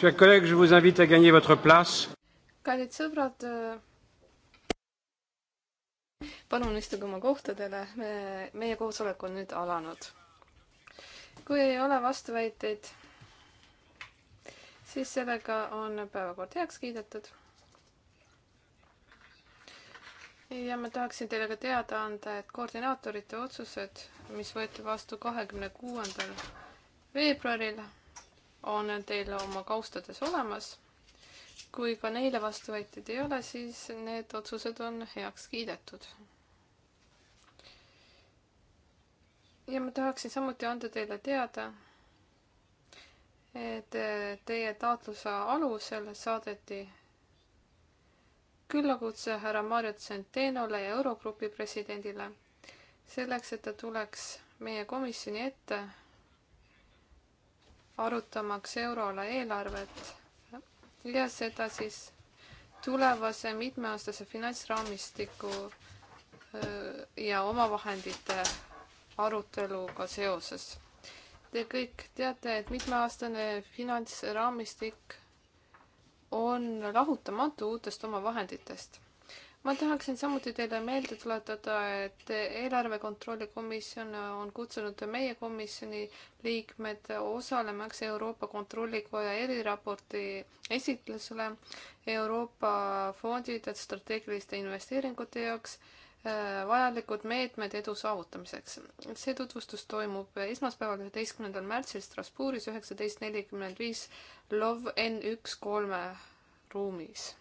kallid sõbrad, palun istuge oma kohtadele, me, meie koosolek on nüüd alanud. kui ei ole vastuväiteid, siis sellega on päevakord heaks kiidetud ja ma tahaksin teile ka teada anda, et koordinaatorite otsused, mis võeti vastu kahekümne kuuendal veebruaril on teil oma kaustades olemas. kui ka neile vastuvõtjaid ei ole, siis need otsused on heaks kiidetud. ja ma tahaksin samuti anda teile teada, et teie taotluse alusel saadeti küllakutse härra Mario Centenole ja Eurogrupi presidendile selleks, et ta tuleks meie komisjoni ette arutamaks euroala eelarvet ja seda siis tulevase mitmeaastase finantsraamistiku äh, ja omavahendite aruteluga seoses. Te kõik teate, et mitmeaastane finantsraamistik on lahutamatu uutest omavahenditest ma tahaksin samuti teile meelde tuletada, et eelarve kontrolli komisjon on kutsunud meie komisjoni liikmed osalemaks Euroopa Kontrollikoja eriraporti esitlusele Euroopa fondide strateegiliste investeeringute jaoks äh, vajalikud meetmed edu saavutamiseks. see tutvustus toimub esmaspäeval, üheteistkümnendal märtsil Strasbourgis üheksateist nelikümmend viis Lov N üks kolme ruumis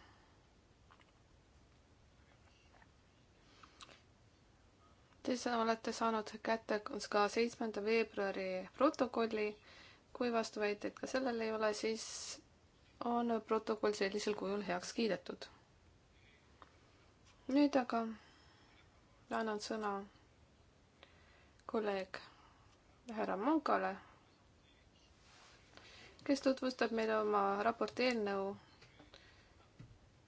Te olete saanud kätte ka seitsmenda veebruari protokolli. kui vastuväiteid ka sellel ei ole, siis on protokoll sellisel kujul heaks kiidetud. nüüd aga annan sõna kolleeg härra Mungale, kes tutvustab meile oma raporti eelnõu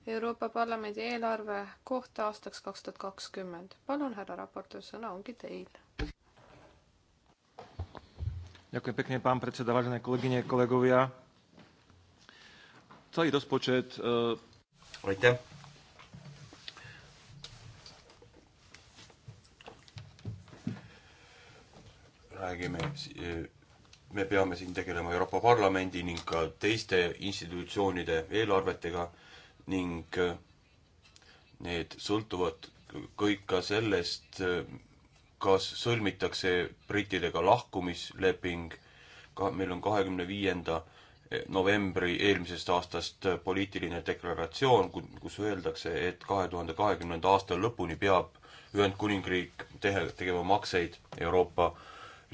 Euroopa Parlamendi eelarve kohta aastaks kaks tuhat kakskümmend. palun, härra raportöör, sõna ongi teil. Ďakujem pekne, pán predseda, vážené kolegyne, kolegovia. Celý rozpočet... Uh... Aitäh. räägime, e, me peame siin tegelema Euroopa Parlamendi ning ka teiste institutsioonide eelarvetega ning äh, need sõltuvad kõik ka sellest, äh, kas sõlmitakse brittidega lahkumisleping, ka meil on kahekümne viienda äh, novembri eelmisest aastast poliitiline deklaratsioon, kus öeldakse, et kahe tuhande kahekümnenda aasta lõpuni peab Ühendkuningriik tehe, tegema makseid Euroopa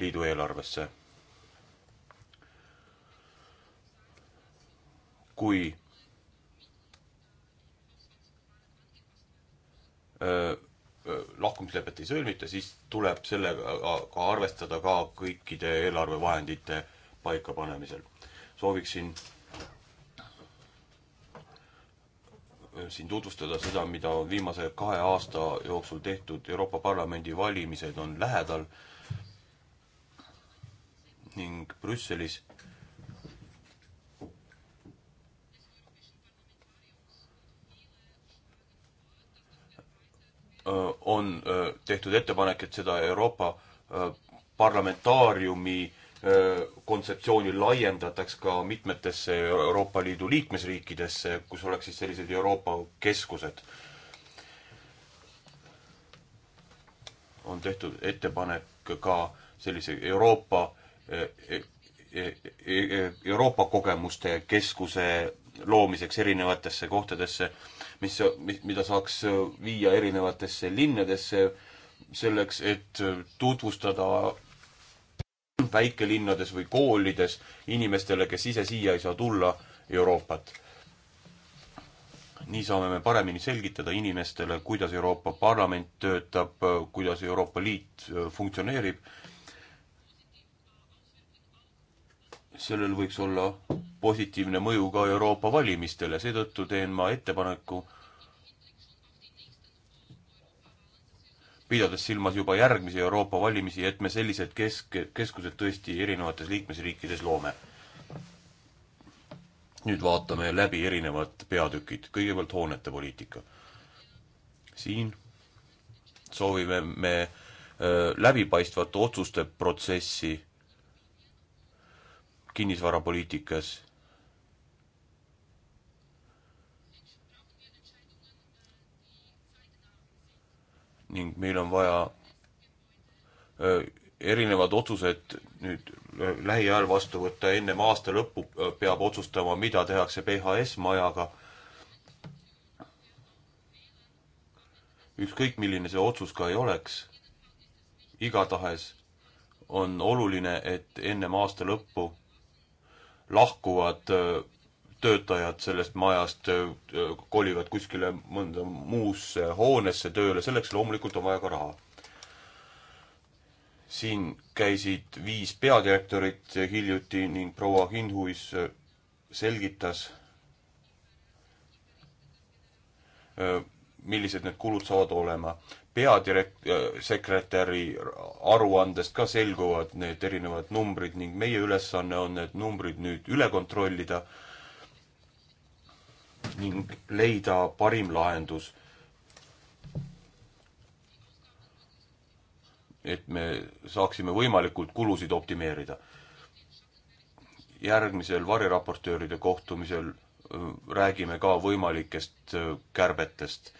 Liidu eelarvesse. kui lahkumislepet ei sõlmita, siis tuleb sellega ka arvestada ka kõikide eelarvevahendite paikapanemisel. sooviksin siin tutvustada seda, mida on viimase kahe aasta jooksul tehtud, Euroopa Parlamendi valimised on lähedal ning Brüsselis on tehtud ettepanek, et seda Euroopa parlamentaariumi kontseptsiooni laiendataks ka mitmetesse Euroopa Liidu liikmesriikidesse, kus oleks siis sellised Euroopa keskused. on tehtud ettepanek ka sellise Euroopa e, e, e, Euroopa kogemuste keskuse loomiseks erinevatesse kohtadesse mis, mis, mida saaks viia erinevatesse linnadesse selleks, et tutvustada väikelinnades või koolides inimestele, kes ise siia ei saa tulla, Euroopat. nii saame me paremini selgitada inimestele, kuidas Euroopa Parlament töötab, kuidas Euroopa Liit äh, funktsioneerib sellel võiks olla positiivne mõju ka Euroopa valimistele, seetõttu teen ma ettepaneku, pidades silmas juba järgmisi Euroopa valimisi, et me sellised kesk, keskused tõesti erinevates liikmesriikides loome. nüüd vaatame läbi erinevad peatükid, kõigepealt hoonete poliitika. siin soovime me äh, läbipaistvat otsuste protsessi kinnisvarapoliitikas. ning meil on vaja erinevad otsused nüüd lähiajal vastu võtta, ennem aasta lõppu peab otsustama, mida tehakse PHS majaga. ükskõik, milline see otsus ka ei oleks, igatahes on oluline, et ennem aasta lõppu lahkuvad äh, töötajad sellest majast, äh, kolivad kuskile mõnda muusse hoonesse tööle, selleks loomulikult on vaja ka raha. siin käisid viis peadirektorit hiljuti ning proua Hinhuis äh, selgitas, millised need kulud saavad olema peadirekt-, sekretäri aruandest ka selguvad need erinevad numbrid ning meie ülesanne on need numbrid nüüd üle kontrollida ning leida parim lahendus. et me saaksime võimalikult kulusid optimeerida. järgmisel variraportööride kohtumisel äh, räägime ka võimalikest äh, kärbetest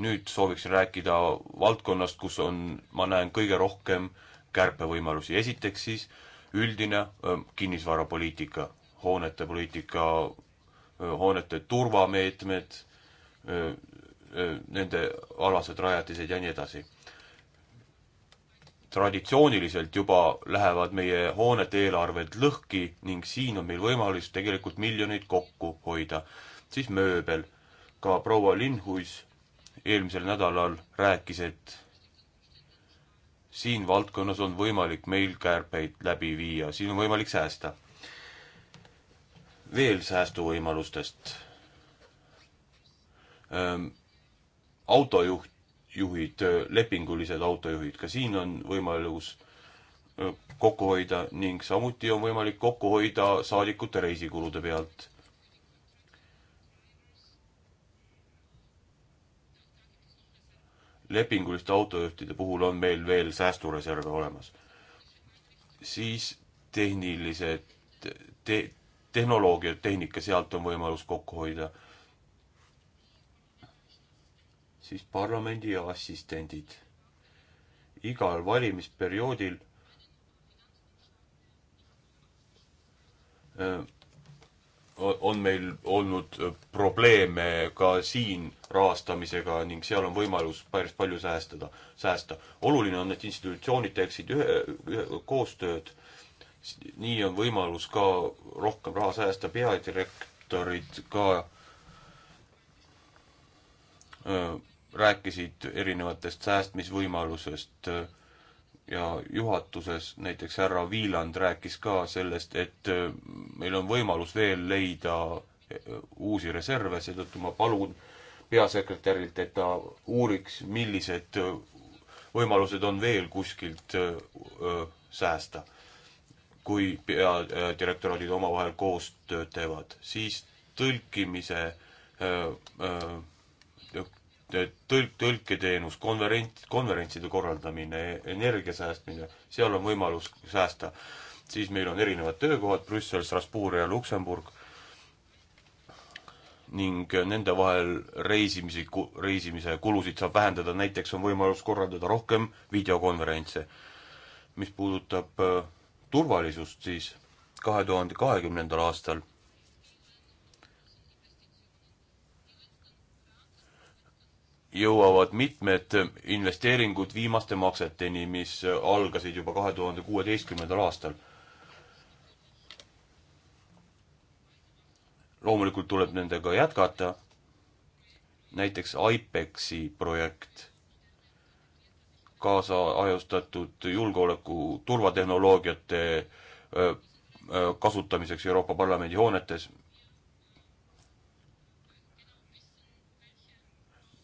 nüüd sooviksin rääkida valdkonnast, kus on, ma näen kõige rohkem kärpevõimalusi. esiteks siis üldine kinnisvarapoliitika, hoonete poliitika, hoonete turvameetmed, nende alased rajatised ja nii edasi. traditsiooniliselt juba lähevad meie hoonete eelarved lõhki ning siin on meil võimalus tegelikult miljoneid kokku hoida. siis mööbel, ka proua Linhuis eelmisel nädalal rääkis, et siin valdkonnas on võimalik meil kärpeid läbi viia, siin on võimalik säästa. veel säästuvõimalustest. autojuht, juhid, lepingulised autojuhid, ka siin on võimalus kokku hoida ning samuti on võimalik kokku hoida saadikute reisikulude pealt. lepinguliste autojuhtide puhul on meil veel säästureserve olemas. siis tehnilised te,, tehnoloogia, tehnika, sealt on võimalus kokku hoida. siis parlamendi assistendid. igal valimisperioodil öö, äh, on meil olnud äh, probleeme ka siin rahastamisega ning seal on võimalus päris palju säästada, säästa. oluline on, et institutsioonid teeksid ühe, ühe koostööd, nii on võimalus ka rohkem raha säästa, peadirektorid ka öö, äh, rääkisid erinevatest säästmisvõimalusest öö, äh, ja juhatuses näiteks härra Viiland rääkis ka sellest, et äh, meil on võimalus veel leida äh, uusi reserve, seetõttu ma palun peasekretärilt, et ta uuriks, millised äh, võimalused on veel kuskilt säästa. kui peadirektoraadid omavahel koostööd teevad, siis tõlkimise öö, öö, tõlk, tõlketeenus, konverent, konverentside korraldamine, energia säästmine, seal on võimalus säästa. siis meil on erinevad töökohad Brüssel, Strasbourg ja Luksemburg ning nende vahel reisimisi, reisimise kulusid saab vähendada, näiteks on võimalus korraldada rohkem videokonverentse. mis puudutab äh, turvalisust, siis kahe tuhande kahekümnendal aastal jõuavad mitmed investeeringud viimaste makseteni, mis algasid juba kahe tuhande kuueteistkümnendal aastal. loomulikult tuleb nendega jätkata, näiteks IPEX-i projekt, kaasajastatud julgeoleku turvatehnoloogiate äh, äh, kasutamiseks Euroopa Parlamendi hoonetes,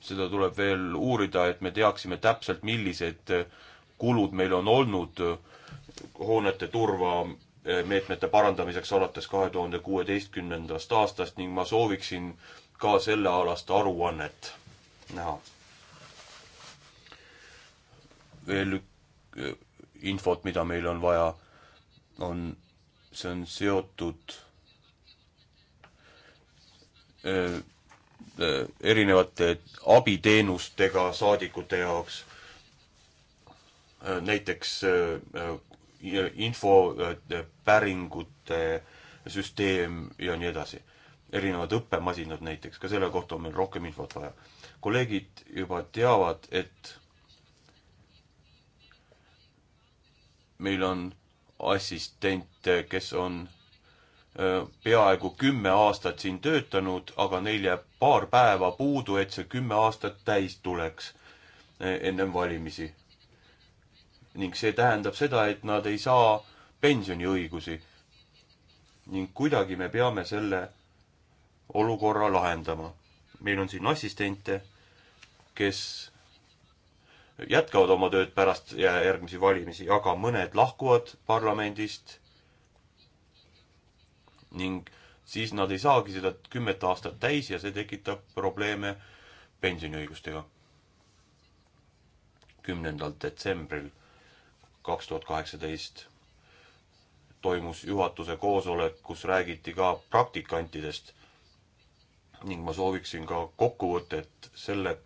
seda tuleb veel uurida, et me teaksime täpselt, millised kulud meil on olnud hoonete turvameetmete parandamiseks alates kahe tuhande kuueteistkümnendast aastast ning ma sooviksin ka sellealast aruannet näha. veel infot, mida meil on vaja, on, see on seotud öö, äh, Äh, erinevate abiteenustega saadikute jaoks, äh, näiteks äh, infopäringute süsteem ja nii edasi. erinevad õppemasinad näiteks, ka selle kohta on meil rohkem infot vaja. kolleegid juba teavad, et meil on assistente, kes on peaaegu kümme aastat siin töötanud, aga neil jääb paar päeva puudu, et see kümme aastat täis tuleks eh, ennem valimisi. ning see tähendab seda, et nad ei saa pensioniõigusi. ning kuidagi me peame selle olukorra lahendama. meil on siin assistente, kes jätkavad oma tööd pärast järgmisi valimisi, aga mõned lahkuvad parlamendist ning siis nad ei saagi seda kümmet aastat täis ja see tekitab probleeme pensioniõigustega. kümnendal detsembril kaks tuhat kaheksateist toimus juhatuse koosolek, kus räägiti ka praktikantidest ning ma sooviksin ka kokkuvõtet selle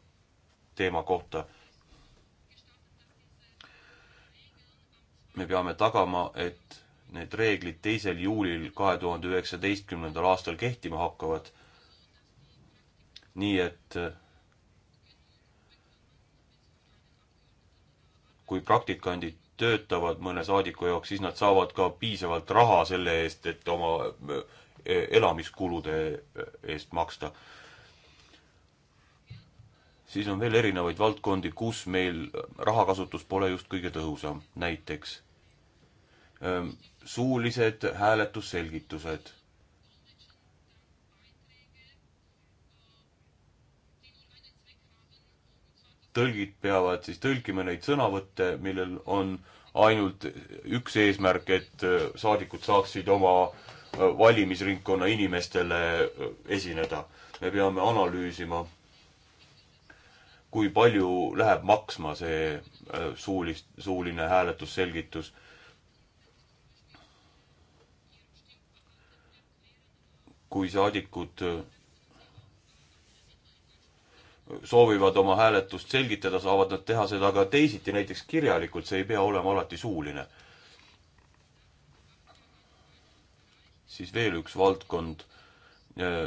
teema kohta. me peame tagama, et need reeglid teisel juulil kahe tuhande üheksateistkümnendal aastal kehtima hakkavad. nii et kui praktikandid töötavad mõne saadiku jaoks, siis nad saavad ka piisavalt raha selle eest, et oma e, elamiskulude eest maksta. siis on veel erinevaid valdkondi, kus meil rahakasutus pole just kõige tõhusam, näiteks suulised hääletusselgitused. tõlgid peavad siis tõlkima neid sõnavõtte, millel on ainult üks eesmärk, et saadikud saaksid oma valimisringkonna inimestele esineda. me peame analüüsima kui palju läheb maksma see suulist, suuline hääletusselgitus kui saadikud äh, soovivad oma hääletust selgitada, saavad nad teha seda ka teisiti, näiteks kirjalikult, see ei pea olema alati suuline. siis veel üks valdkond, äh,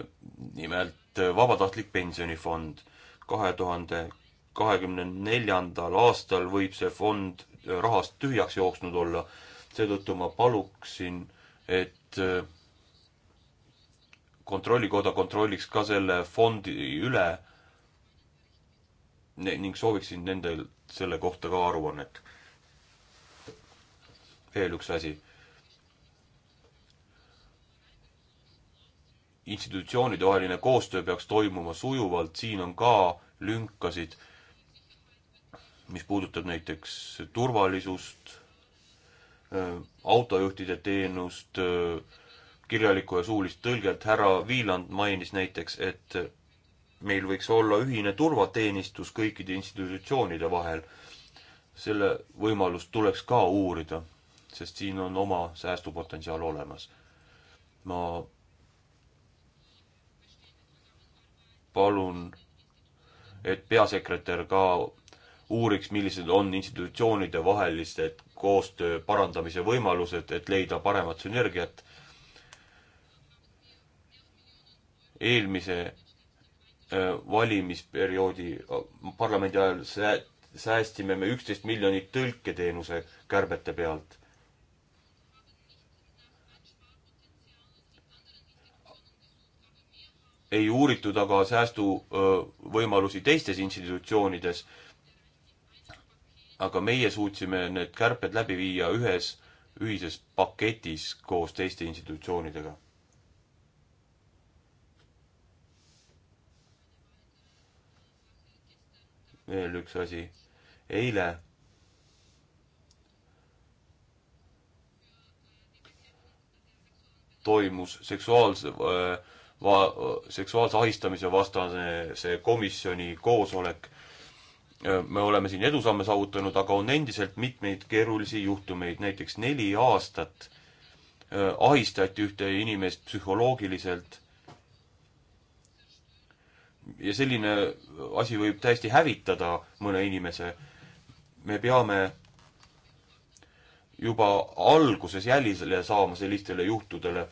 nimelt äh, vabatahtlik pensionifond. kahe tuhande kahekümne neljandal aastal võib see fond rahast tühjaks jooksnud olla, seetõttu ma paluksin, et kontrollikoda kontrolliks ka selle fondi üle ning sooviksin nendel selle kohta ka aruannet. veel üks asi. institutsioonide vaheline koostöö peaks toimuma sujuvalt, siin on ka lünkasid, mis puudutab näiteks turvalisust, autojuhtide teenust, kirjalikku ja suulist tõlget, härra Viiland mainis näiteks, et meil võiks olla ühine turvateenistus kõikide institutsioonide vahel. selle võimalust tuleks ka uurida, sest siin on oma säästupotentsiaal olemas. ma palun, et peasekretär ka uuriks, millised on institutsioonide vahelised koostöö parandamise võimalused, et leida paremat sünergiat eelmise äh, valimisperioodi äh, parlamendi ajal sää-, säästsime me üksteist miljonit tõlketeenuse kärbete pealt. ei uuritud aga säästuvõimalusi äh, teistes institutsioonides. aga meie suutsime need kärped läbi viia ühes ühises paketis koos teiste institutsioonidega veel üks asi. eile toimus seksuaalse äh, va-, seksuaalse ahistamise vastane see komisjoni koosolek. Äh, me oleme siin edusamme saavutanud, aga on endiselt mitmeid keerulisi juhtumeid, näiteks neli aastat äh, ahistati ühte inimest psühholoogiliselt ja selline asi võib täiesti hävitada mõne inimese. me peame juba alguses jälile saama sellistele juhtudele.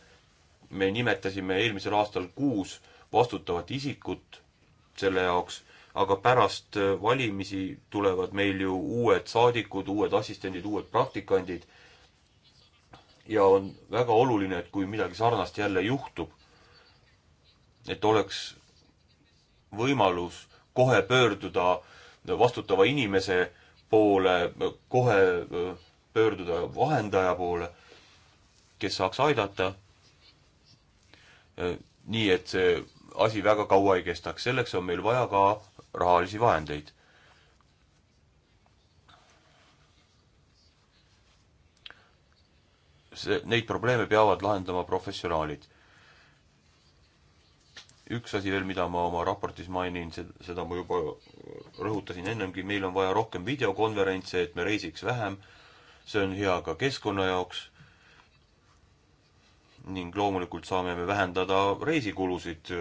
me nimetasime eelmisel aastal kuus vastutavat isikut selle jaoks, aga pärast valimisi tulevad meil ju uued saadikud, uued assistendid, uued praktikandid. ja on väga oluline, et kui midagi sarnast jälle juhtub, et oleks võimalus kohe pöörduda vastutava inimese poole, kohe äh, pöörduda vahendaja poole, kes saaks aidata. Äh, nii et see asi väga kaua ei kestaks, selleks on meil vaja ka rahalisi vahendeid. see, neid probleeme peavad lahendama professionaalid üks asi veel, mida ma oma raportis mainin, seda ma juba rõhutasin ennemgi, meil on vaja rohkem videokonverentse, et me reisiks vähem. see on hea ka keskkonna jaoks. ning loomulikult saame me vähendada reisikulusid,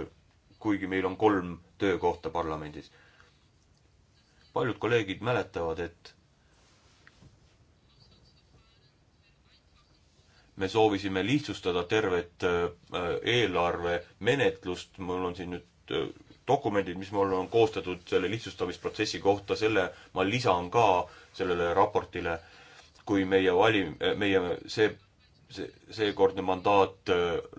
kuigi meil on kolm töökohta parlamendis. paljud kolleegid mäletavad, et me soovisime lihtsustada tervet äh, eelarvemenetlust, mul on siin nüüd äh, dokumendid, mis mul on koostatud selle lihtsustamisprotsessi kohta, selle ma lisan ka sellele raportile, kui meie valim-, äh, meie see, see, seekordne mandaat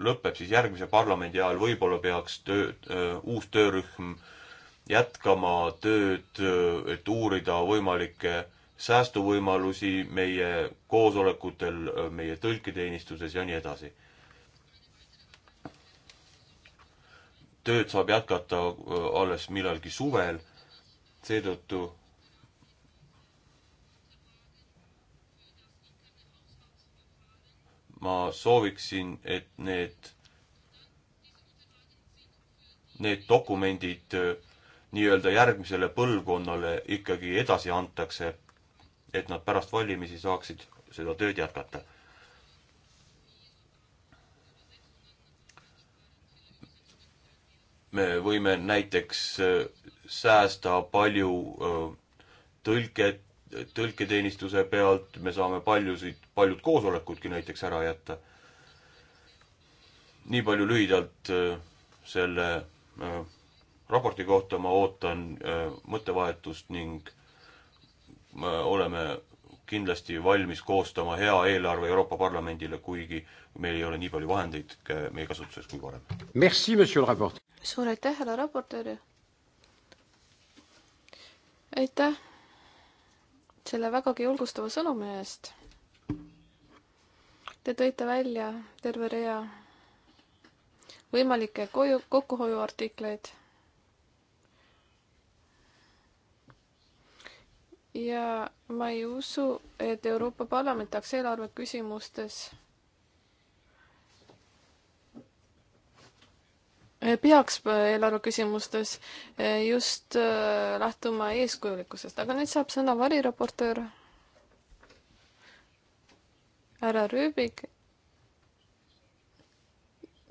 lõpeb, siis järgmise parlamendi ajal võib-olla peaks töö, uus töörühm jätkama tööd, et uurida võimalikke säästuvõimalusi meie koosolekutel, meie tõlketeenistuses ja nii edasi. tööd saab jätkata äh, alles millalgi suvel, seetõttu ma sooviksin, et need, need dokumendid äh, nii-öelda järgmisele põlvkonnale ikkagi edasi antakse et nad pärast valimisi saaksid seda tööd jätkata. me võime näiteks äh, säästa palju äh, tõlke, tõlketeenistuse pealt, me saame paljusid, paljud koosolekudki näiteks ära jätta. nii palju lühidalt äh, selle raporti kohta ma ootan mõttevahetust ning me oleme kindlasti valmis koostama hea eelarve Euroopa Parlamendile, kuigi meil ei ole nii palju vahendeid meie kasutuses kui varem. suur aitäh, härra raportöör! aitäh selle vägagi julgustava sõnumi eest! Te tõite välja terve rea võimalikke koju, kokkuhoiuartikleid ja ma ei usu, et Euroopa Parlament tahaks eh, eh, eelarve küsimustes peaks eh, eelarve küsimustes just lähtuma eeskujulikkusest, aga nüüd saab sõna variraportöör härra Rüübik.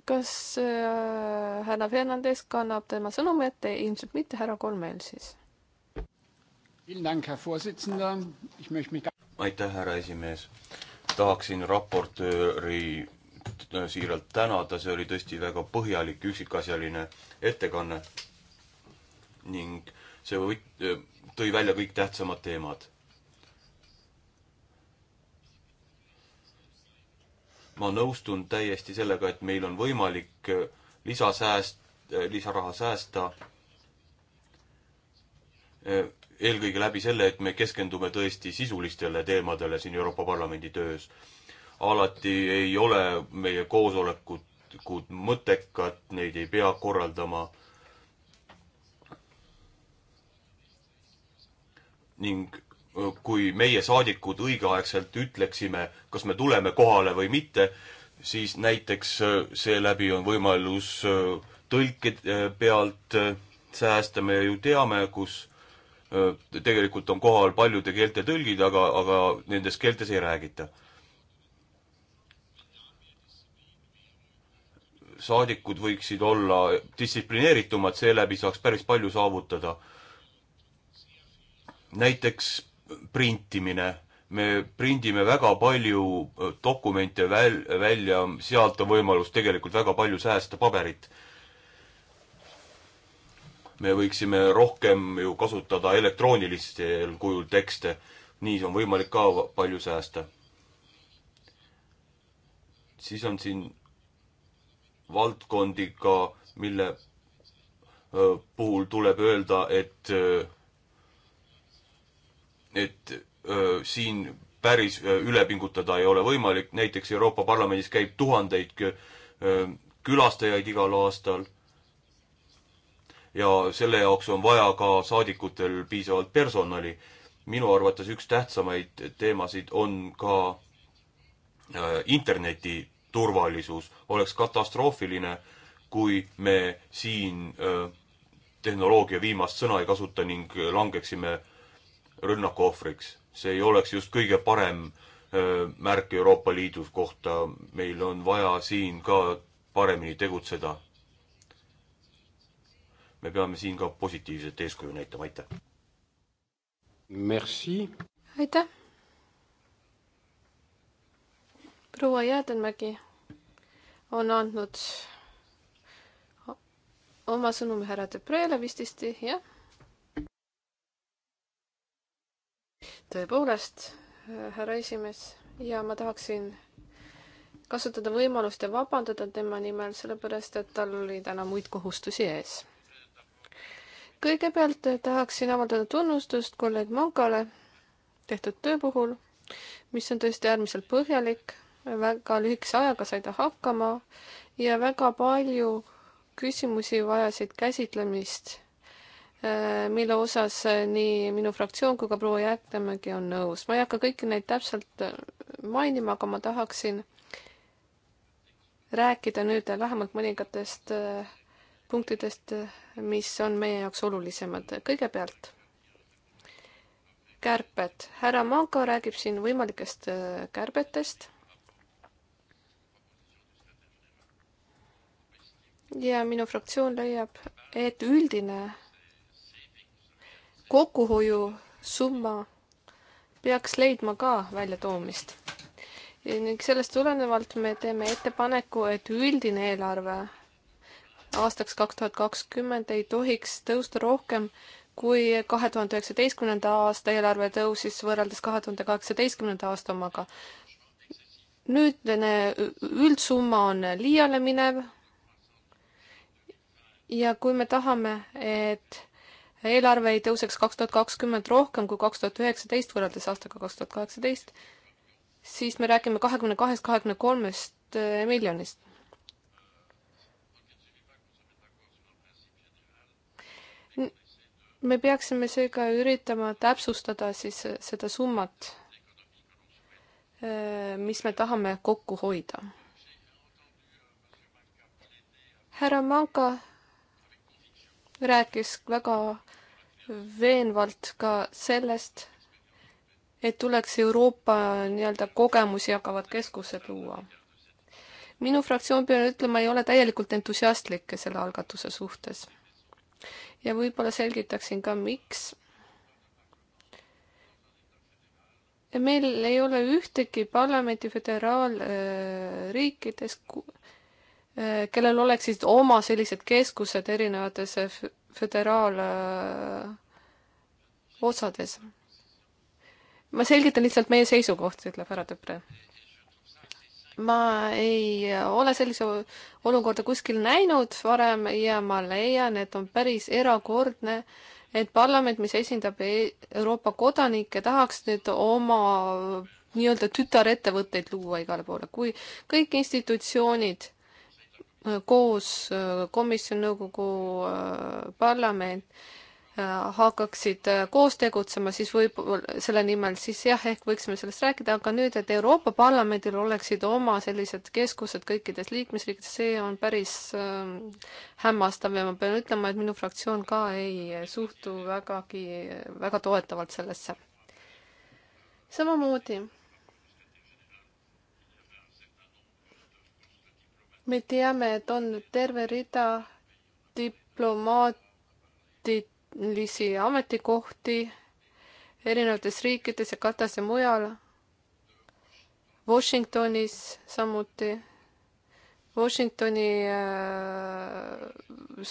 kas härra Fernandes kannab tema sõnumi ette, ilmselt mitte, härra Kolmel siis aitäh, härra esimees. tahaksin raportööri äh, siiralt tänada, see oli tõesti väga põhjalik, üksikasjaline ettekanne ning see võt-, äh, tõi välja kõik tähtsamad teemad. ma nõustun täiesti sellega, et meil on võimalik äh, lisasääst, lisaraha säästa eelkõige läbi selle, et me keskendume tõesti sisulistele teemadele siin Euroopa Parlamendi töös. alati ei ole meie koosolekud mõttekad, neid ei pea korraldama. ning kui meie saadikud õigeaegselt ütleksime, kas me tuleme kohale või mitte, siis näiteks seeläbi on võimalus tõlke pealt säästa, me ju teame, kus tegelikult on kohal paljude keelte tõlgid, aga, aga nendes keeltes ei räägita. saadikud võiksid olla distsiplineeritumad, seeläbi saaks päris palju saavutada. näiteks printimine. me prindime väga palju dokumente väl-, välja, sealt on võimalus tegelikult väga palju säästa paberit me võiksime rohkem ju kasutada elektroonilistel kujul tekste, nii on võimalik ka palju säästa. siis on siin valdkondi ka, mille puhul tuleb öelda, et, et siin päris üle pingutada ei ole võimalik, näiteks Euroopa Parlamendis käib tuhandeid külastajaid igal aastal ja selle jaoks on vaja ka saadikutel piisavalt personali. minu arvates üks tähtsamaid teemasid on ka äh, interneti turvalisus. oleks katastroofiline, kui me siin äh, tehnoloogia viimast sõna ei kasuta ning langeksime rünnaku ohvriks. see ei oleks just kõige parem äh, märk Euroopa Liidu kohta, meil on vaja siin ka paremini tegutseda me peame siin ka positiivset eeskuju näitama, aitäh! Merci! aitäh! proua Jäädenmägi on andnud oma sõnumi härra Debrele vist isti, jah? tõepoolest, härra esimees, ja ma tahaksin kasutada võimalust ja vabandada tema nimel, sellepärast et tal oli täna muid kohustusi ees kõigepealt eh, tahaksin avaldada tunnustust kolleeg Mankale tehtud töö puhul, mis on tõesti äärmiselt põhjalik, väga lühikese ajaga sai ta hakkama ja väga palju küsimusi vajasid käsitlemist, eh, mille osas eh, nii minu fraktsioon kui ka proua Jäätemägi on nõus. ma ei hakka kõiki neid täpselt mainima, aga ma tahaksin rääkida nüüd lähemalt mõningatest äh, punktidest, mis on meie jaoks olulisemad. kõigepealt kärped. härra Manko räägib siin võimalikest äh, kärbetest. ja minu fraktsioon leiab, et üldine kokkuhoiusumma peaks leidma ka väljatoomist. ning sellest tulenevalt me teeme ettepaneku, et üldine eelarve aastaks kaks tuhat kakskümmend ei tohiks tõusta rohkem kui kahe tuhande üheksateistkümnenda aasta eelarve tõusis võrreldes kahe tuhande kaheksateistkümnenda aasta omaga. nüüdne üldsumma on liiale minev. ja kui me tahame, et eelarve ei tõuseks kaks tuhat kakskümmend rohkem kui kaks tuhat üheksateist võrreldes aastaga kaks tuhat kaheksateist, siis me räägime kahekümne kahest, kahekümne kolmest miljonist me peaksime seega üritama täpsustada siis seda summat, eh, mis me tahame kokku hoida. härra Manka rääkis väga veenvalt ka sellest, et tuleks Euroopa nii-öelda kogemusi jagavad keskused luua. minu fraktsioon, pean ütlema, ei ole täielikult entusiastlik selle algatuse suhtes ja võib-olla selgitaksin ka, miks. meil ei ole ühtegi parlamendi föderaalriikides, äh, kellel oleksid oma sellised keskused erinevates föderaalosades. Äh, ma selgitan lihtsalt meie seisukohti, ütleb härra Tõpre ma ei ole sellise olukorda kuskil näinud varem ja ma leian, et on päris erakordne, et parlament, mis esindab e-, Euroopa kodanikke, tahaks nüüd oma nii-öelda tütarettevõtteid luua igale poole, kui kõik institutsioonid äh, koos, äh, komisjon, nõukogu, äh, parlament Äh, hakkaksid äh, koos tegutsema, siis võib selle nimel, siis jah, ehk võiksime sellest rääkida, aga nüüd, et Euroopa Parlamendil oleksid oma sellised keskused kõikides liikmesriikides, see on päris äh, hämmastav ja ma pean ütlema, et minu fraktsioon ka ei suhtu vägagi, väga toetavalt sellesse. samamoodi me teame, et on terve rida diplomaatid, olulisi ametikohti erinevates riikides ja Katas ja mujal. Washingtonis samuti. Washingtoni äh,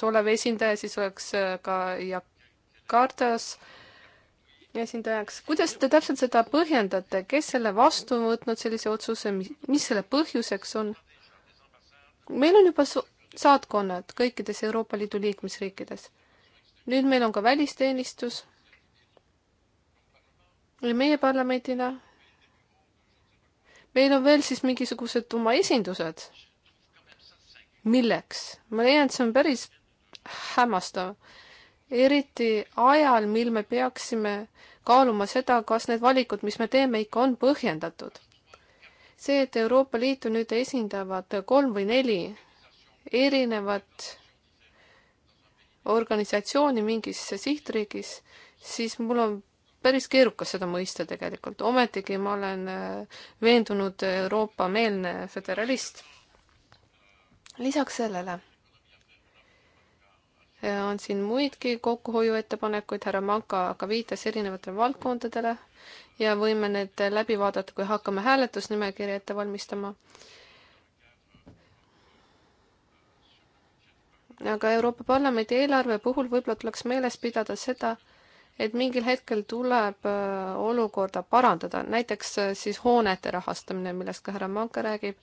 olev esindaja siis oleks äh, ka Jakartas esindajaks. kuidas te täpselt seda põhjendate, kes selle vastu on võtnud sellise otsuse, mis selle põhjuseks on? meil on juba saatkonnad kõikides Euroopa Liidu liikmesriikides nüüd meil on ka välisteenistus. ja meie parlamendina, meil on veel siis mingisugused oma esindused. milleks? ma leian, et see on päris hämmastav. eriti ajal, mil me peaksime kaaluma seda, kas need valikud, mis me teeme, ikka on põhjendatud. see, et Euroopa Liitu nüüd esindavad kolm või neli erinevat organisatsiooni mingis sihtriigis, siis mul on päris keerukas seda mõista tegelikult, ometigi ma olen äh, veendunud Euroopa-meelne föderalist. lisaks sellele Ja äh, on siin muidki kokkuhoiuettepanekuid, härra Manka aga viitas erinevatele valdkondadele ja võime need läbi vaadata, kui hakkame hääletusnimekirja ette valmistama. aga Euroopa Parlamendi eelarve puhul võib-olla tuleks meeles pidada seda, et mingil hetkel tuleb äh, olukorda parandada, näiteks äh, siis hoonete rahastamine, millest ka härra Manka räägib.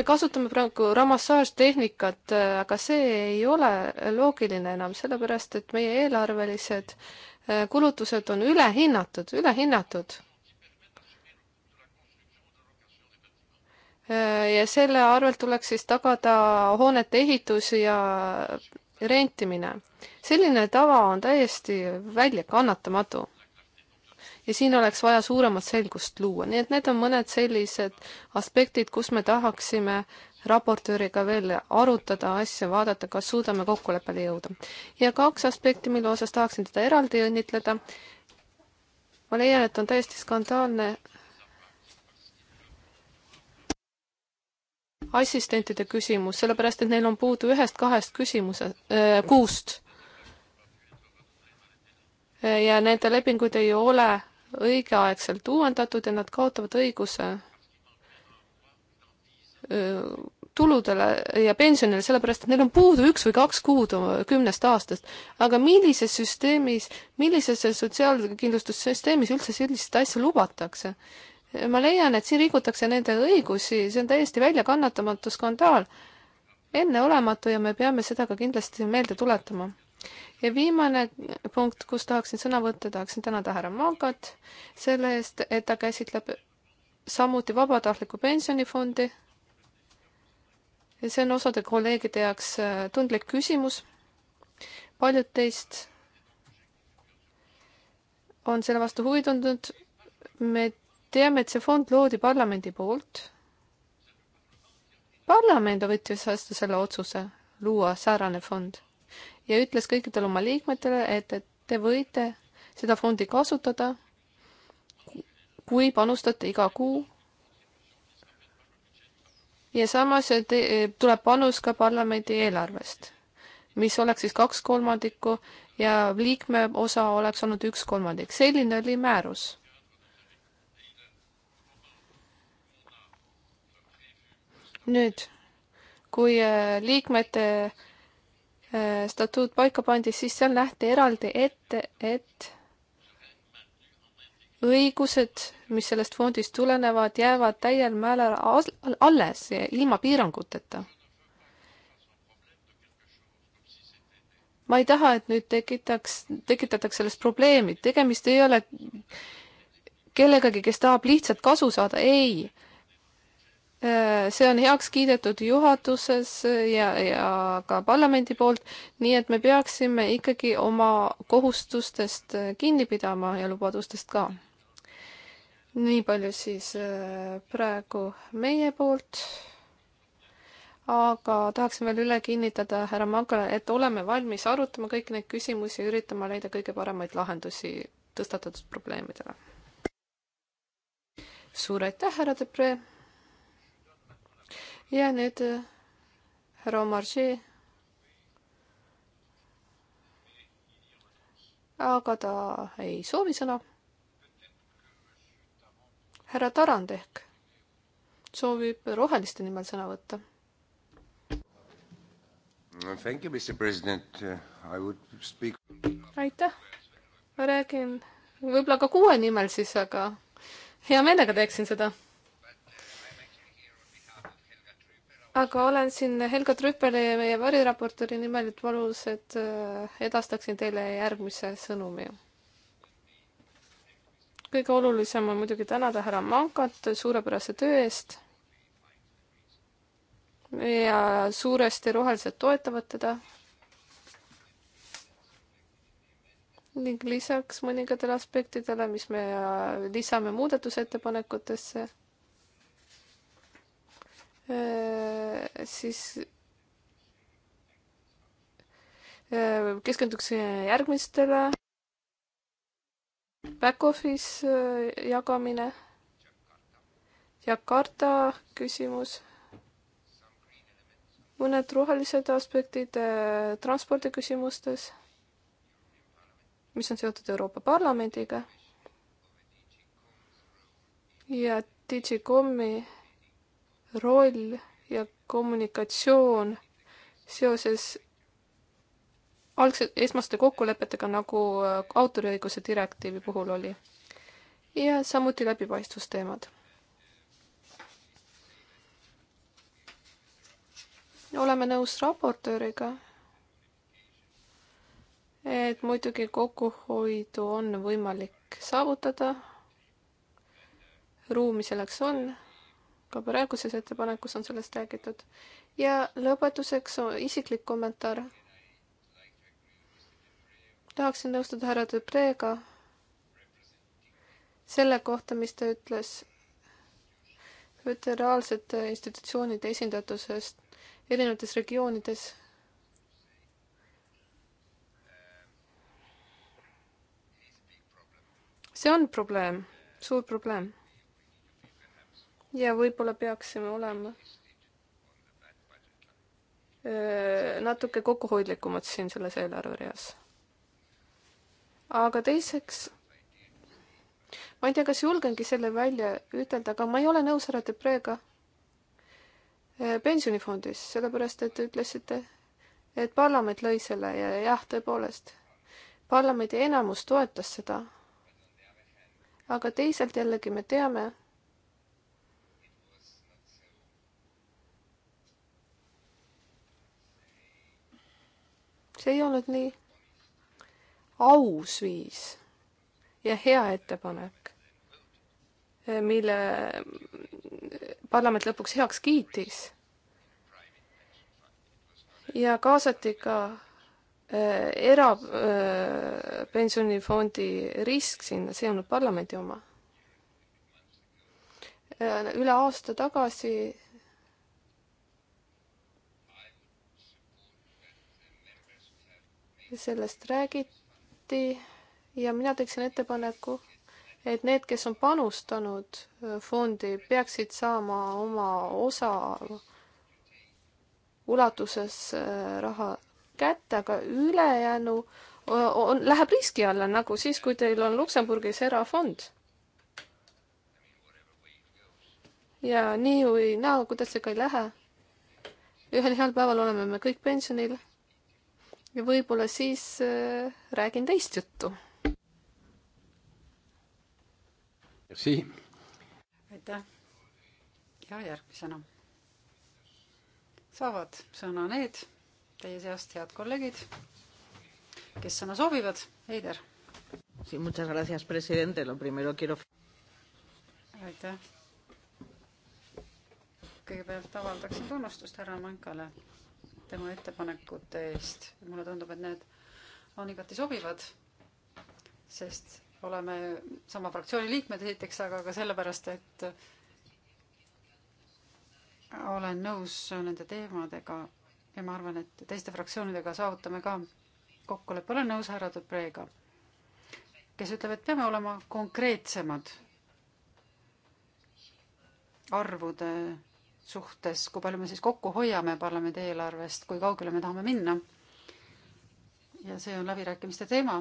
me kasutame praegu ramassaažtehnikat, äh, aga see ei ole loogiline enam, sellepärast et meie eelarvelised kulutused on ülehinnatud, ülehinnatud Äh, ja selle arvelt tuleks siis tagada hoonete ehitus ja rentimine. selline tava on täiesti väljakannatamatu. ja siin oleks vaja suuremat selgust luua, nii et need on mõned sellised aspektid, kus me tahaksime raportööriga veel arutada asja, vaadata, kas suudame kokkuleppele jõuda. ja kaks aspekti, mille osas tahaksin teda eraldi õnnitleda. ma leian, et on täiesti skandaalne assistentide küsimus, sellepärast et neil on puudu ühest-kahest küsimuse äh,, kuust. ja nende lepingud ei ole õigeaegselt uuendatud ja nad kaotavad õiguse äh, tuludele ja pensionile, sellepärast et neil on puudu üks või kaks kuud kümnest aastast. aga millises süsteemis, millises sotsiaalkindlustussüsteemis üldse sellist asja lubatakse? ma leian, et siin rikutakse nende õigusi, see on täiesti väljakannatamatu skandaal. enneolematu ja me peame seda ka kindlasti meelde tuletama. ja viimane punkt, kus tahaksin sõna võtta, tahaksin tänada härra Mangat selle eest, et ta käsitleb samuti vabatahtlikku pensionifondi. see on osade kolleegide jaoks äh, tundlik küsimus. paljud teist on selle vastu huvi tundnud. me teame, et see fond loodi parlamendi poolt. parlament võttis vastu selle otsuse luua säärane fond ja ütles kõikidele oma liikmetele, et, et te võite seda fondi kasutada, kui panustate iga kuu. ja samas te, tuleb panus ka parlamendi eelarvest, mis oleks siis kaks kolmandikku ja liikme osa oleks olnud üks kolmandik, selline oli määrus nüüd, kui äh, liikmete äh, statuut paika pandi, siis seal nähti eraldi ette, et õigused, mis sellest fondist tulenevad, jäävad täiel määral alles, ilma piiranguteta. ma ei taha, et nüüd tekitaks, tekitataks sellest probleemi, tegemist ei ole kellegagi, kes tahab lihtsalt kasu saada, ei Äh, see on heaks kiidetud juhatuses äh, ja, ja ka parlamendi poolt, nii et me peaksime ikkagi oma kohustustest äh, kinni pidama ja lubadustest ka. nii palju siis praegu meie poolt. aga tahaksin veel üle kinnitada härra Mankale, et oleme valmis arutama kõiki neid küsimusi ja üritama leida kõige paremaid lahendusi tõstatatud probleemidele. suur aitäh, härra Depree ja nüüd eh, härra Omarži. aga ta ei soovi sõna. härra Tarand ehk soovib roheliste nimel sõna võtta. Thank you, Mr President, I would speak. aitäh, ma räägin võib-olla ka kuue nimel siis, aga hea meelega teeksin seda aga olen siin Helga Trüppeli ja meie variraportori nimel, et palus, et äh, edastaksin teile järgmise sõnumi. kõige olulisem on muidugi tänada härra Mankat suurepärase töö eest ja suuresti rohelised toetavad teda. ning lisaks mõningatele aspektidele, mis me äh, lisame muudatusettepanekutesse Äh, siis äh, keskenduks järgmistele. Back-office äh, jagamine. Jakarta küsimus. mõned rohelised aspektid transpordiküsimustes, mis on seotud Euroopa Parlamendiga. ja Digicomi roll ja kommunikatsioon seoses algselt esmaste kokkulepetega, nagu äh, autoriõiguse direktiivi puhul oli. ja samuti läbipaistvusteemad. oleme nõus raportööriga, et muidugi kokkuhoidu on võimalik saavutada, ruumi selleks on ka praeguses ettepanekus on sellest räägitud. ja lõpetuseks isiklik kommentaar. tahaksin nõustuda härra Debrega selle kohta, mis ta ütles föderaalsete institutsioonide esindatusest erinevates regioonides see on probleem, suur probleem ja võib-olla peaksime olema natuke kokkuhoidlikumad siin selles eelarvereas. aga teiseks, ma ei tea, kas julgengi selle välja ütelda, aga ma ei ole nõus härra Debrega pensionifondis, sellepärast et te ütlesite, et parlament lõi selle ja jah, tõepoolest, parlamendi enamus toetas seda. aga teisalt jällegi me teame, see ei olnud nii aus viis ja hea ettepanek, mille parlament lõpuks heaks kiitis. ja kaasati ka äh, eh, erapensionifondi eh, äh, risk sinna, see ei olnud parlamendi oma äh,. üle aasta tagasi sellest räägiti ja mina teeksin ettepaneku, et need, kes on panustanud äh, fondi, peaksid saama oma osa ulatuses äh, raha kätte, aga ülejäänu äh, on, läheb riski alla, nagu siis, kui teil on Luksemburgis erafond. ja nii või naa, kuidas see ka ei lähe, ühel heal päeval oleme me kõik pensionil ja võib-olla siis äh, räägin teist juttu. aitäh. ja järgmisena saavad sõna need teie seast head kolleegid, kes sõna soovivad. Heider. aitäh. kõigepealt avaldaksin tunnustust härra Mankale tema ettepanekute eest. mulle tundub, et need on igati sobivad, sest oleme sama fraktsiooni liikmed esiteks, aga ka sellepärast, et olen nõus nende teemadega ja ma arvan, et teiste fraktsioonidega saavutame ka kokkuleppe. olen nõus härra Dupreega, kes ütleb, et peame olema konkreetsemad arvude suhtes, kui palju me siis kokku hoiame parlamendi eelarvest, kui kaugele me tahame minna. ja see on läbirääkimiste teema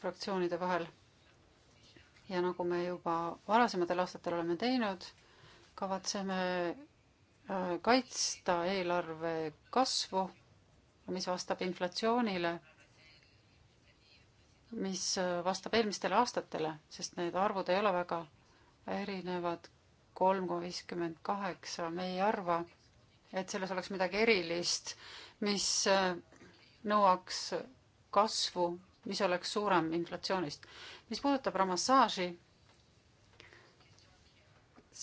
fraktsioonide vahel. ja nagu me juba varasematel aastatel oleme teinud, kavatseme äh, kaitsta eelarve kasvu, mis vastab inflatsioonile, mis äh, vastab eelmistele aastatele, sest need arvud ei ole väga erinevad kolm koma viiskümmend kaheksa, me ei arva, et selles oleks midagi erilist, mis äh, nõuaks kasvu, mis oleks suurem inflatsioonist. mis puudutab ramassaaži,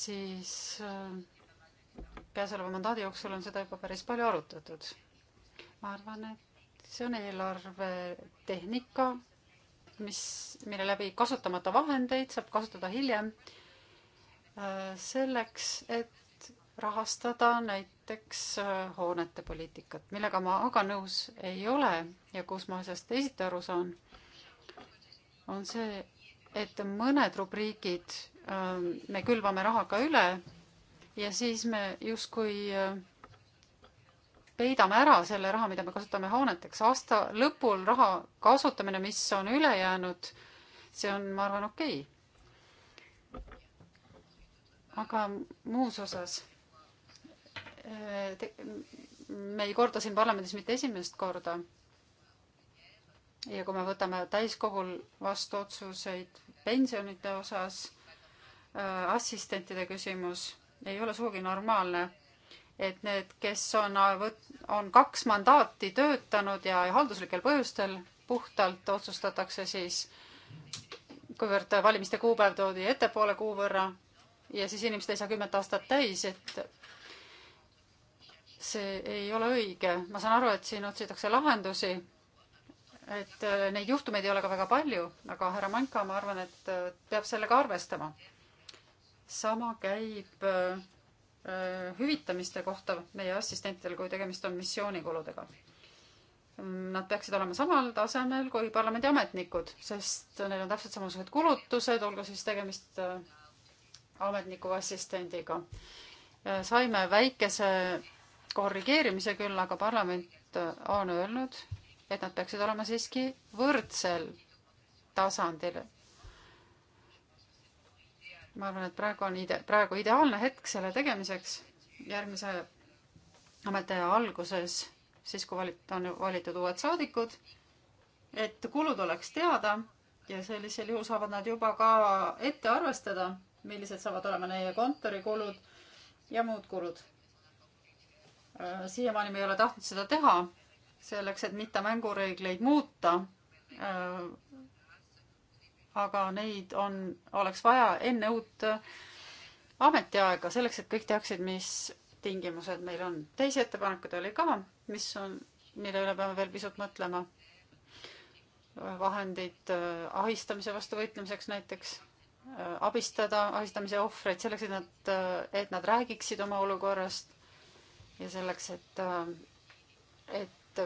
siis äh, käesoleva mandaadi jooksul on seda juba päris palju arutatud. ma arvan, et see on eelarvetehnika, mis, mille läbi kasutamata vahendeid saab kasutada hiljem Äh, selleks, et rahastada näiteks äh, hoonete poliitikat, millega ma aga nõus ei ole ja kus ma asjast teisiti aru saan, on see, et mõned rubriigid äh, me külvame rahaga üle ja siis me justkui peidame ära selle raha, mida me kasutame hooneteks. aasta lõpul raha kasutamine, mis on üle jäänud, see on, ma arvan, okei okay aga muus osas eh, te, me ei korda siin parlamendis mitte esimest korda. ja kui me võtame täiskogul vastu otsuseid pensionite osas, eh, assistentide küsimus ei ole sugugi normaalne, et need, kes on, on kaks mandaati töötanud ja halduslikel põhjustel puhtalt otsustatakse siis kuivõrd valimiste kuupäev toodi ettepoole kuu võrra, ja siis inimesed ei saa kümmet aastat täis, et see ei ole õige. ma saan aru, et siin otsitakse lahendusi, et äh, neid juhtumeid ei ole ka väga palju, aga härra Manka, ma arvan, et äh, peab sellega arvestama. sama käib äh, hüvitamiste kohta meie assistentidel, kui tegemist on missioonikuludega. Nad peaksid olema samal tasemel kui parlamendi ametnikud, sest neil on täpselt samasugused kulutused, olgu siis tegemist ametniku assistendiga. Äh, saime väikese korrigeerimise küll, aga parlament äh, on öelnud, et nad peaksid olema siiski võrdsel tasandil. ma arvan, et praegu on ide-, praegu ideaalne hetk selle tegemiseks järgmise ametiaja alguses, siis kui valit-, on valitud uued saadikud, et kulud oleks teada ja sellisel juhul saavad nad juba ka ette arvestada millised saavad olema meie kontorikulud ja muud kulud. Äh, siiamaani me ei ole tahtnud seda teha, selleks et mitte mängureegleid muuta. Äh, aga neid on, oleks vaja enne uut äh, ametiaega, selleks et kõik teaksid, mis tingimused meil on. teisi ettepanekuid oli ka, mis on, mille üle peame veel pisut mõtlema vahendeid ahistamise vastu võitlemiseks näiteks abistada ahistamise ohvreid selleks, et nad, et nad räägiksid oma olukorrast ja selleks, et, et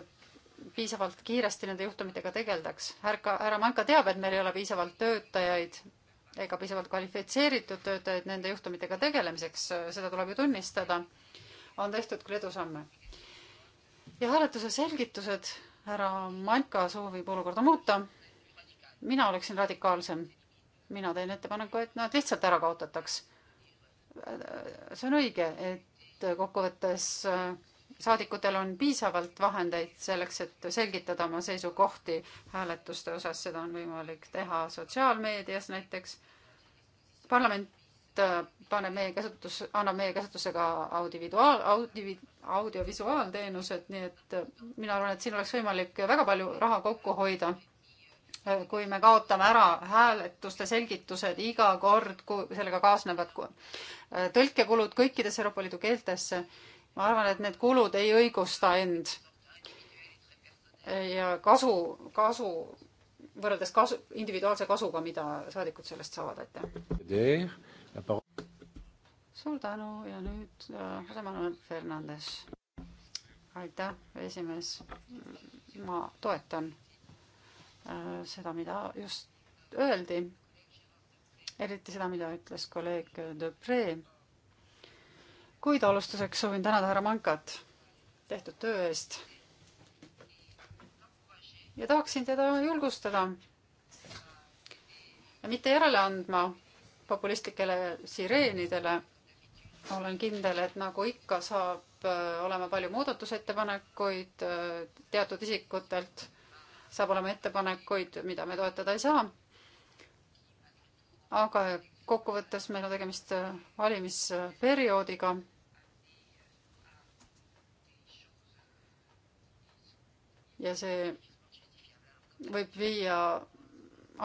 piisavalt kiiresti nende juhtumitega tegeldaks. härka, härra Manka teab, et meil ei ole piisavalt töötajaid ega piisavalt kvalifitseeritud töötajaid nende juhtumitega tegelemiseks, seda tuleb ju tunnistada. on tehtud küll edusamme. ja hääletuse selgitused, härra Manka soovib olukorda muuta. mina oleksin radikaalsem mina teen ettepaneku, et nad lihtsalt ära kaotataks. see on õige, et kokkuvõttes äh, saadikutel on piisavalt vahendeid selleks, et selgitada oma seisukohti hääletuste osas, seda on võimalik teha sotsiaalmeedias näiteks. parlament äh, paneb meie käsutus, annab meie käsutusse ka audividuaal, audi, audiovisuaalteenused, nii et äh, mina arvan, et siin oleks võimalik väga palju raha kokku hoida kui me kaotame ära hääletuste selgitused iga kord, kui sellega kaasnevad tõlkekulud kõikidesse Euroopa Liidu keeltesse. ma arvan, et need kulud ei õigusta end. ja kasu, kasu, võrreldes kasu, individuaalse kasuga, mida saadikud sellest saavad, aitäh. suur tänu ja nüüd asemel äh, on Fernandes. aitäh, esimees. ma toetan Äh, seda, mida just öeldi, eriti seda, mida ütles kolleeg Depree. kuid alustuseks soovin tänada härra Mankat tehtud töö eest. ja tahaksin teda julgustada ja mitte järele andma populistlikele sireenidele. olen kindel, et nagu ikka, saab äh, olema palju muudatusettepanekuid äh, teatud isikutelt saab olema ettepanekuid, mida me toetada ei saa. aga kokkuvõttes meil on tegemist äh, valimisperioodiga. ja see võib viia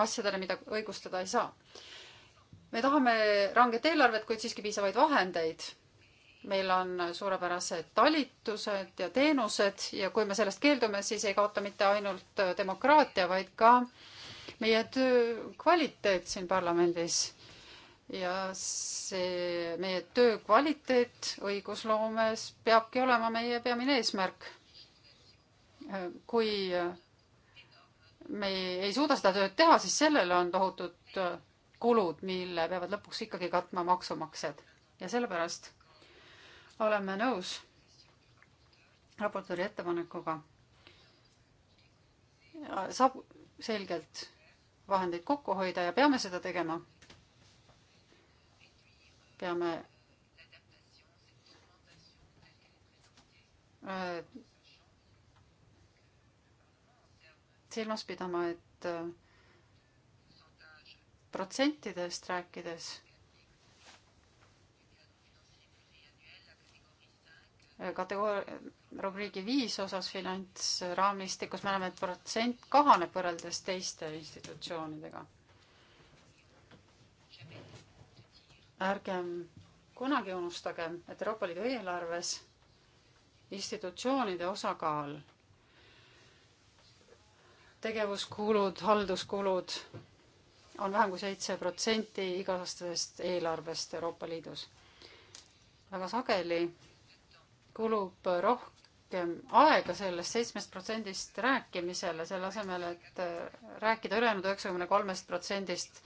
asjadele, mida õigustada ei saa. me tahame ranget eelarvet, kuid siiski piisavaid vahendeid meil on suurepärased talitused ja teenused ja kui me sellest keeldume, siis ei kaota mitte ainult demokraatia, vaid ka meie töö kvaliteet siin parlamendis. ja see meie töö kvaliteet õigusloomes peabki olema meie peamine eesmärk. kui me ei suuda seda tööd teha, siis sellele on tohutud kulud, mille peavad lõpuks ikkagi katma maksumaksjad ja sellepärast oleme nõus raportööri ettepanekuga. saab selgelt vahendeid kokku hoida ja peame seda tegema. peame äh, silmas pidama, et äh, protsentidest rääkides kategooria, rubriigi viis osas finantsraamistikus me näeme, et protsent kahaneb võrreldes teiste institutsioonidega. ärgem kunagi unustagem, et Euroopa Liidu eelarves institutsioonide osakaal, tegevuskulud, halduskulud on vähem kui seitse protsenti iga-aastasest eelarvest Euroopa Liidus. väga sageli kulub rohkem aega sellest seitsmest protsendist rääkimisele, selle asemel, et äh, rääkida ülejäänud üheksakümne kolmest protsendist,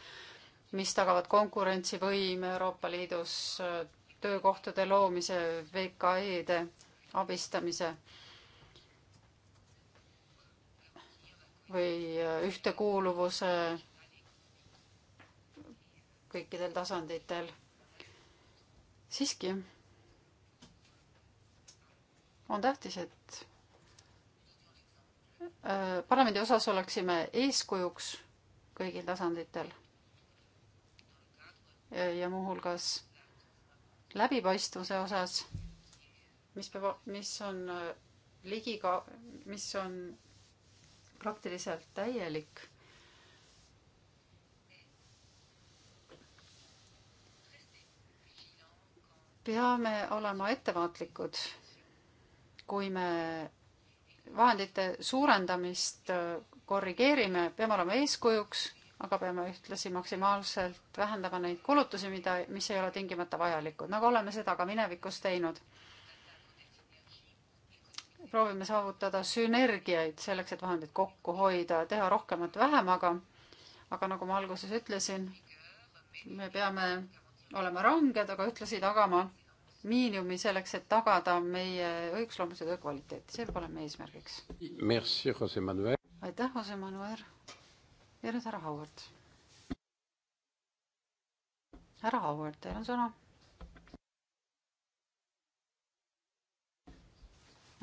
mis tagavad konkurentsivõime Euroopa Liidus, äh, töökohtade loomise, VKE-de abistamise või äh, ühtekuuluvuse kõikidel tasanditel. siiski on tähtis, et äh, parlamendi osas oleksime eeskujuks kõigil tasanditel ja muuhulgas läbipaistvuse osas, mis peab, mis on äh, ligiga, mis on praktiliselt täielik. peame olema ettevaatlikud kui me vahendite suurendamist äh, korrigeerime, peame olema eeskujuks, aga peame ühtlasi maksimaalselt vähendama neid kulutusi, mida, mis ei ole tingimata vajalikud, nagu oleme seda ka minevikus teinud. proovime saavutada sünergiaid selleks, et vahendid kokku hoida, teha rohkemat vähemaga. aga nagu ma alguses ütlesin, me peame olema ranged, aga ühtlasi tagama miinimumi selleks, et tagada meie õigusloomuse töö kvaliteeti, see peab olema eesmärgiks. aitäh, Jose Manuel. ja nüüd härra Howard. härra Howard, teil on sõna.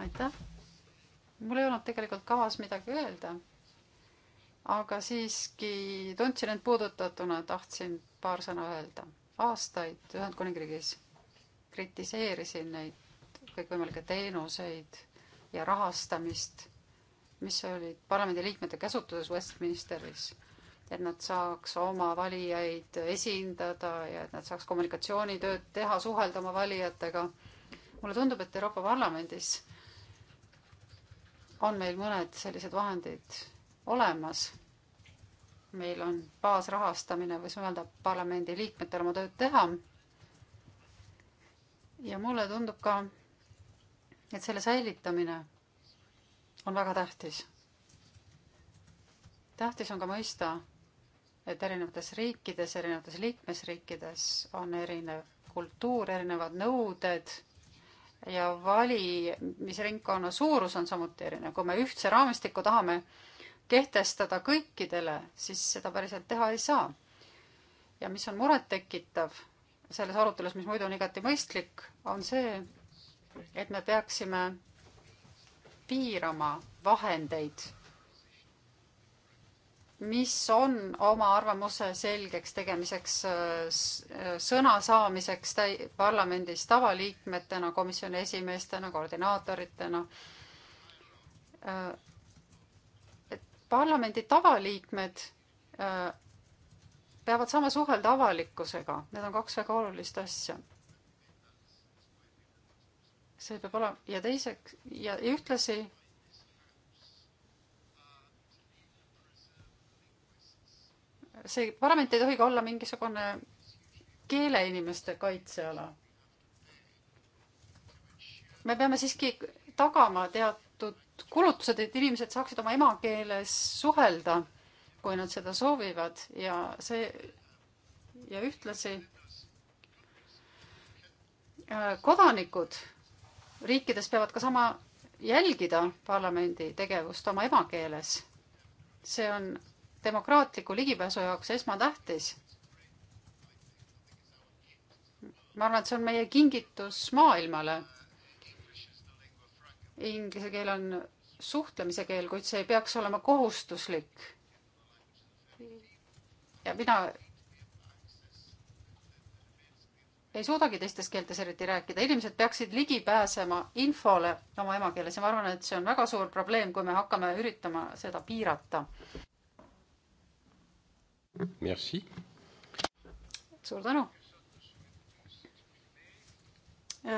aitäh. mul ei olnud tegelikult kavas midagi öelda. aga siiski tundsin end puudutatuna, tahtsin paar sõna öelda. aastaid Ühendkuningriigis kritiseerisin neid kõikvõimalikke teenuseid ja rahastamist, mis olid parlamendiliikmete käsutuses Westminsteris, et nad saaks oma valijaid esindada ja et nad saaks kommunikatsioonitööd teha, suhelda oma valijatega. mulle tundub, et Euroopa Parlamendis on meil mõned sellised vahendid olemas meil on baasrahastamine, võis öelda, parlamendi liikmetel oma tööd teha ja mulle tundub ka, et selle säilitamine on väga tähtis. tähtis on ka mõista, et erinevates riikides, erinevates liikmesriikides on erinev kultuur, erinevad nõuded ja valimisringkonna suurus on samuti erinev. kui me ühtse raamistiku tahame kehtestada kõikidele, siis seda päriselt teha ei saa. ja mis on murettekitav selles arutelus, mis muidu on igati mõistlik, on see, et me peaksime piirama vahendeid, mis on oma arvamuse selgeks tegemiseks, sõna saamiseks täi-, parlamendis tavaliikmetena, komisjoni esimeestena, koordinaatoritena. et parlamendi tavaliikmed peavad saama suhelda avalikkusega, need on kaks väga olulist asja. see peab olema ja teiseks ja, ja ühtlasi see parlament ei tohi ka olla mingisugune keeleinimeste kaitseala. me peame siiski tagama teatud kulutused, et inimesed saaksid oma emakeeles suhelda kui nad seda soovivad ja see ja ühtlasi äh, kodanikud riikides peavad ka sama jälgida parlamendi tegevust oma emakeeles. see on demokraatliku ligipääsu jaoks esmatähtis. ma arvan, et see on meie kingitus maailmale. Inglise keel on suhtlemise keel, kuid see ei peaks olema kohustuslik ja mina ei suudagi teistes keeltes eriti rääkida, inimesed peaksid ligi pääsema infole oma emakeeles ja ma arvan, et see on väga suur probleem, kui me hakkame üritama seda piirata. Merci. suur tänu.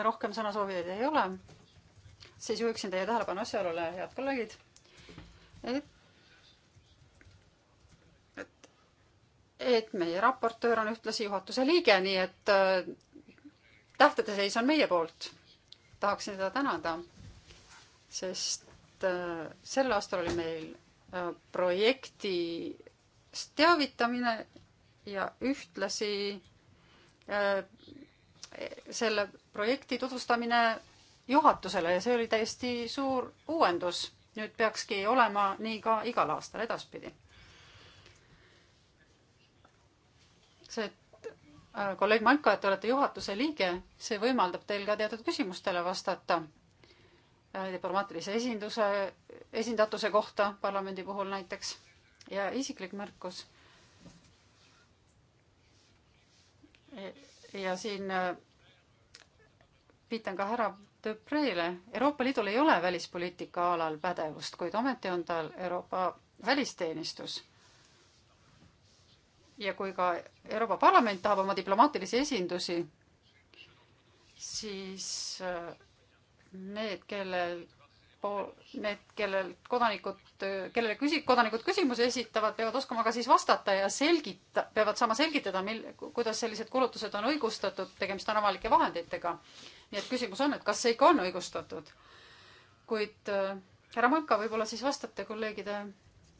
rohkem sõnasoovijaid ei ole, siis juhiksin teie tähelepanu asjaolule, head kolleegid, et et meie raportöör on ühtlasi juhatuse liige, nii et äh, tähtede seis on meie poolt. tahaksin teda tänada, sest äh, sel aastal oli meil äh, projektist teavitamine ja ühtlasi selle projekti tutvustamine juhatusele ja see oli täiesti suur uuendus. nüüd peakski olema nii ka igal aastal edaspidi et äh, kolleeg Maika, et te olete juhatuse liige, see võimaldab teil ka teatud küsimustele vastata äh, diplomaatilise esinduse, esindatuse kohta parlamendi puhul näiteks ja isiklik märkus. E, ja siin äh, viitan ka härra Depreele, Euroopa Liidul ei ole välispoliitika alal pädevust, kuid ometi on tal Euroopa välisteenistus ja kui ka Euroopa Parlament tahab oma diplomaatilisi esindusi, siis äh, need, kellel pool, need, kellel kodanikud, kellele küsi-, kodanikud küsimusi esitavad, peavad oskama ka siis vastata ja selgita-, peavad saama selgitada, mil-, kuidas sellised kulutused on õigustatud, tegemist on avalike vahenditega. nii et küsimus on, et kas see ikka on õigustatud. kuid äh, härra Manka, võib-olla siis vastate kolleegide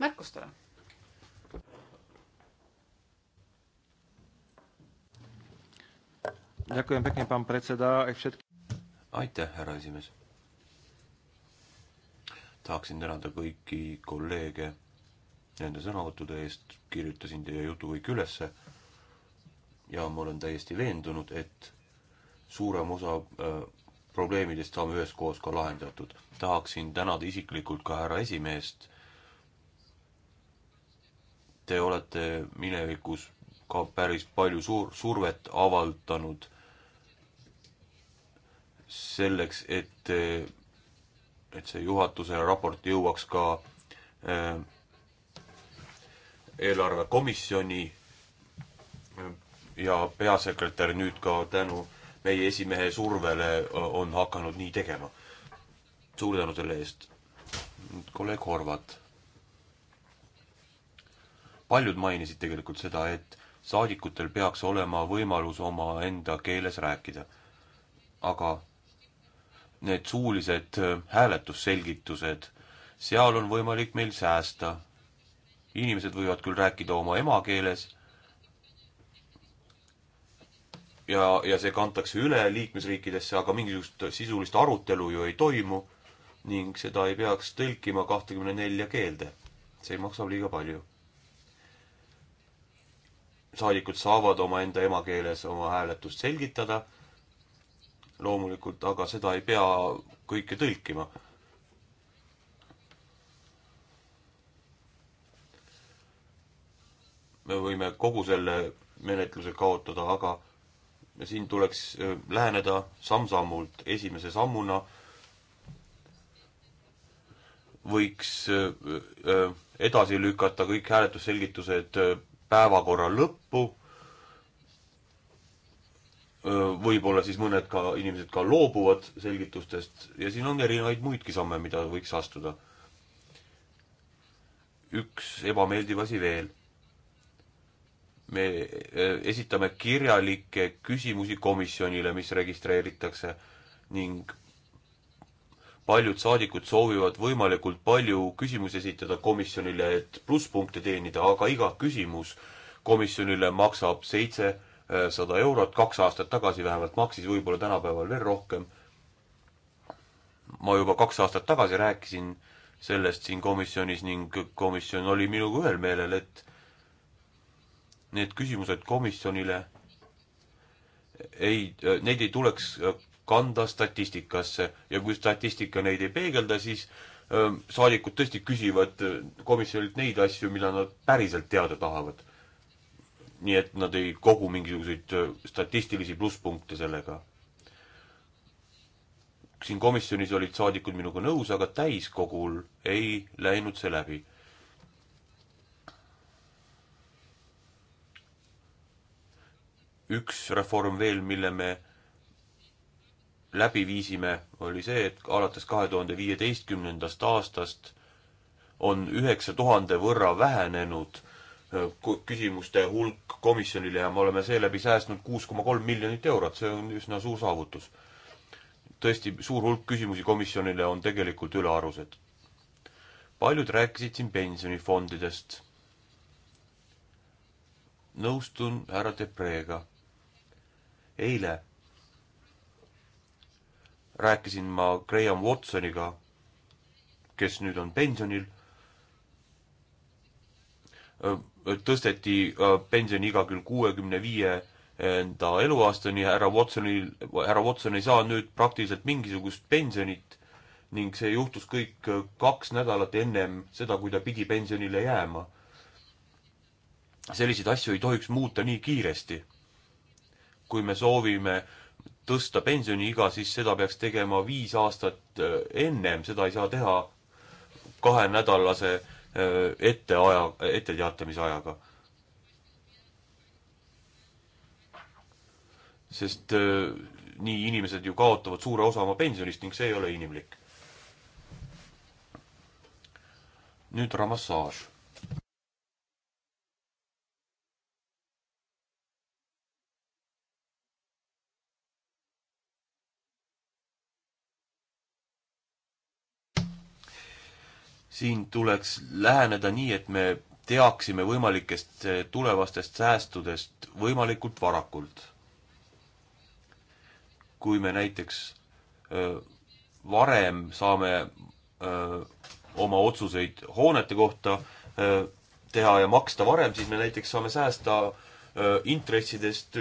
märkustele aitäh, härra esimees. tahaksin tänada kõiki kolleege nende sõnavõttude eest, kirjutasin teie jutu kõik ülesse ja ma olen täiesti veendunud, et suurem osa äh, probleemidest saame üheskoos ka lahendatud. tahaksin tänada isiklikult ka härra esimeest. Te olete minevikus ka päris palju suur, survet avaldanud selleks, et, et see juhatuse raport jõuaks ka äh, eelarvekomisjoni ja peasekretär nüüd ka tänu meie esimehe survele äh, on hakanud nii tegema. suur tänu selle eest. kolleeg Horvat. paljud mainisid tegelikult seda, et saadikutel peaks olema võimalus omaenda keeles rääkida. aga need suulised äh, hääletusselgitused, seal on võimalik meil säästa. inimesed võivad küll rääkida oma emakeeles ja, ja see kantakse üle liikmesriikidesse, aga mingisugust sisulist arutelu ju ei toimu ning seda ei peaks tõlkima kahtekümne nelja keelde. see maksab liiga palju. saadikud saavad omaenda emakeeles oma hääletust selgitada loomulikult, aga seda ei pea kõike tõlkima. me võime kogu selle menetluse kaotada, aga siin tuleks äh, läheneda samm-sammult, esimese sammuna võiks äh, äh, edasi lükata kõik hääletusselgitused päevakorra lõppu võib-olla siis mõned ka, inimesed ka loobuvad selgitustest ja siin on erinevaid muidki samme, mida võiks astuda. üks ebameeldiv asi veel. me esitame kirjalikke küsimusi komisjonile, mis registreeritakse ning paljud saadikud soovivad võimalikult palju küsimusi esitada komisjonile, et plusspunkte teenida, aga iga küsimus komisjonile maksab seitse sada eurot, kaks aastat tagasi vähemalt maksis, võib-olla tänapäeval veel rohkem. ma juba kaks aastat tagasi rääkisin sellest siin komisjonis ning komisjon oli minuga ühel meelel, et need küsimused komisjonile ei, neid ei tuleks kanda statistikasse ja kui statistika neid ei peegelda, siis äh, saadikud tõesti küsivad komisjonilt neid asju, mida nad päriselt teada tahavad nii et nad ei kogu mingisuguseid äh, statistilisi plusspunkte sellega. siin komisjonis olid saadikud minuga nõus, aga täiskogul ei läinud see läbi. üks reform veel, mille me läbi viisime, oli see, et alates kahe tuhande viieteistkümnendast aastast on üheksa tuhande võrra vähenenud Äh, küsimuste hulk komisjonile ja me oleme seeläbi säästnud kuus koma kolm miljonit eurot, see on üsna suur saavutus. tõesti, suur hulk küsimusi komisjonile on tegelikult ülearused. paljud rääkisid siin pensionifondidest. nõustun härra Depreega. eile rääkisin ma Graham Watsoniga, kes nüüd on pensionil äh, tõsteti äh, pensioniiga küll kuuekümne viienda eluaastani, härra Watsonil, härra Watson ei saa nüüd praktiliselt mingisugust pensionit ning see juhtus kõik äh, kaks nädalat ennem seda, kui ta pidi pensionile jääma. selliseid asju ei tohiks muuta nii kiiresti. kui me soovime tõsta pensioniiga, siis seda peaks tegema viis aastat äh, ennem, seda ei saa teha kahenädalase äh, Äh, ette aja, etteteatamise ajaga. sest äh, nii inimesed ju kaotavad suure osa oma pensionist ning see ei ole inimlik. nüüd ramassaaž siin tuleks läheneda nii, et me teaksime võimalikest eh, tulevastest säästudest võimalikult varakult. kui me näiteks öö, eh, varem saame öö, eh, oma otsuseid hoonete kohta öö, teha ja maksta varem, siis me näiteks saame säästa öö, intressidest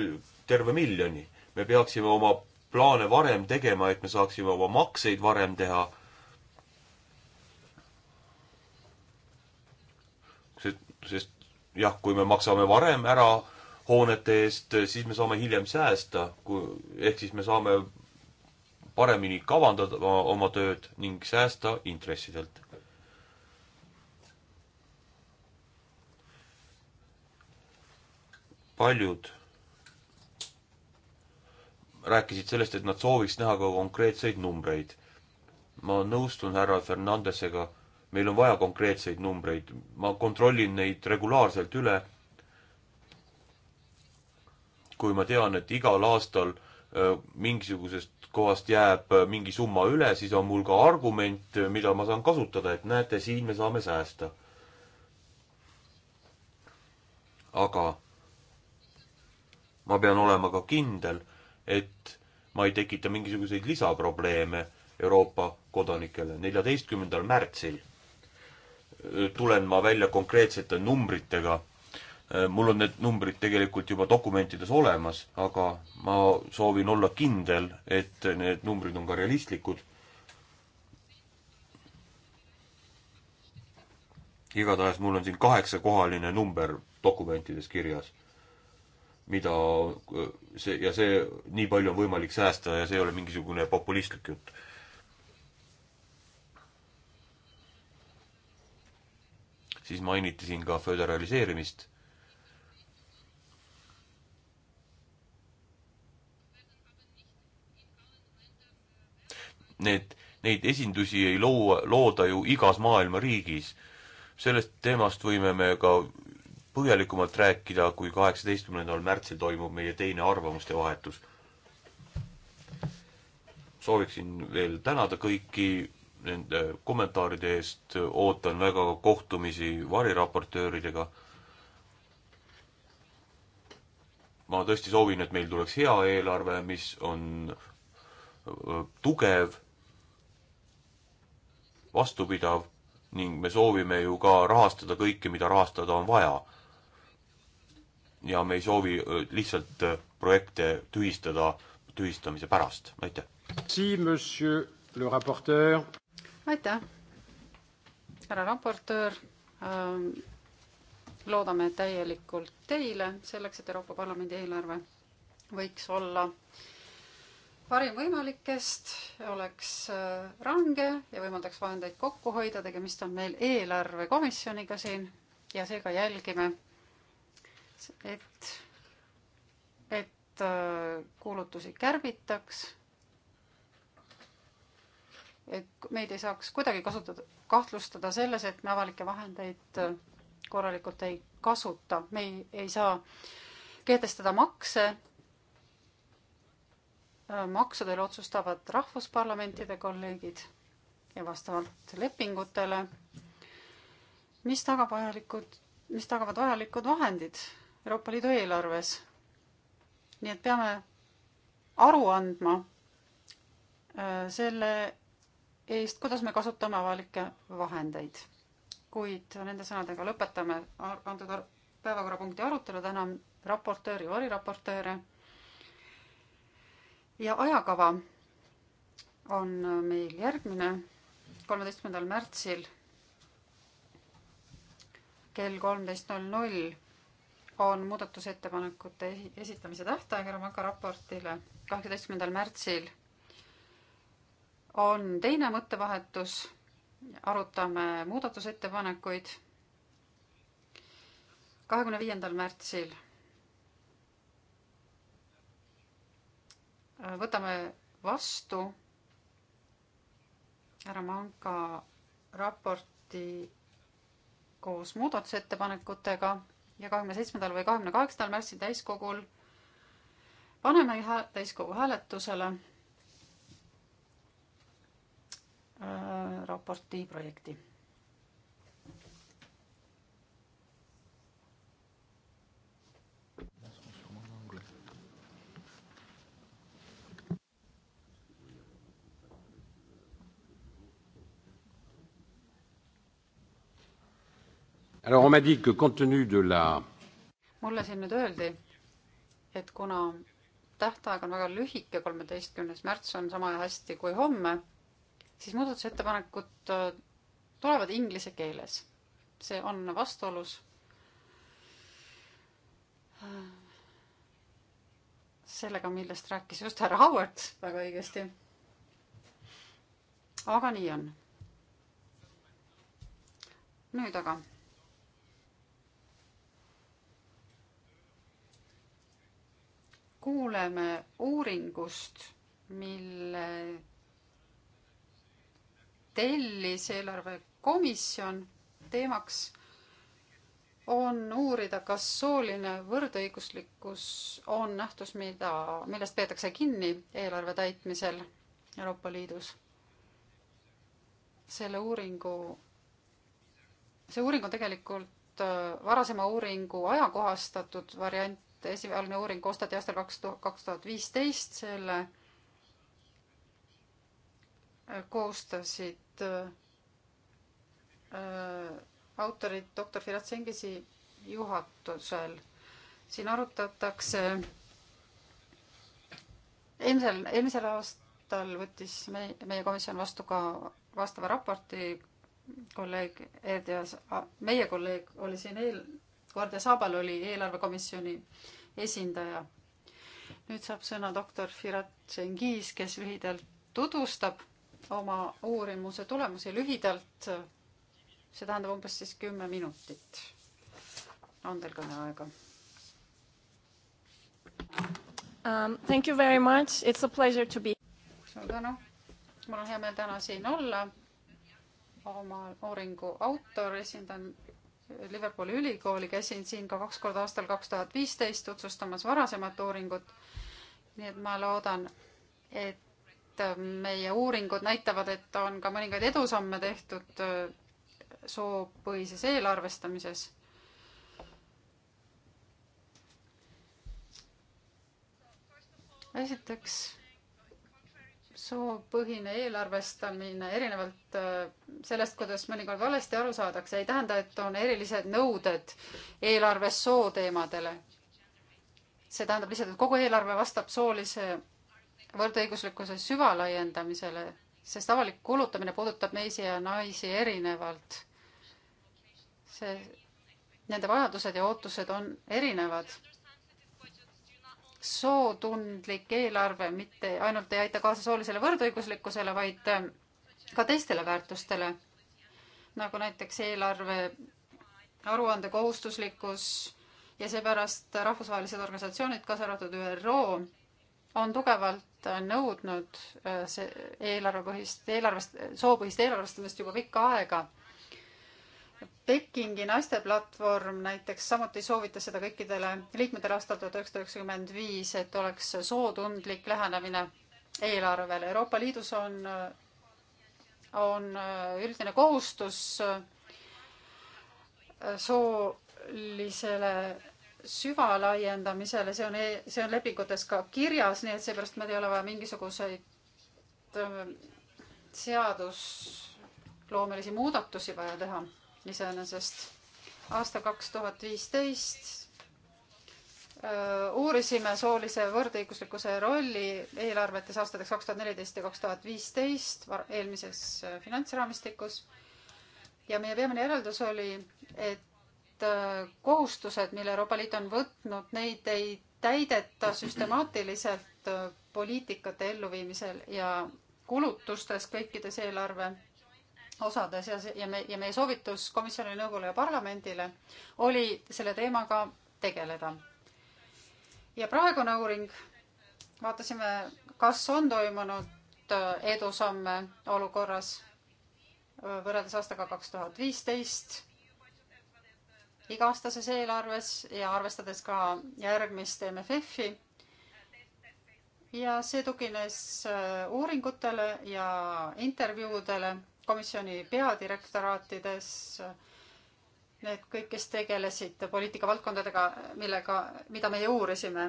terve miljoni. me peaksime oma plaane varem tegema, et me saaksime oma makseid varem teha sest jah, kui me maksame varem ära hoonete eest, siis me saame hiljem säästa, kui, ehk siis me saame paremini kavandada oma tööd ning säästa intressidelt. paljud rääkisid sellest, et nad sooviks näha ka konkreetseid numbreid. ma nõustun härra Fernandesega meil on vaja konkreetseid numbreid, ma kontrollin neid regulaarselt üle. kui ma tean, et igal aastal äh, mingisugusest kohast jääb äh, mingi summa üle, siis on mul ka argument, äh, mida ma saan kasutada, et näete, siin me saame säästa. aga ma pean olema ka kindel, et ma ei tekita mingisuguseid lisaprobleeme Euroopa kodanikele. neljateistkümnendal märtsil tulen ma välja konkreetsete numbritega. mul on need numbrid tegelikult juba dokumentides olemas, aga ma soovin olla kindel, et need numbrid on ka realistlikud. igatahes mul on siin kaheksakohaline number dokumentides kirjas mida see ja see, nii palju on võimalik säästa ja see ei ole mingisugune populistlik jutt. siis mainiti siin ka föderaliseerimist. Need, neid esindusi ei loo, looda ju igas maailma riigis. sellest teemast võime me ka põhjalikumalt rääkida, kui kaheksateistkümnendal märtsil toimub meie teine arvamuste vahetus. sooviksin veel tänada kõiki nende kommentaaride eest, ootan väga kohtumisi variraportööridega. ma tõesti soovin, et meil tuleks hea eelarve, mis on tugev, vastupidav ning me soovime ju ka rahastada kõike, mida rahastada on vaja. ja me ei soovi lihtsalt projekte tühistada tühistamise pärast, aitäh. Si, monsieur le rapporteur aitäh, härra raportöör. Ähm, loodame täielikult teile selleks, et Euroopa Parlamendi eelarve võiks olla parim võimalikest, oleks äh, range ja võimaldaks vahendeid kokku hoida, tegemist on meil eelarvekomisjoniga siin ja seega jälgime, et, et äh, kulutusi kärbitaks et meid ei saaks kuidagi kasutada, kahtlustada selles, et me avalikke vahendeid äh, korralikult ei kasuta, me ei, ei saa kehtestada makse. Äh, maksudel otsustavad rahvusparlamentide kolleegid ja vastavalt lepingutele, mis tagab vajalikud, mis tagavad vajalikud vahendid Euroopa Liidu eelarves. nii et peame aru andma äh, selle eest, kuidas me kasutame avalikke vahendeid. kuid nende sõnadega lõpetame antud ar päevakorrapunkti arutelu, tänan raportööri, variraportööre. ja ajakava on meil järgmine, kolmeteistkümnendal märtsil kell kolmteist null null on muudatusettepanekute esitamise tähtaeg Ramaka raportile kaheksateistkümnendal märtsil on teine mõttevahetus, arutame muudatusettepanekuid kahekümne viiendal märtsil. võtame vastu härra Manka raporti koos muudatusettepanekutega ja kahekümne seitsmendal või kahekümne kaheksandal märtsil täiskogul paneme täiskogu hääletusele Äh, raporti projekti. Alors on m'a dit que compte tenu de la mulle siin nüüd öeldi, et kuna tähtaeg on väga lühike, kolmeteistkümnes märts on sama hästi kui homme siis muudatusettepanekud äh, tulevad inglise keeles. see on vastuolus äh, sellega, millest rääkis just härra Howard väga õigesti. aga nii on. nüüd aga. kuuleme uuringust, mille tellis eelarvekomisjon teemaks on uurida, kas sooline võrdõiguslikkus on nähtus, mida, millest peetakse kinni eelarve täitmisel Euroopa Liidus. selle uuringu, see uuring on tegelikult äh, varasema uuringu ajakohastatud variant, esialgne uuring koostati aastal kaks tuhat, kaks tuhat viisteist, selle koostasid äh, autorid doktor Firat Sengisi juhatusel. siin arutatakse, eelmisel, eelmisel aastal võttis me, meie komisjon vastu ka vastava raporti, kolleeg Erdias, meie kolleeg oli siin eel, Guardia Saabal oli eelarvekomisjoni esindaja. nüüd saab sõna doktor Firat Sengis, kes lühidalt tutvustab oma uurimuse tulemusi lühidalt. see tähendab umbes siis kümme minutit. on teil kõneaega um,? Thank you very much, it's a pleasure to be. suur tänu, mul on hea meel täna siin olla. oma uuringu autor, esindan Liverpooli ülikooli, käisin siin ka kaks korda aastal kaks tuhat viisteist tutvustamas varasemat uuringut. nii et ma loodan, et et äh, meie uuringud näitavad, et on ka mõningaid edusamme tehtud äh, soopõhises eelarvestamises. esiteks, soopõhine eelarvestamine erinevalt äh, sellest, kuidas mõnikord valesti aru saadakse, ei tähenda, et on erilised nõuded eelarves sooteemadele. see tähendab lihtsalt, et kogu eelarve vastab soolise võrdõiguslikkuse süvalaiendamisele, sest avalik kuulutamine puudutab meisi ja naisi erinevalt. see, nende vajadused ja ootused on erinevad. sootundlik eelarve mitte ainult ei aita kaasa soolisele võrdõiguslikkusele, vaid ähm, ka teistele väärtustele, nagu näiteks eelarve aruande kohustuslikkus ja seepärast rahvusvahelised organisatsioonid, kaasa arvatud ÜRO, on tugevalt ta on nõudnud äh, see eelarvepõhist, eelarvest, soopõhist eelarvestamist juba pikka aega. Pekingi naisteplatvorm näiteks samuti soovitas seda kõikidele liikmetele aastal tuhat üheksasada üheksakümmend viis, et oleks sootundlik lähenemine eelarvele. Euroopa Liidus on, on äh, üldine kohustus äh, soolisele süvalaiendamisele, see on, e-, see on lepingutes ka kirjas, nii et seepärast meil ei ole vaja mingisuguseid ähm, seadusloomelisi muudatusi vaja teha iseenesest. aasta kaks tuhat viisteist äh, uurisime soolise võrdõiguslikkuse rolli eelarvetes aastateks kaks tuhat neliteist ja kaks tuhat viisteist eelmises äh, finantsraamistikus. ja meie peamine järeldus oli, et Äh, kohustused, mille Euroopa Liit on võtnud, neid ei täideta süstemaatiliselt äh, poliitikate elluviimisel ja kulutustes kõikides eelarve osades ja, ja me, ja meie soovitus komisjonile, nõukogule ja parlamendile oli selle teemaga tegeleda. ja praegune uuring, vaatasime, kas on toimunud äh, edusamme olukorras võrreldes aastaga kaks tuhat viisteist iga-aastases eelarves ja arvestades ka järgmist MFF-i. ja see tugines äh, uuringutele ja intervjuudele komisjoni peadirektoraatides. Need kõik, kes tegelesid poliitikavaldkondadega, millega, mida meie uurisime.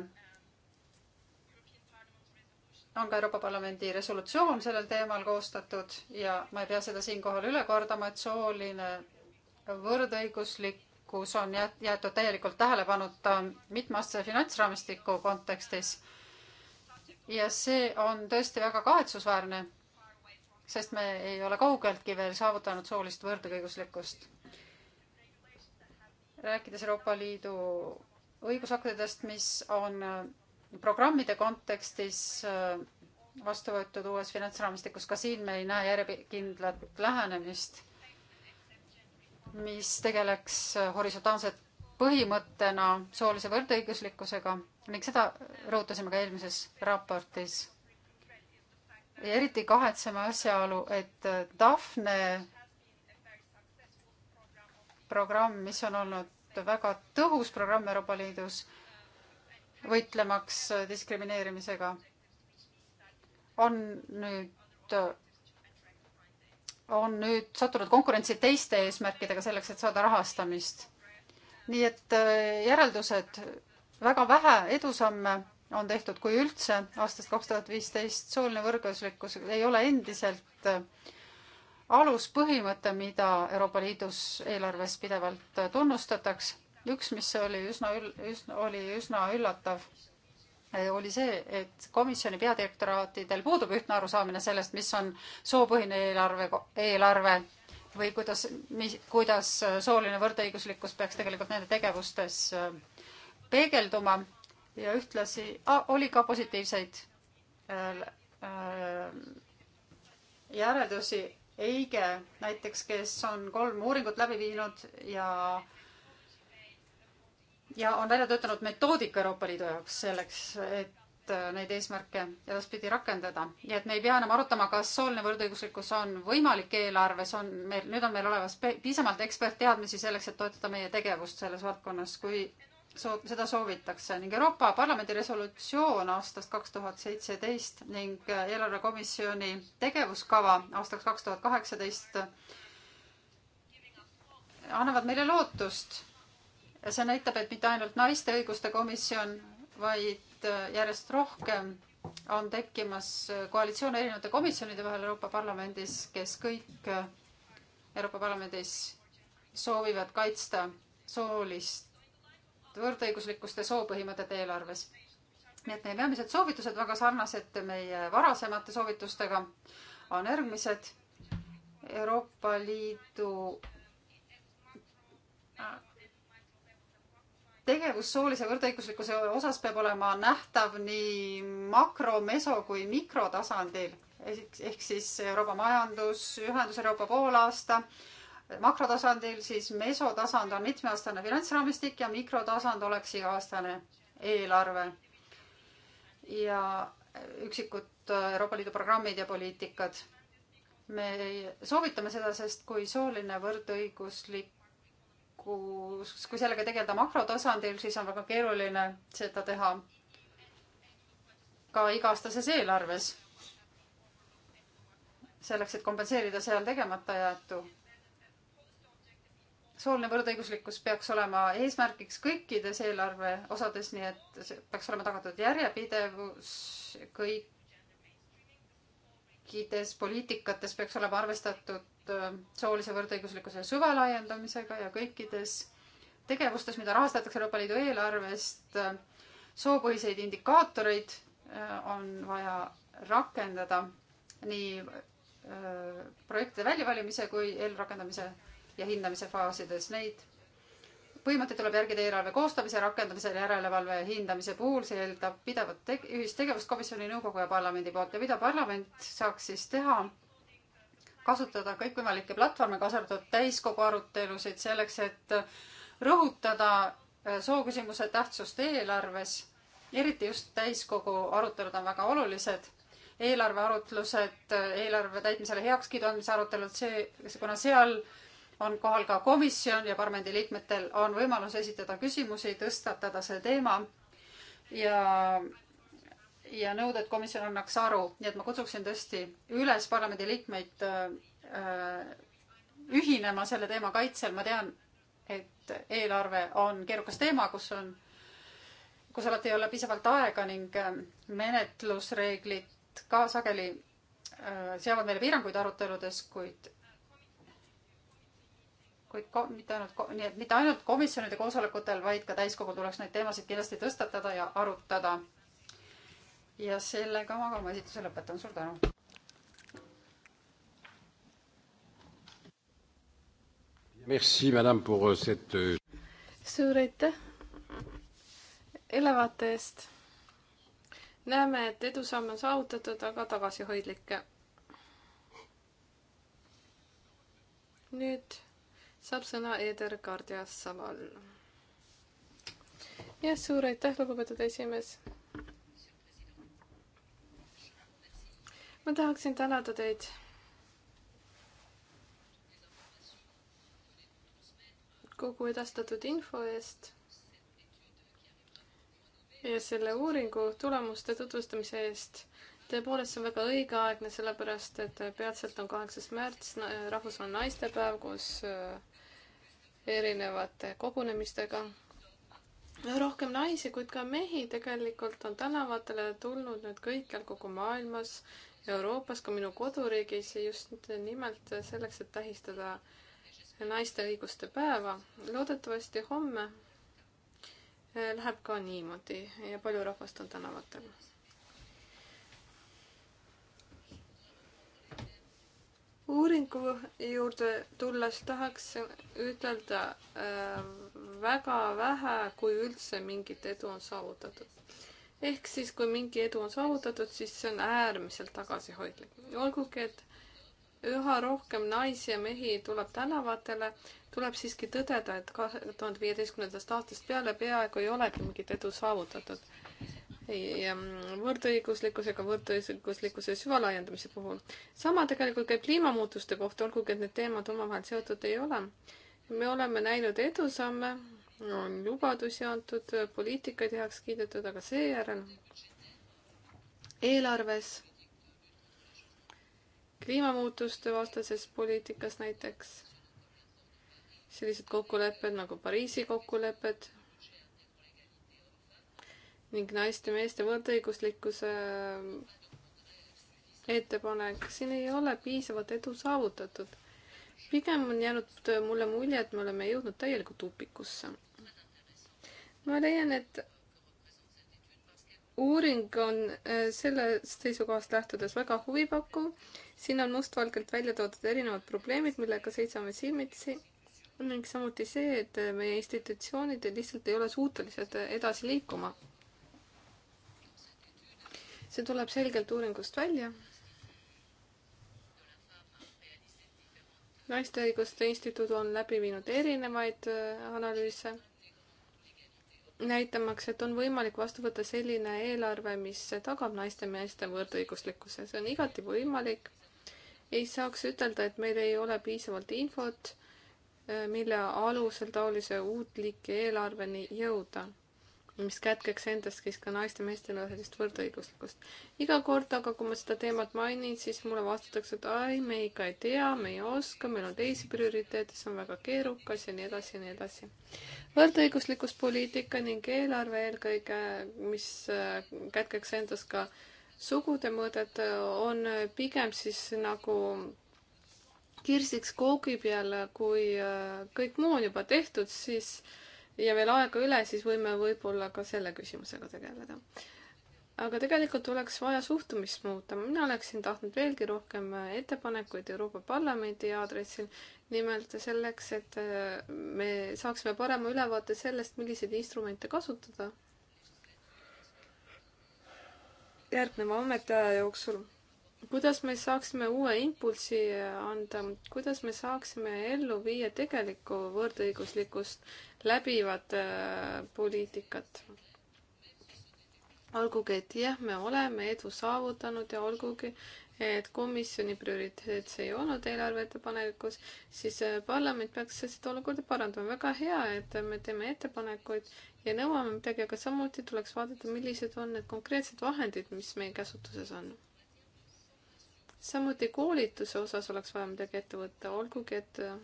on ka Euroopa Parlamendi resolutsioon sellel teemal koostatud ja ma ei pea seda siinkohal üle kordama, et sooline võrdõiguslik kus on jäetud täielikult tähelepanuta mitmeaastase finantsraamistiku kontekstis. ja see on tõesti väga kahetsusväärne, sest me ei ole kaugeltki veel saavutanud soolist võrdõiguslikkust. rääkides Euroopa Liidu õigusaktidest, mis on programmide kontekstis äh, vastu võetud uues finantsraamistikus, ka siin me ei näe järjekindlat lähenemist mis tegeleks horisontaalse põhimõttena soolise võrdõiguslikkusega ning seda rõhutasime ka eelmises raportis. ja eriti kahetseme asjaolu, et Daphne programm, mis on olnud väga tõhus programm Euroopa Liidus võitlemaks diskrimineerimisega, on nüüd on nüüd sattunud konkurentsi teiste eesmärkidega selleks, et saada rahastamist. nii et äh, järeldused, väga vähe edusamme on tehtud, kui üldse, aastast kaks tuhat viisteist sooline võrguslikkus ei ole endiselt äh, aluspõhimõte, mida Euroopa Liidus eelarves pidevalt äh, tunnustataks. üks, mis oli üsna, üsna, oli üsna üllatav oli see, et komisjoni peadirektoraatidel puudub ühtne arusaamine sellest, mis on soopõhine eelarve, eelarve või kuidas, mis, kuidas sooline võrdõiguslikkus peaks tegelikult nende tegevustes äh, peegelduma ja ühtlasi ah, oli ka positiivseid äh, äh, järeldusi. Eige näiteks, kes on kolm uuringut läbi viinud ja äh, ja on välja töötanud metoodika Euroopa Liidu jaoks selleks, et äh, neid eesmärke edaspidi rakendada. nii et me ei pea enam arutama, kas sooline võrdõiguslikkus on võimalik eelarves, on meil, nüüd on meil olemas piisavalt ekspertteadmisi selleks, et toetada meie tegevust selles valdkonnas, kui soo-, seda soovitakse ning Euroopa Parlamendi resolutsioon aastast kaks tuhat seitseteist ning äh, eelarvekomisjoni tegevuskava aastaks kaks tuhat kaheksateist annavad meile lootust ja see näitab, et mitte ainult naiste õiguste komisjon, vaid äh, järjest rohkem on tekkimas äh, koalitsioon erinevate komisjonide vahel Euroopa Parlamendis, kes kõik äh, Euroopa Parlamendis soovivad kaitsta soolist võrdõiguslikkuste soopõhimõtete eelarves. nii et meie peamised soovitused, väga sarnased meie varasemate soovitustega, on järgmised. Euroopa Liidu tegevus soolise võrdõiguslikkuse osas peab olema nähtav nii makro, meso kui mikrotasandil. ehk siis Euroopa majandus, ühendus Euroopa poolaasta, makrotasandil siis mesotasand on mitmeaastane finantsraamistik ja mikrotasand oleks iga-aastane eelarve. ja üksikud Euroopa Liidu programmid ja poliitikad. me soovitame seda, sest kui sooline võrdõiguslik kus, kui sellega tegeleda makrotasandil, siis on väga keeruline seda teha ka iga-aastases eelarves. selleks, et kompenseerida seal tegemata jäetu. sooline võrdõiguslikkus peaks olema eesmärgiks kõikides eelarve osades, nii et peaks olema tagatud järjepidevus kõikides poliitikates peaks olema arvestatud seotud äh, soolise võrdõiguslikkuse süvalaiendamisega ja kõikides tegevustes, mida rahastatakse Euroopa Liidu eelarvest, äh, soopõhiseid indikaatoreid äh, on vaja rakendada nii projektide väljavalimise kui eelrakendamise ja hindamise faasides. Neid põhimõtteid tuleb järgida eelarve koostamise, rakendamisel, järelevalve ja hindamise puhul, see eeldab pidevat ühistegevust komisjoni, nõukogu ja parlamendi poolt ja mida parlament saaks siis teha kasutada kõikvõimalikke platvorme, kaasa arvatud täiskogu arutelusid, selleks et rõhutada äh, sooküsimuse tähtsust eelarves. eriti just täiskogu arutelud on väga olulised. eelarve arutlused, äh, eelarve täitmisele heakskiidu andmise arutelud, see, kuna seal on kohal ka komisjon ja parlamendi liikmetel on võimalus esitada küsimusi, tõstatada see teema ja ja nõuda, et komisjon annaks aru, nii et ma kutsuksin tõesti üles parlamendiliikmeid äh, äh, ühinema selle teema kaitsel, ma tean, et eelarve on keerukas teema, kus on, kus alati ei ole piisavalt aega ning äh, menetlusreeglid ka sageli seavad meile piiranguid aruteludes, kuid kuid ko-, mitte ainult, nii et mitte ainult komisjonide koosolekutel, vaid ka täiskogul tuleks neid teemasid kindlasti tõstatada ja arutada ja sellega ma ka oma esituse lõpetan, suur tänu! Merci, madame, pour euh, cette... Euh, suur aitäh ülevaate eest. näeme, et edusamme on saavutatud, aga tagasihoidlikke. nüüd saab sõna Eder Kardias Saval. jah, suur aitäh, lugupeetud esimees ma tahaksin tänada teid kogu edastatud info eest ja selle uuringu tulemuste tutvustamise eest. tõepoolest, see on väga õigeaegne, sellepärast et peatselt on kaheksas märts, rahvusvaheline naistepäev koos äh, erinevate kogunemistega. rohkem naisi, kuid ka mehi tegelikult on tänavatele tulnud nüüd kõikjal kogu maailmas Euroopas, ka minu koduriigis, just nimelt selleks, et tähistada naiste õiguste päeva. loodetavasti homme eh, läheb ka niimoodi ja palju rahvast on tänavatel. uuringu juurde tulles tahaks ütelda äh, väga vähe, kui üldse mingit edu on saavutatud ehk siis, kui mingi edu on saavutatud, siis see on äärmiselt tagasihoidlik. olgugi, et üha rohkem naisi ja mehi tuleb tänavatele, tuleb siiski tõdeda, et kahe tuhande viieteistkümnendast aastast peale peaaegu ei olegi mingit edu saavutatud. ja võrdõiguslikkusega võrdõiguslikkuse süvalaiendamise puhul. sama tegelikult käib kliimamuutuste kohta, olgugi et need teemad omavahel seotud ei ole. me oleme näinud edusamme on lubadusi antud, poliitikaid heaks kiidetud, aga seejärel eelarves, kliimamuutuste vastases poliitikas näiteks, sellised kokkulepped nagu Pariisi kokkulepped ning naiste-meeste võrdõiguslikkuse ettepanek, siin ei ole piisavat edu saavutatud. pigem on jäänud mulle mulje, et me oleme jõudnud täielikult tupikusse ma leian, et uuring on äh, sellest seisukohast lähtudes väga huvipakkuv. siin on mustvalgelt välja toodud erinevad probleemid, millega seisame silmitsi ning samuti see, et meie institutsioonid lihtsalt ei ole suutelised edasi liikuma. see tuleb selgelt uuringust välja. naiste õiguste instituut on läbi viinud erinevaid äh, analüüse näitamaks, et on võimalik vastu võtta selline eelarve, mis tagab naiste ja meeste võrdõiguslikkuse, see on igati võimalik. ei saaks ütelda, et meil ei ole piisavalt infot, eh, mille alusel taolise uut liiki eelarveni jõuda mis kätkeks endas siis ka naiste meestele sellist võrdõiguslikkust. iga kord aga, kui ma seda teemat mainin, siis mulle vastatakse, et ai, me ikka ei tea, me ei oska, meil on teisi prioriteete, see on väga keerukas ja nii edasi ja nii edasi. võrdõiguslikkuspoliitika ning eelarve eelkõige, mis äh, kätkeks endas ka sugude mõõdet, äh, on pigem siis nagu kirsiks koogi peal, kui äh, kõik muu on juba tehtud, siis äh, ja veel aega üle, siis võime võib-olla ka selle küsimusega tegeleda. aga tegelikult oleks vaja suhtumist muuta, mina oleksin tahtnud veelgi rohkem äh, ettepanekuid Euroopa Parlamendi aadressil, nimelt selleks, et äh, me saaksime parema ülevaate sellest, milliseid instrumente kasutada järgneva ametiaja jooksul kuidas me saaksime uue impulsi äh, anda, kuidas me saaksime ellu viia tegelikku võrdõiguslikkust läbivat äh, poliitikat. olgugi, et jah, me oleme edu saavutanud ja olgugi, et komisjoni prioriteet see ei olnud eelarve ettepanekus, siis äh, parlament peaks seda olukorda parandama. väga hea, et me teeme ettepanekuid ja nõuame midagi, aga samuti tuleks vaadata, millised on need konkreetsed vahendid, mis meie käsutuses on samuti koolituse osas oleks vaja midagi ette võtta, olgugi et äh,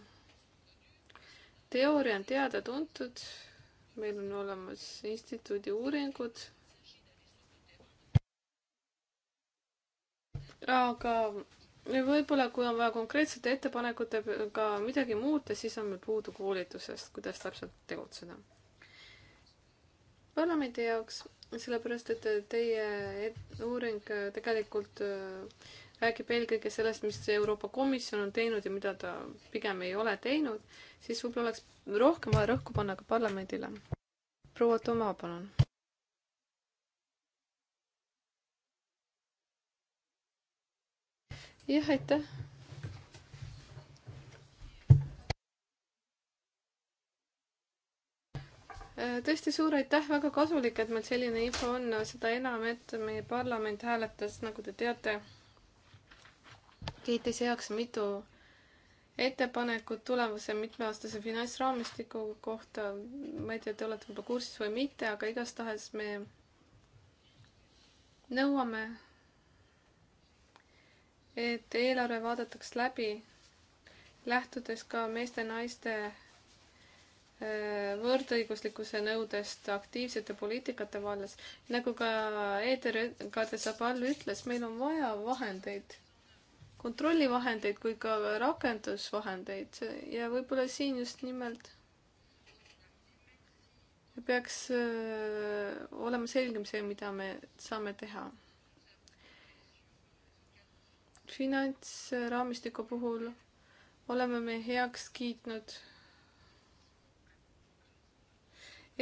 teooria on teada-tuntud, meil on olemas instituudi uuringud. aga võib-olla, kui on vaja konkreetsete ettepanekutega midagi muuta, siis on meil puudu koolitusest, kuidas täpselt tegutseda. parlamendi jaoks, sellepärast et teie uuring tegelikult räägib eelkõige sellest, mis Euroopa Komisjon on teinud ja mida ta pigem ei ole teinud, siis võib-olla oleks rohkem vaja rõhku panna ka parlamendile. proua Toma, palun. jah, aitäh. tõesti suur aitäh, väga kasulik, et meil selline info on, seda enam, et meie parlament hääletas, nagu te teate, kiitis heaks mitu ettepanekud tulevase mitmeaastase finantsraamistiku kohta, ma ei tea, te olete juba kursis või mitte, aga igastahes me nõuame, et eelarve vaadataks läbi, lähtudes ka meeste-naiste äh, võrdõiguslikkuse nõudest aktiivsete poliitikate vallas. nagu ka Eeter Kadri Sabal ütles, meil on vaja vahendeid kontrollivahendeid kui ka rakendusvahendeid ja võib-olla siin just nimelt peaks äh, olema selgem see, mida me saame teha. finantsraamistiku puhul oleme me heaks kiitnud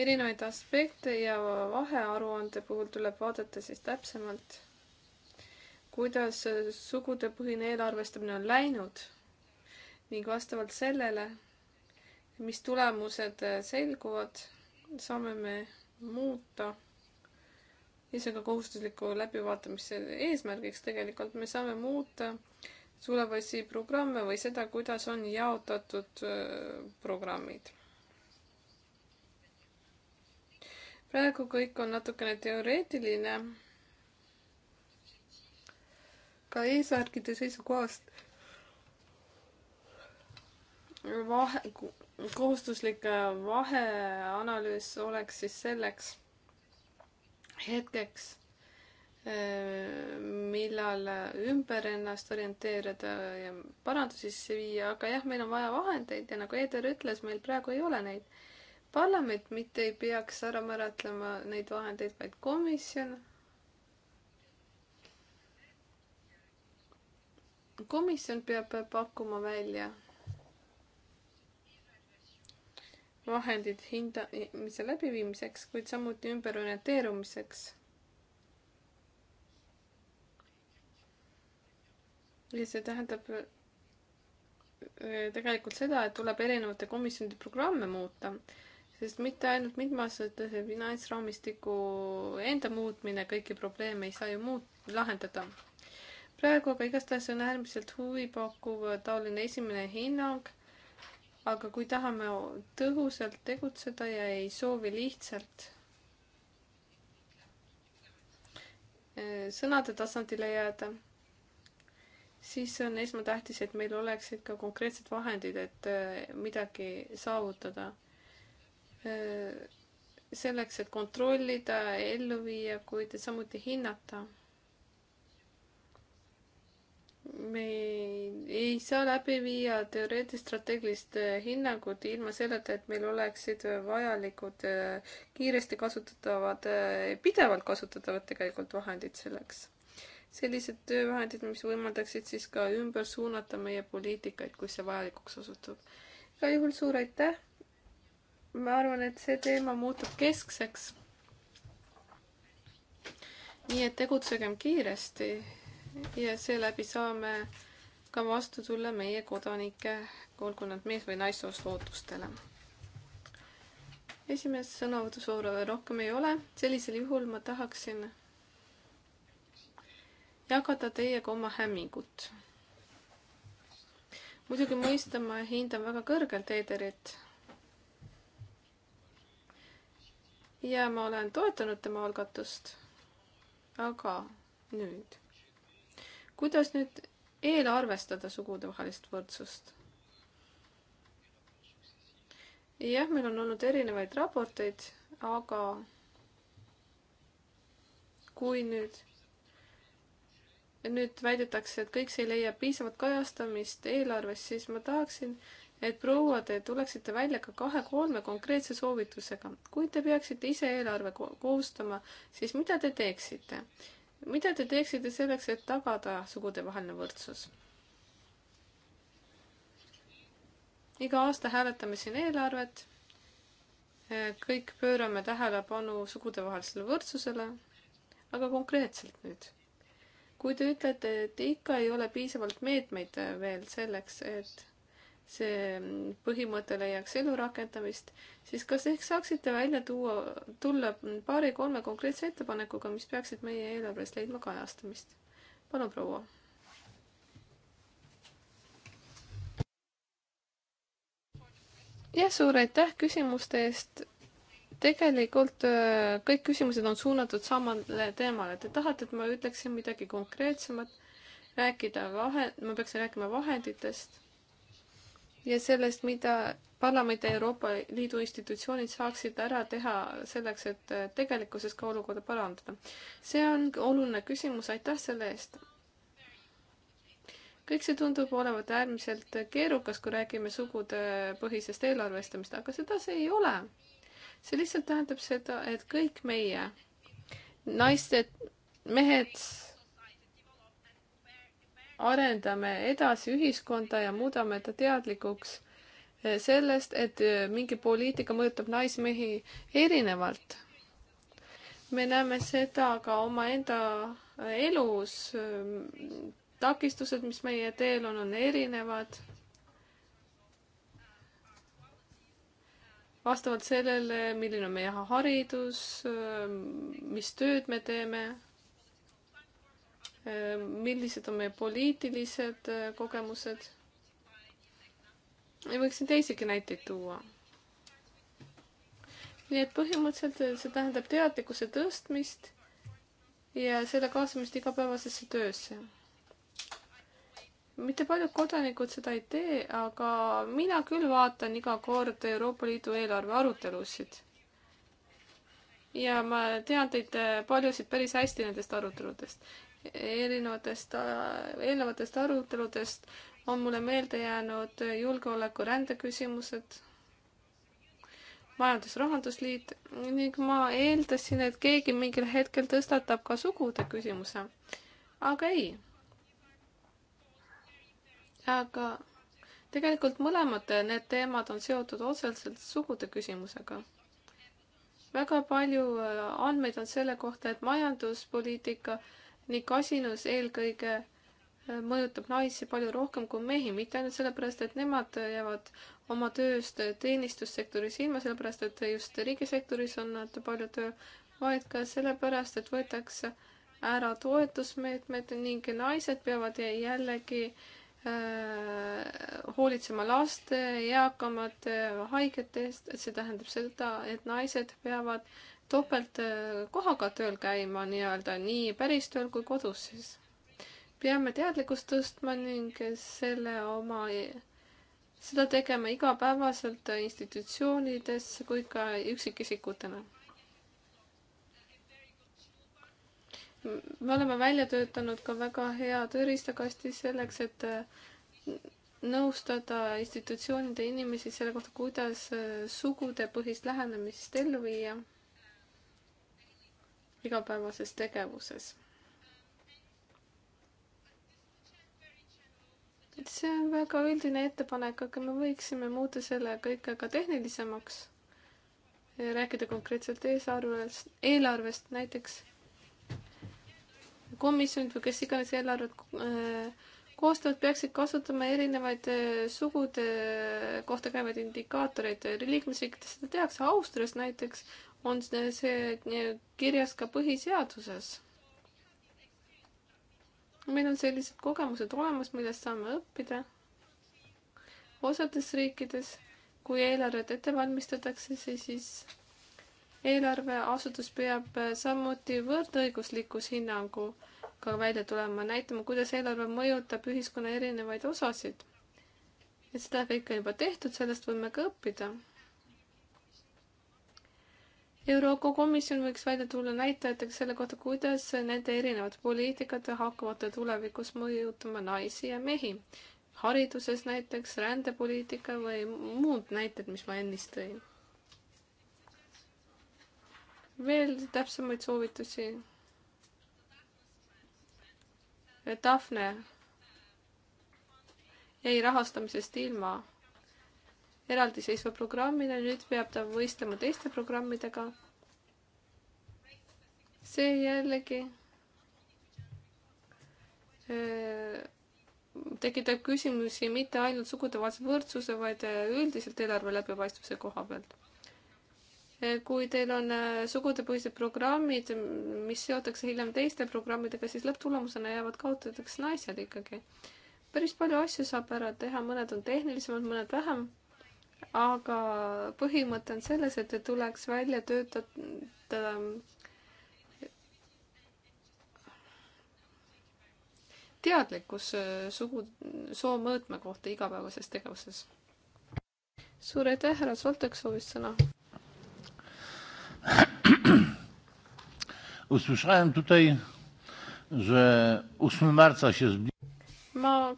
erinevaid aspekte ja vahearuande puhul tuleb vaadata siis täpsemalt kuidas sugudepõhine eelarvestamine on läinud ning vastavalt sellele, mis tulemused selguvad, saame me muuta ja see on ka kohustusliku läbivaatamise eesmärgiks tegelikult, me saame muuta sulevasi programme või seda, kuidas on jaotatud äh, programmid. praegu kõik on natukene teoreetiline ka eesmärkide seisukohast vahe, kohustuslik vaheanalüüs oleks siis selleks hetkeks, millal ümber ennast orienteerida ja parandusi sisse viia, aga jah, meil on vaja vahendeid ja nagu Eder ütles, meil praegu ei ole neid. parlament mitte ei peaks ära määratlema neid vahendeid, vaid komisjon komisjon peab pakkuma välja vahendid hindamise läbiviimiseks, kuid samuti ümberorienteerumiseks. ja see tähendab äh, tegelikult seda, et tuleb erinevate komisjonide programme muuta, sest mitte ainult mitmeaastase finantsraamistiku enda muutmine kõiki probleeme ei saa ju muut-, lahendada praegu, aga igastahes on äärmiselt huvipakkuv taoline esimene hinnang. aga kui tahame tõhusalt tegutseda ja ei soovi lihtsalt eh, sõnade tasandile jääda, siis on esmatähtis, et meil oleksid ka konkreetsed vahendid, et eh, midagi saavutada. Eh, selleks, et kontrollida, ellu viia, kuid samuti hinnata me ei saa läbi viia teoreetilist strateegilist eh, hinnangut ilma selleta, et meil oleksid vajalikud eh, kiiresti kasutatavad, eh, pidevalt kasutatavad tegelikult vahendid selleks. sellised töövahendid, mis võimaldaksid siis ka ümber suunata meie poliitikaid, kui see vajalikuks osutub. igal juhul suur aitäh. ma arvan, et see teema muutub keskseks. nii et tegutsegem kiiresti ja seeläbi saame ka vastu tulla meie kodanike, olgu nad mees- või naissoost ootustele. esimest sõnavõtusoove rohkem ei ole, sellisel juhul ma tahaksin jagada teiega oma hämmingut. muidugi mõista ma hindan väga kõrgelt Ederit. ja ma olen toetanud tema algatust. aga nüüd kuidas nüüd eelarvestada sugudevahelist võrdsust? jah, meil on olnud erinevaid raporteid, aga kui nüüd, nüüd väidetakse, et kõik see ei leia piisavat kajastamist eelarves, siis ma tahaksin, et proua, te tuleksite välja ka kahe-kolme konkreetse soovitusega. kui te peaksite ise eelarve koostama, siis mida te teeksite? mida te teeksite selleks, et tagada sugudevaheline võrdsus? iga aasta hääletame siin eelarvet. kõik pöörame tähelepanu sugudevahelisele võrdsusele. aga konkreetselt nüüd, kui te ütlete, et ikka ei ole piisavalt meetmeid veel selleks, et see põhimõte leiaks elu rakendamist, siis kas ehk saaksite välja tuua, tulla paari-kolme konkreetse ettepanekuga, mis peaksid meie eelarves leidma kajastamist? palun, proua. jah, suur aitäh küsimuste eest. tegelikult äh, kõik küsimused on suunatud samale teemale. Te tahate, et ma ütleksin midagi konkreetsemat, rääkida vahe, ma peaksin rääkima vahenditest ja sellest, mida parlament ja Euroopa Liidu institutsioonid saaksid ära teha selleks, et äh, tegelikkuses ka olukorda parandada. see on oluline küsimus, aitäh selle eest. kõik see tundub olevat äärmiselt keerukas, kui räägime sugudepõhisest eelarvestamist, aga seda see ei ole. see lihtsalt tähendab seda, et kõik meie naised, mehed, arendame edasi ühiskonda ja muudame ta teadlikuks eh, sellest, et eh, mingi poliitika mõjutab naismehi erinevalt. me näeme seda ka omaenda eh, elus. Mm, takistused, mis meie teel on, on erinevad. vastavalt sellele, milline on meie haridus, mis tööd me teeme Ehm, millised on meie poliitilised eh, kogemused. ja võiksin teisigi näiteid tuua. nii et põhimõtteliselt eh, see tähendab teadlikkuse tõstmist ja selle kaasamist igapäevasesse töösse. mitte paljud kodanikud seda ei tee, aga mina küll vaatan iga kord Euroopa Liidu eelarve arutelusid. ja ma tean teid eh, paljusid päris hästi nendest aruteludest erinevatest, äh, eelnevatest aruteludest on mulle meelde jäänud julgeoleku rändeküsimused, majandus-rahandusliit ning ma eeldasin, et keegi mingil hetkel tõstatab ka sugude küsimuse. aga ei. aga tegelikult mõlemad need teemad on seotud otseselt sugude küsimusega väga palju äh, andmeid on selle kohta, et majanduspoliitika äh, ning kasinus eelkõige äh, mõjutab naisi palju rohkem kui mehi, mitte ainult sellepärast, et nemad jäävad oma tööst teenistussektoris ilma, sellepärast et just riigisektoris on nad palju töö, vaid ka sellepärast, et võetakse ära toetusmeetmed ning naised peavad jällegi äh, hoolitsema laste, eakamate, haigete eest, see tähendab seda, et naised peavad äh, topeltkohaga tööl käima nii-öelda nii päris tööl kui kodus siis. peame teadlikkust tõstma ning selle oma, seda tegema igapäevaselt institutsioonides kui ka üksikisikutena. me oleme välja töötanud ka väga hea tööriistakasti selleks, et nõustada institutsioonide inimesi selle kohta, kuidas sugudepõhist lähenemist ellu viia igapäevases tegevuses. et see on väga üldine ettepanek, aga me võiksime muuta selle kõik aga tehnilisemaks. rääkida konkreetselt eesarvest, eelarvest näiteks. komisjonid või kes iganes eelarvet äh, koostavad, peaksid kasutama erinevaid äh, sugude äh, kohta käivaid indikaatoreid. liikmesriikides seda tehakse, Austrias näiteks on see äh, kirjas ka põhiseaduses. meil on sellised kogemused olemas, millest saame õppida. osades riikides, kui eelarvet ette valmistatakse, siis eelarveasutus peab äh, samuti võrdõiguslikkus hinnanguga välja tulema, näitama, kuidas eelarve mõjutab ühiskonna erinevaid osasid. et seda kõike on juba tehtud, sellest võime ka õppida Euroopa Komisjon võiks välja tulla näitajatega selle kohta, kuidas nende erinevad poliitikad hakkavad tulevikus mõjutama naisi ja mehi. hariduses näiteks, rändepoliitika või muud näited, mis ma ennist tõin. veel täpsemaid soovitusi. Daphne jäi rahastamisest ilma eraldiseisva programmina, nüüd peab ta võistlema teiste programmidega. see jällegi äh, tekitab küsimusi mitte ainult sugudevahelise võrdsuse, vaid äh, üldiselt eelarve läbipaistvuse koha pealt. Äh, kui teil on sugudepõhised programmid, mis seotakse hiljem teiste programmidega, siis lõpptulemusena jäävad kaotajateks naised ikkagi. päris palju asju saab ära teha, mõned on tehnilisemad, mõned vähem aga põhimõte on selles, et tuleks välja töötada äh, teadlikkus äh, sugu, soo mõõtme kohta igapäevases tegevuses. suur aitäh, härra Soltek soovis sõna. Usłyszałem tutaj, że 8 marca się zbliża. Ma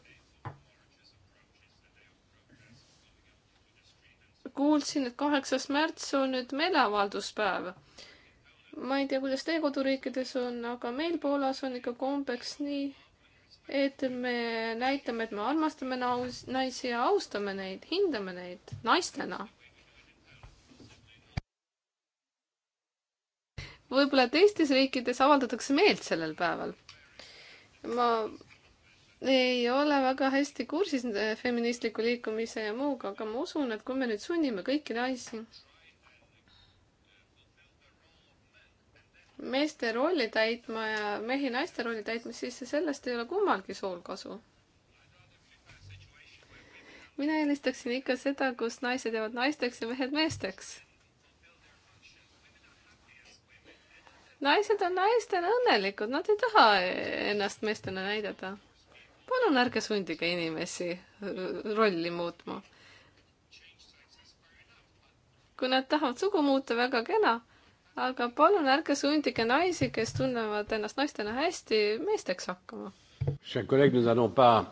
kuulsin, et kaheksas märts on nüüd meeleavalduspäev. ma ei tea, kuidas teie koduriikides on, aga meil Poolas on ikka kombeks nii, et me näitame, et me armastame naus, naisi ja austame neid, hindame neid naistena. võib-olla teistes riikides avaldatakse meelt sellel päeval. ma ei ole väga hästi kursis äh, feministliku liikumise ja muuga, aga ma usun, et kui me nüüd sunnime kõiki naisi meeste rolli täitma ja mehi naiste rolli täitma, siis sellest ei ole kummalgi sool kasu. mina eelistaksin ikka seda, kus naised jäävad naisteks ja mehed meesteks. naised on naistena õnnelikud, nad ei taha ennast meestena näidata palun ärge sundige inimesi rolli muutma. kui nad tahavad sugu muuta, väga kena, aga palun ärge sundige naisi, kes tunnevad ennast naistena hästi, meesteks hakkama. Chers collègues, nous allons pas,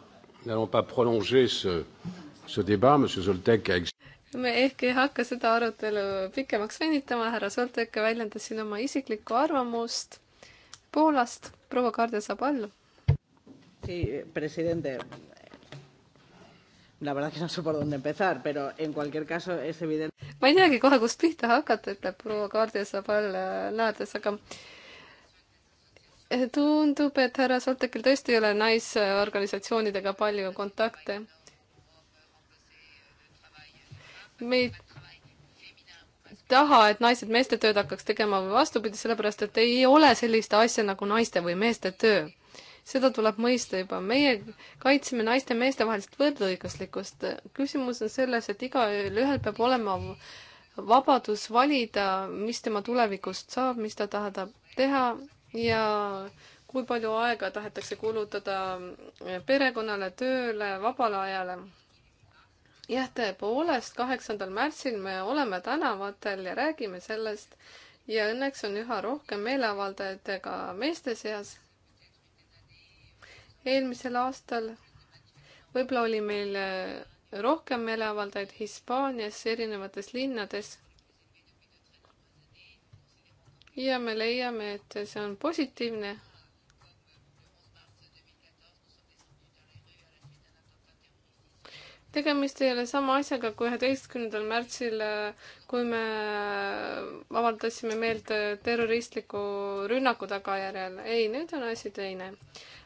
nous allons pas prolonger ce, ce débat, monsieur Zoltek a me ehk ei hakka seda arutelu pikemaks venitama, härra Soltek väljendas siin oma isiklikku arvamust Poolast, proua Kardja saab alla Sí, presidente. La verdad es que no sé por dónde empezar, pero en cualquier caso es evidente. ma ei teagi kohe, kust pihta hakata, ütleb proua Kaardil saab alla naades, aga tundub, et härra Soltekil tõesti ei ole naisorganisatsioonidega palju kontakte. me ei taha, et naised meeste tööd hakkaks tegema või vastupidi, sellepärast et ei ole sellist asja nagu naiste või meeste töö seda tuleb mõista juba. meie kaitseme naiste ja meeste vahelist võrdõiguslikkust. küsimus on selles, et igaühel peab olema vabadus valida, mis tema tulevikust saab, mis ta tahab teha ja kui palju aega tahetakse kulutada perekonnale, tööle, vabale ajale jah, tõepoolest, kaheksandal märtsil me oleme tänavatel ja räägime sellest ja õnneks on üha rohkem meeleavaldajaid ka meeste seas eelmisel aastal võib-olla oli meil äh, rohkem meeleavaldajaid Hispaanias erinevates linnades. ja me leiame, et see on positiivne. tegemist ei ole sama asjaga kui üheteistkümnendal märtsil, äh, kui me äh, avaldasime meelt terroristliku rünnaku tagajärjel. ei, nüüd on asi teine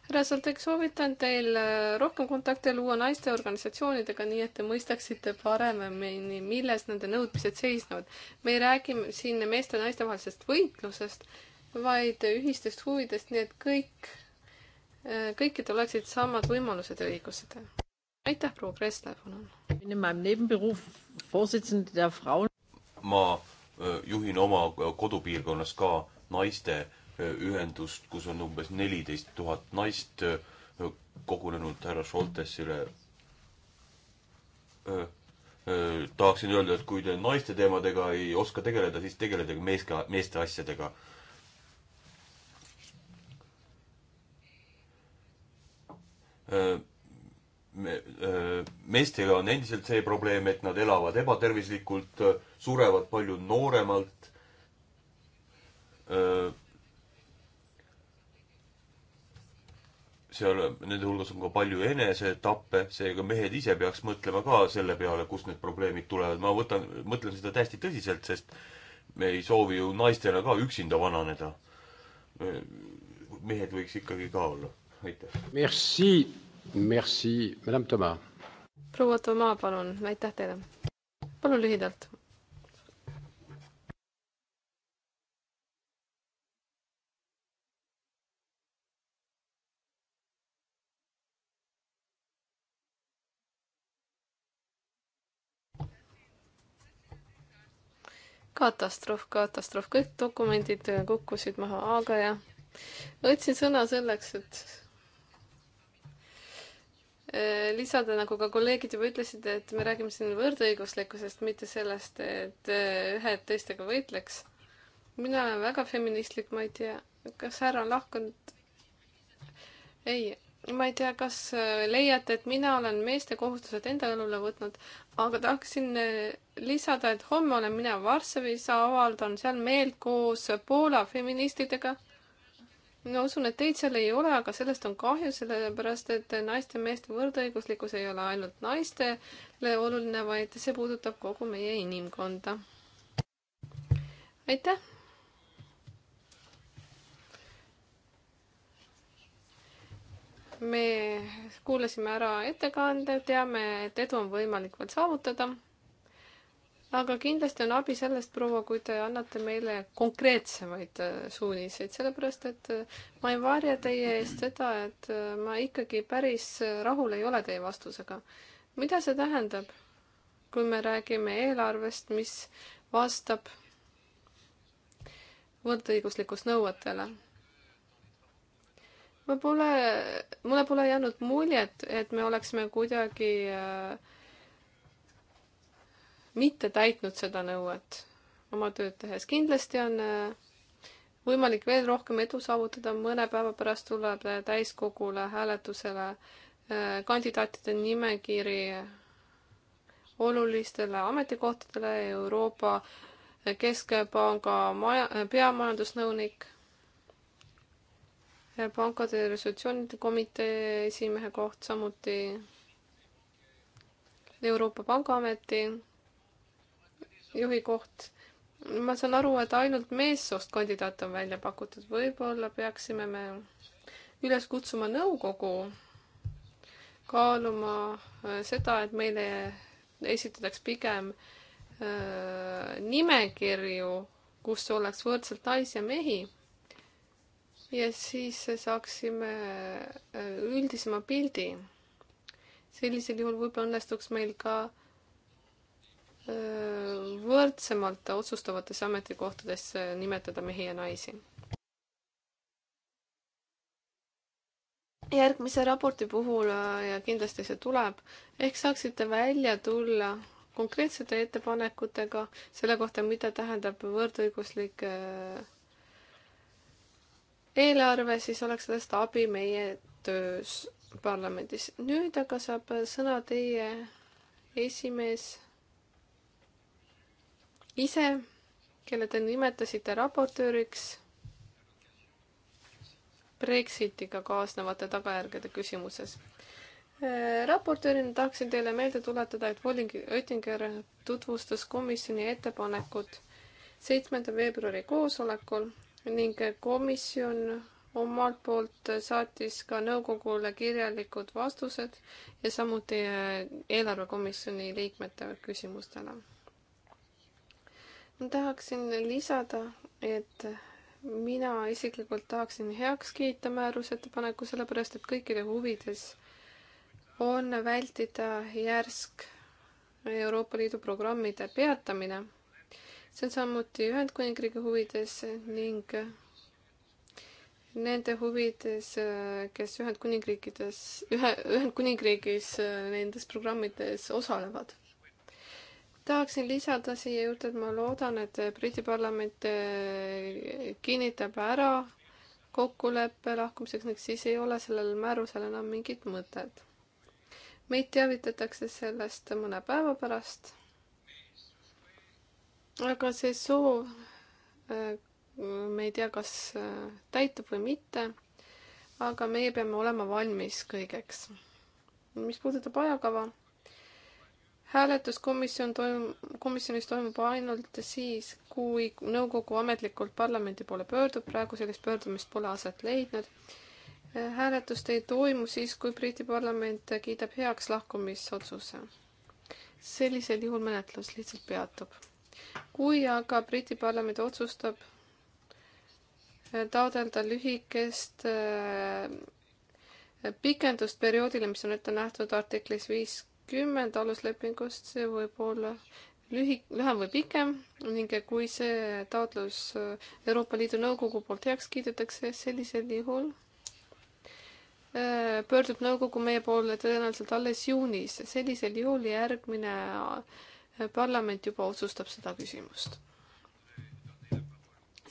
härra Soltek, soovitan teil äh, rohkem kontakte luua naisteorganisatsioonidega, nii et te mõistaksite paremini, milles nende nõudmised seisnevad. me ei räägi siin meeste ja naiste vahelisest võitlusest, vaid ühistest huvidest, nii et kõik, äh, kõikidel oleksid samad võimalused ja õigused. aitäh, proua Kressler, palun. ma äh, juhin oma kodupiirkonnas ka naiste ühendust, kus on umbes neliteist tuhat naist kogunenud härra Šoltesile. tahaksin öelda, et kui te naiste teemadega ei oska tegeleda, siis tegeledage meeska, meeste asjadega. me, meestega on endiselt see probleem, et nad elavad ebatervislikult, surevad palju nooremalt öö, seal, nende hulgas on ka palju enesetappe, seega mehed ise peaks mõtlema ka selle peale, kust need probleemid tulevad. ma võtan, mõtlen seda täiesti tõsiselt, sest me ei soovi ju naistena ka üksinda vananeda. mehed võiks ikkagi ka olla. aitäh. Merci, merci, madame Toma. proua Toma, palun, aitäh teile. palun lühidalt katastroof, katastroof, kõik dokumendid äh, kukkusid maha, aga jah, võtsin sõna selleks, et äh, lisada, nagu ka kolleegid juba ütlesid, et me räägime siin võrdõiguslikkusest, mitte sellest, et äh, ühed teistega võitleks. mina olen väga feministlik, ma ei tea, kas härra on lahkunud? ei, ma ei tea, kas äh, leiate, et mina olen meeste kohustused enda õlule võtnud, aga tahaksin äh, lisada, et homme olen mina Varssavis, avaldan seal meelt koos Poola feministidega. no usun, et teid seal ei ole, aga sellest on kahju, sellepärast et naiste ja meeste võrdõiguslikkus ei ole ainult naistele oluline, vaid see puudutab kogu meie inimkonda. aitäh! me kuulasime ära ettekande, teame, et edu on võimalik veel saavutada. aga kindlasti on abi sellest, proua, kui te annate meile konkreetsemaid äh, suuniseid, sellepärast et äh, ma ei varja teie eest seda, et äh, ma ikkagi päris rahul ei ole teie vastusega. mida see tähendab, kui me räägime eelarvest, mis vastab võrdõiguslikkus nõuetele? ma pole, mulle pole jäänud muljet, et me oleksime kuidagi äh, mitte täitnud seda nõuet oma tööd tehes. kindlasti on äh, võimalik veel rohkem edu saavutada, mõne päeva pärast tuleb äh, täiskogule hääletusele kandidaatide nimekiri olulistele ametikohtadele Euroopa Keskpanga maja, peamajandusnõunik pankade resolutsioonide komitee esimehe koht, samuti Euroopa Pangaameti juhi koht. ma saan aru, et ainult meessoost kandidaat on välja pakutud, võib-olla peaksime me üles kutsuma nõukogu kaaluma äh, seda, et meile esitataks pigem äh, nimekirju, kus oleks võrdselt naisi ja mehi ja siis saaksime äh, üldisema pildi. sellisel juhul võib-olla õnnestuks meil ka äh, võrdsemalt otsustavates ametikohtades äh, nimetada mehi ja naisi. järgmise raporti puhul ja kindlasti see tuleb, ehk saaksite välja tulla konkreetsete ettepanekutega selle kohta, mida tähendab võrdõiguslik äh, eelarve, siis oleks sellest abi meie töös parlamendis. nüüd aga saab sõna teie esimees ise, kelle te nimetasite raportööriks Brexitiga kaasnevate tagajärgede küsimuses. raportöörina tahaksin teile meelde tuletada, et Volling Oettinger tutvustas komisjoni ettepanekut seitsmenda veebruari koosolekul ning komisjon omalt poolt saatis ka nõukogule kirjalikud vastused ja samuti eh, eelarvekomisjoni liikmete küsimustele. ma tahaksin lisada, et mina isiklikult tahaksin heaks kiita määruse ettepaneku, sellepärast et kõikide huvides on vältida järsk Euroopa Liidu programmide peatamine see on samuti Ühendkuningriigi huvides ning nende huvides, kes Ühendkuningriikides, ühe, Ühendkuningriigis nendes programmides osalevad. tahaksin lisada siia juurde, et ma loodan, et Briti parlament kinnitab ära kokkuleppe lahkumiseks ning siis ei ole sellel määrusel enam mingit mõtet meid teavitatakse sellest mõne päeva pärast aga see soov, äh, me ei tea, kas äh, täitub või mitte, aga meie peame olema valmis kõigeks. mis puudutab ajakava, hääletuskomisjon toimub, komisjonis toimub ainult siis, kui nõukogu ametlikult parlamendi poole pöördub, praegu sellist pöördumist pole aset leidnud. Äh, hääletust ei toimu siis, kui Briti parlament kiidab heaks lahkumisotsuse. sellisel juhul menetlus lihtsalt peatub kui aga Briti parlament otsustab äh, taodelda lühikest äh, pikendust perioodile, mis on ette nähtud artiklis viiskümmend aluslepingust, see võib olla lühi-, lühem või pikem ning kui see taotlus äh, Euroopa Liidu Nõukogu poolt heaks kiidetakse, sellisel juhul pöördub nõukogu meie poole tõenäoliselt alles juunis, sellisel juhul järgmine parlament juba otsustab seda küsimust.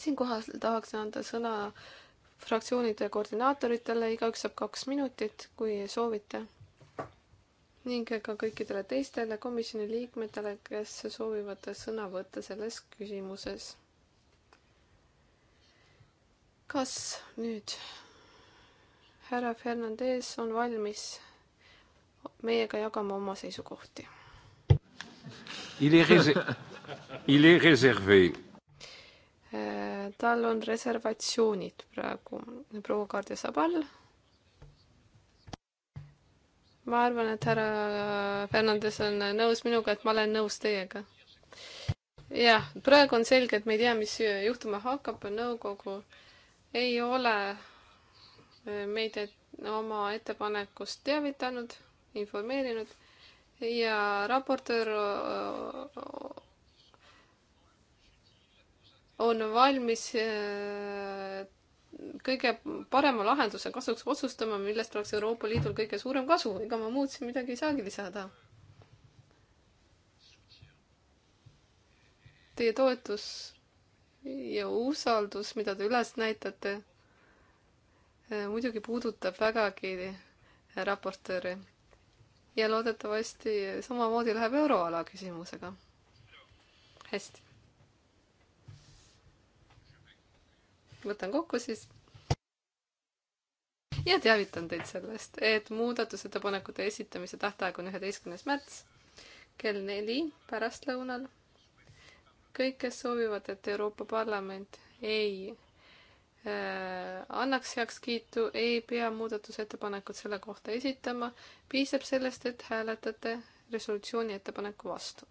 siinkohal tahaks anda sõna fraktsioonide koordinaatoritele, igaüks saab kaks minutit, kui soovite. ning ka kõikidele teistele komisjoni liikmetele, kes soovivad sõna võtta selles küsimuses. kas nüüd härra Fernandez on valmis meiega jagama oma seisukohti? Il est réser... Il est réservé. Äh, tal on reservatsioonid praegu. proua Kaarde Sabal. ma arvan, et härra Fernandes on nõus minuga, et ma olen nõus teiega. jah, praegu on selge, et me ei tea, mis juhtuma hakkab, nõukogu ei ole äh, meid et, oma ettepanekust teavitanud, informeerinud ja raportöör on valmis kõige parema lahenduse kasuks otsustama, millest oleks Euroopa Liidul kõige suurem kasu, ega ma muud siin midagi ei saagi lisada. Teie toetus ja usaldus, mida te üles näitate, muidugi puudutab vägagi raportööri ja loodetavasti samamoodi läheb euroala küsimusega. hästi. võtan kokku siis. ja teavitan teid sellest, et muudatusettepanekute esitamise tähtaeg on üheteistkümnes märts kell neli pärastlõunal. kõik, kes soovivad, et Euroopa Parlament ei Äh, annaks heakskiitu, ei pea muudatusettepanekut selle kohta esitama, piisab sellest, et hääletate resolutsiooni ettepaneku vastu.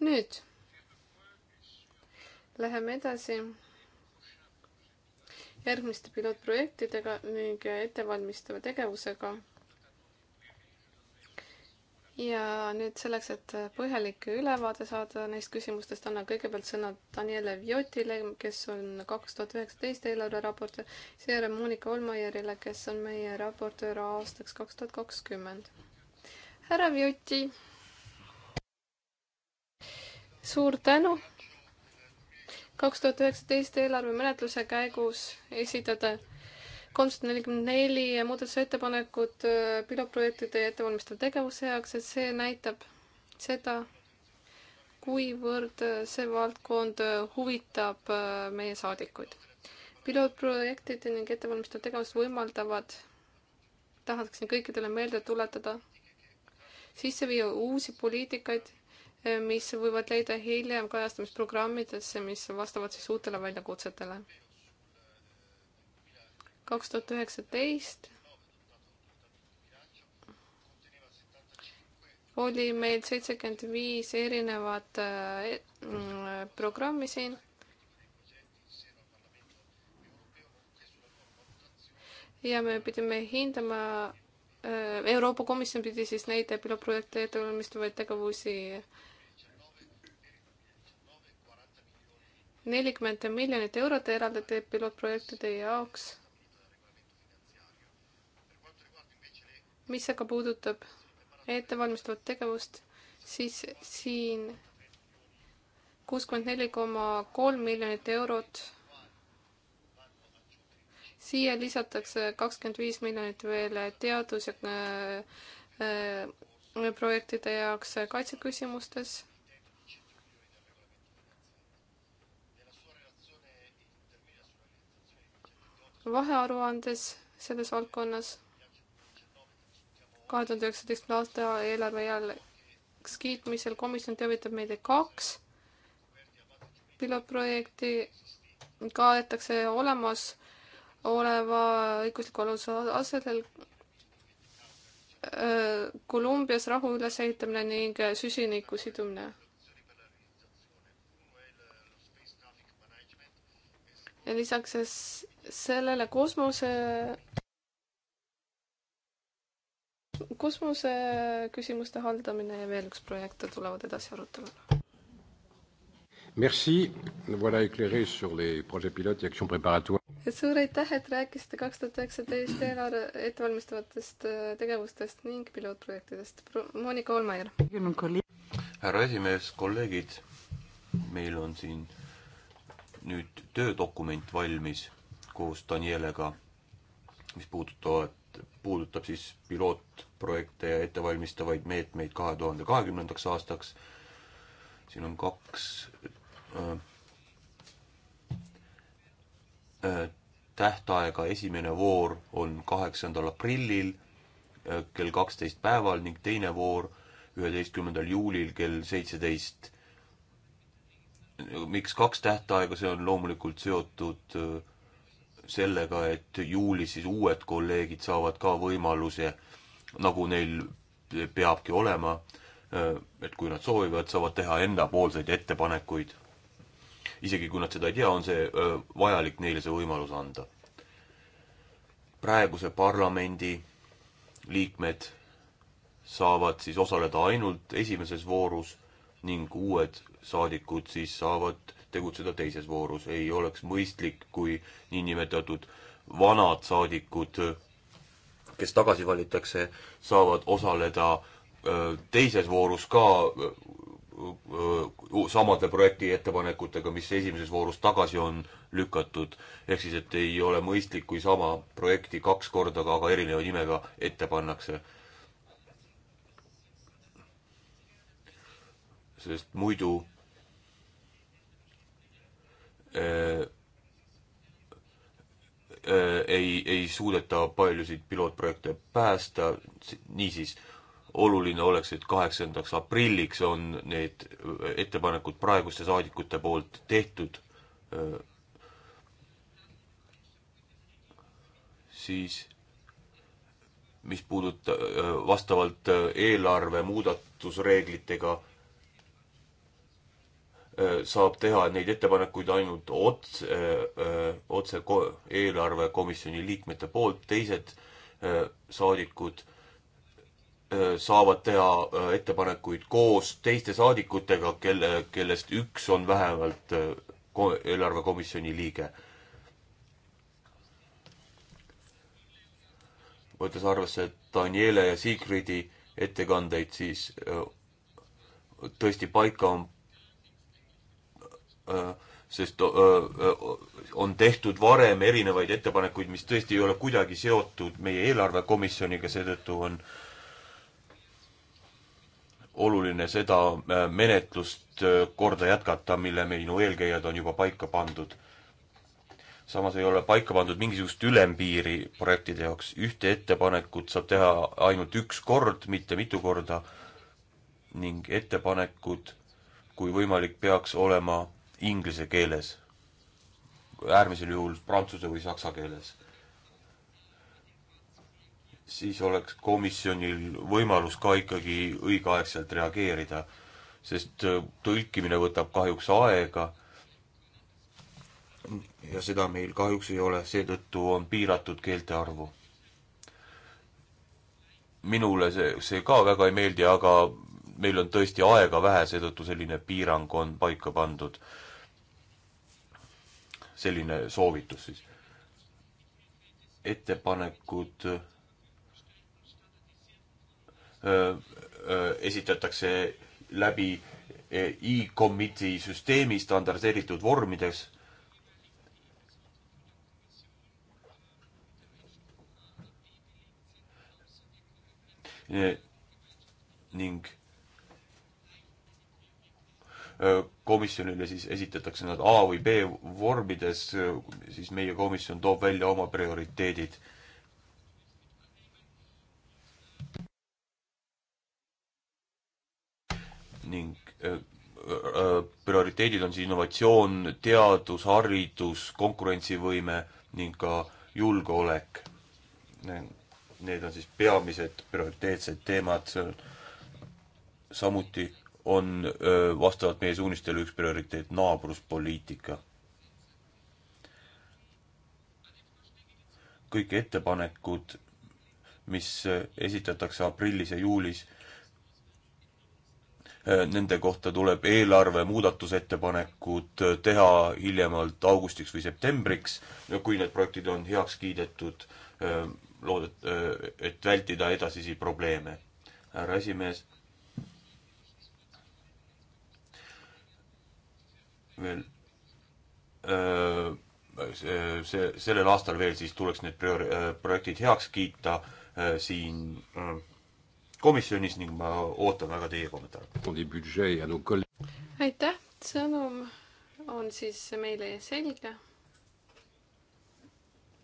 nüüd läheme edasi järgmiste pilootprojektidega ning ettevalmistava tegevusega ja nüüd selleks, et põhjalik ülevaade saada neist küsimustest, annan kõigepealt sõna Daniele Viotile, kes on kaks tuhat üheksateist eelarveraportöör, seejärel Monika Olmajärile, kes on meie raportöör aastaks kaks tuhat kakskümmend. härra Vioti. suur tänu. kaks tuhat üheksateist eelarve menetluse käigus esitada kolmsada nelikümmend neli muudatusettepanekut äh, pilootprojektide ettevalmistava tegevuse jaoks, et see näitab seda, kuivõrd äh, see valdkond äh, huvitab meie saadikuid. pilootprojektid ning ettevalmistavad tegevused võimaldavad, tahaksin kõikidele meelde tuletada, sisse viia uusi poliitikaid, mis võivad leida hiljem kajastamisprogrammidesse, mis vastavad siis uutele väljakutsetele kaks tuhat üheksateist oli meil seitsekümmend viis erinevat äh, mm, programmi siin. ja me pidime hindama, äh, Euroopa Komisjon pidi siis neid pilootprojekte ettevalmistavaid tegevusi nelikümmend miljonit eurot eraldati pilootprojektide jaoks mis aga puudutab ettevalmistavat tegevust, siis siin kuuskümmend neli koma kolm miljonit eurot. siia lisatakse kakskümmend viis miljonit veel teadus- ja äh, äh projektide jaoks kaitseküsimustes vahearuandes selles valdkonnas kahe tuhande üheksateistkümnenda aasta eelarve heaks kiitmisel komisjon teavitab meid, et kaks pilootprojekti kaetakse olemasoleva õigusliku aluse asemel Kolumbias rahu ülesehitamine ning süsiniku sidumine. ja lisaks sellele kosmose kosmose küsimuste haldamine ja veel üks projekt tulevad edasi arutelule. Merci, voilà éclairé sur les projets pilotes ja action préparatoire. suur aitäh, et rääkisite kaks tuhat üheksateist eelarve ettevalmistavatest äh, tegevustest ning pilootprojektidest. Monika Olmajärv. härra esimees, kolleegid, meil on siin nüüd töödokument valmis koos Danielega, mis puudutavad puudutab siis pilootprojekte ja ettevalmistavaid meetmeid kahe tuhande kahekümnendaks aastaks. siin on kaks äh, äh, tähtaega, esimene voor on kaheksandal aprillil äh, kell kaksteist päeval ning teine voor üheteistkümnendal juulil kell seitseteist. miks kaks tähtaega, see on loomulikult seotud äh, sellega, et juulis siis uued kolleegid saavad ka võimaluse, nagu neil peabki olema, et kui nad soovivad, saavad teha endapoolseid ettepanekuid. isegi kui nad seda ei tea, on see vajalik neile see võimalus anda. praeguse parlamendi liikmed saavad siis osaleda ainult esimeses voorus ning uued saadikud siis saavad tegutseda teises voorus. ei oleks mõistlik, kui niinimetatud vanad saadikud, kes tagasi valitakse, saavad osaleda teises voorus ka samade projekti ettepanekutega, mis esimeses voorus tagasi on lükatud. ehk siis, et ei ole mõistlik, kui sama projekti kaks korda, aga erineva nimega ette pannakse. sest muidu Äh, äh, ei, ei suudeta paljusid pilootprojekte päästa, niisiis oluline oleks, et kaheksandaks aprilliks on need ettepanekud praeguste saadikute poolt tehtud, äh, siis mis puudutab vastavalt eelarve muudatusreeglitega Äh, saab teha neid ettepanekuid ainult ots, äh, äh, otse, otse eelarvekomisjoni liikmete poolt, teised saadikud saavad teha ettepanekuid koos teiste saadikutega, kelle, kellest üks on vähemalt eelarvekomisjoni liige. võttes arvesse Daniele ja Sigridi ettekandeid, siis tõesti paika on Äh, sest äh, äh, on tehtud varem erinevaid ettepanekuid, mis tõesti ei ole kuidagi seotud meie eelarvekomisjoniga, seetõttu on oluline seda menetlust korda jätkata, mille minu eelkäijad on juba paika pandud. samas ei ole paika pandud mingisugust ülempiiri projektide jaoks, ühte ettepanekut saab teha ainult üks kord, mitte mitu korda, ning ettepanekud, kui võimalik, peaks olema inglise keeles, äärmisel juhul prantsuse või saksa keeles, siis oleks komisjonil võimalus ka ikkagi õigeaegselt reageerida, sest äh, tõlkimine võtab kahjuks aega ja seda meil kahjuks ei ole, seetõttu on piiratud keelte arvu. minule see, see ka väga ei meeldi, aga meil on tõesti aega vähe, seetõttu selline piirang on paika pandud selline soovitus siis. ettepanekud äh, äh, esitatakse läbi äh, e-committee süsteemi standardiseeritud vormides ning komisjonile, siis esitatakse nad A või B vormides, siis meie komisjon toob välja oma prioriteedid. ning prioriteedid on siis innovatsioon, teadus, haridus, konkurentsivõime ning ka julgeolek. Need on siis peamised prioriteetsed teemad, samuti on vastavalt meie suunistele üks prioriteet naabruspoliitika. kõik ettepanekud, mis esitatakse aprillis ja juulis, nende kohta tuleb eelarve muudatusettepanekud teha hiljemalt augustiks või septembriks, kui need projektid on heaks kiidetud, loodet-, et vältida edasisi probleeme. härra esimees veel see, sellel aastal veel siis tuleks need priori-, projektid heaks kiita siin komisjonis ning ma ootan väga teie kommentaare. aitäh, sõnum on siis meile selge.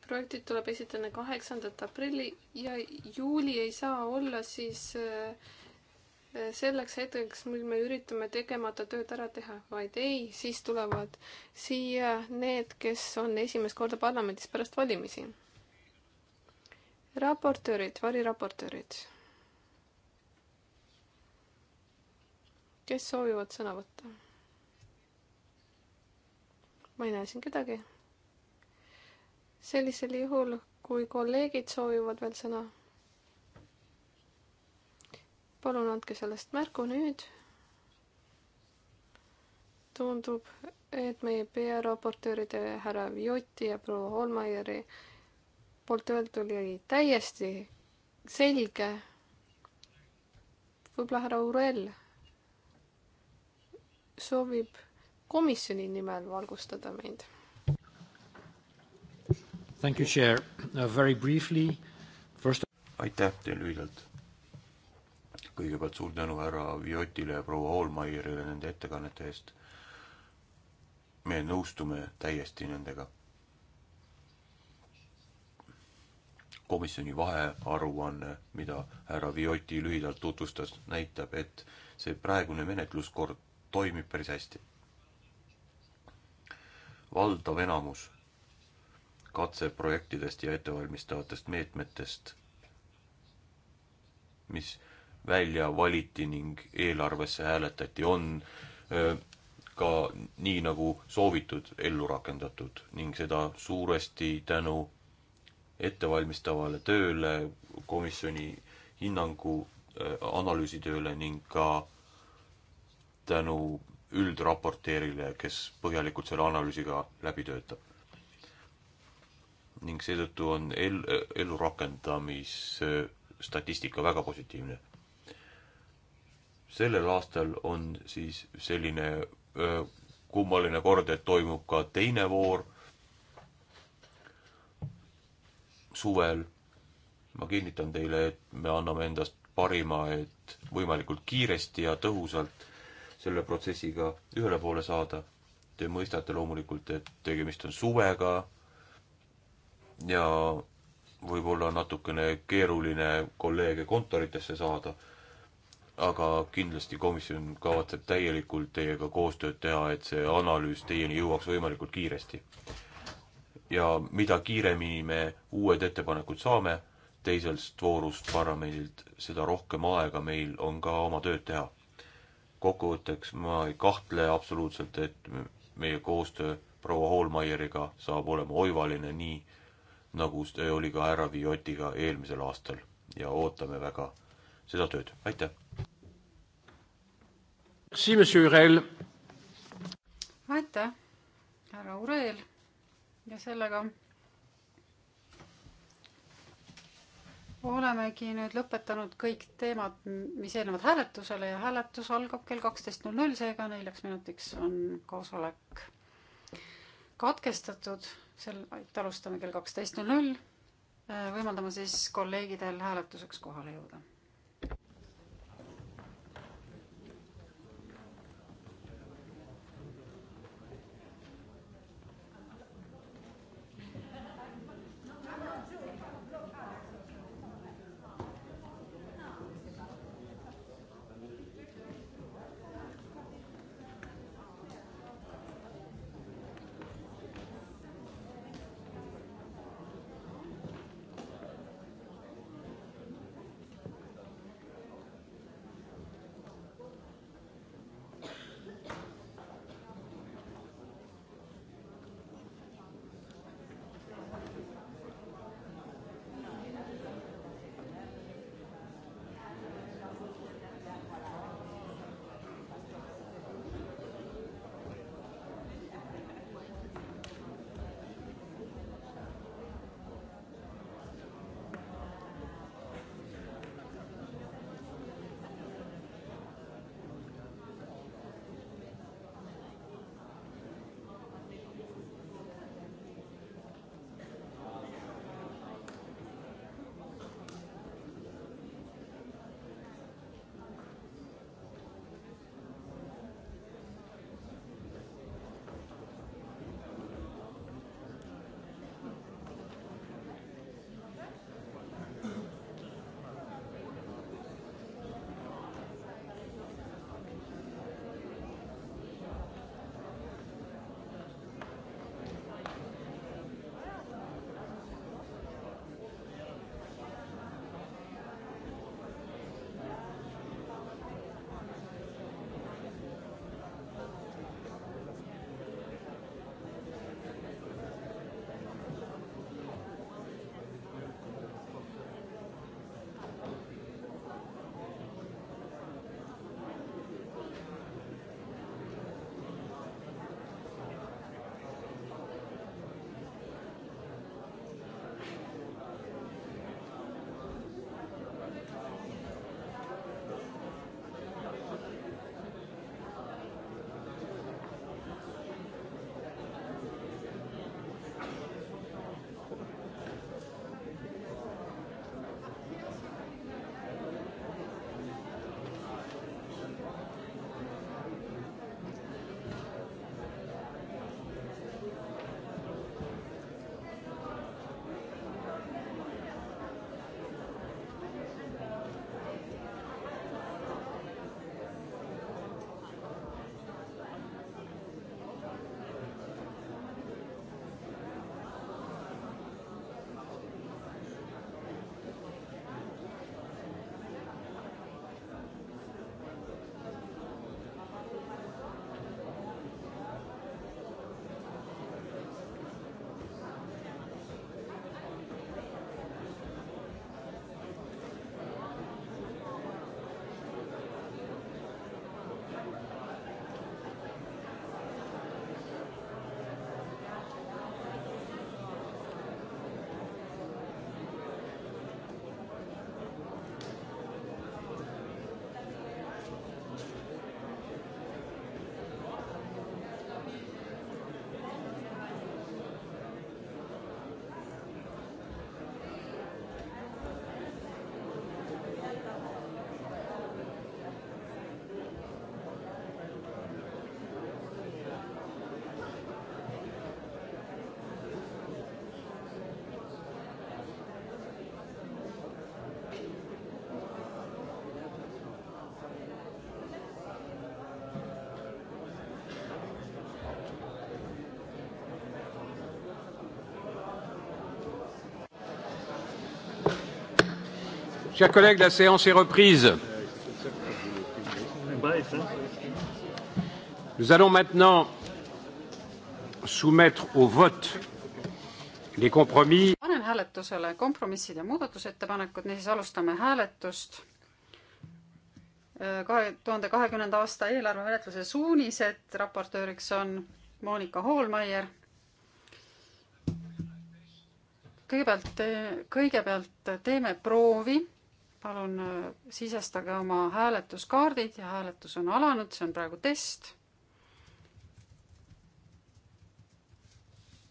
projektid tuleb esitada kaheksandalt aprilli ja juuli ei saa olla siis äh, selleks hetkeks, mil me üritame tegemata tööd ära teha, vaid ei, siis tulevad siia need, kes on esimest korda parlamendis pärast valimisi. raportöörid, variraportöörid. kes soovivad sõna võtta? ma ei näe siin kedagi. sellisel juhul, kui kolleegid soovivad veel sõna palun andke sellest märku nüüd. tundub, et meie PR-raportööride härra Vjoti ja proua Holmeieri poolt öeldu oli täiesti selge. võib-olla härra Urel soovib komisjoni nimel valgustada meid. Thank you, Chair. Uh, very briefly, first aitäh teile lühidalt kõigepealt suur tänu härra Viotile ja proua Hoolmeierile nende ettekannete eest. me nõustume täiesti nendega. komisjoni vahearuanne, mida härra Vioti lühidalt tutvustas, näitab, et see praegune menetluskord toimib päris hästi. valdav enamus katseprojektidest ja ettevalmistavatest meetmetest, mis välja valiti ning eelarvesse hääletati, on ka nii, nagu soovitud, ellu rakendatud ning seda suuresti tänu ettevalmistavale tööle, komisjoni hinnangu analüüsitööle ning ka tänu üldraporteerile, kes põhjalikult selle analüüsiga läbi töötab. ning seetõttu on el-, ellurakendamis statistika väga positiivne sellel aastal on siis selline öö, kummaline kord, et toimub ka teine voor suvel. ma kinnitan teile, et me anname endast parima, et võimalikult kiiresti ja tõhusalt selle protsessiga ühele poole saada. Te mõistate loomulikult, et tegemist on suvega ja võib-olla natukene keeruline kolleege kontoritesse saada aga kindlasti komisjon kavatseb täielikult teiega koostööd teha, et see analüüs teieni jõuaks võimalikult kiiresti. ja mida kiiremini me uued ettepanekud saame teisest voorust parlamendilt, seda rohkem aega meil on ka oma tööd teha. kokkuvõtteks ma ei kahtle absoluutselt, et meie koostöö proua Hoolmeieriga saab olema oivaline, nii nagu see oli ka härra Viotiga eelmisel aastal ja ootame väga seda tööd, aitäh! aitäh, härra Ureel ja sellega olemegi nüüd lõpetanud kõik teemad, mis eelnevad hääletusele ja hääletus algab kell kaksteist null null, seega neljaks minutiks on koosolek katkestatud, sel, alustame kell kaksteist null null, võimaldama siis kolleegidel hääletuseks kohale jõuda Chers collègues, la séance est reprise. Nous allons maintenant soumettre au vote les compromis. panen hääletusele kompromissid ja muudatusettepanekud, niisiis alustame hääletust. kahe tuhande kahekümnenda aasta eelarvemenetluse suunised, raportööriks on Monika Hoolmeier kõigepealt, kõigepealt teeme proovi palun äh, sisestage oma hääletuskaardid ja hääletus on alanud, see on praegu test.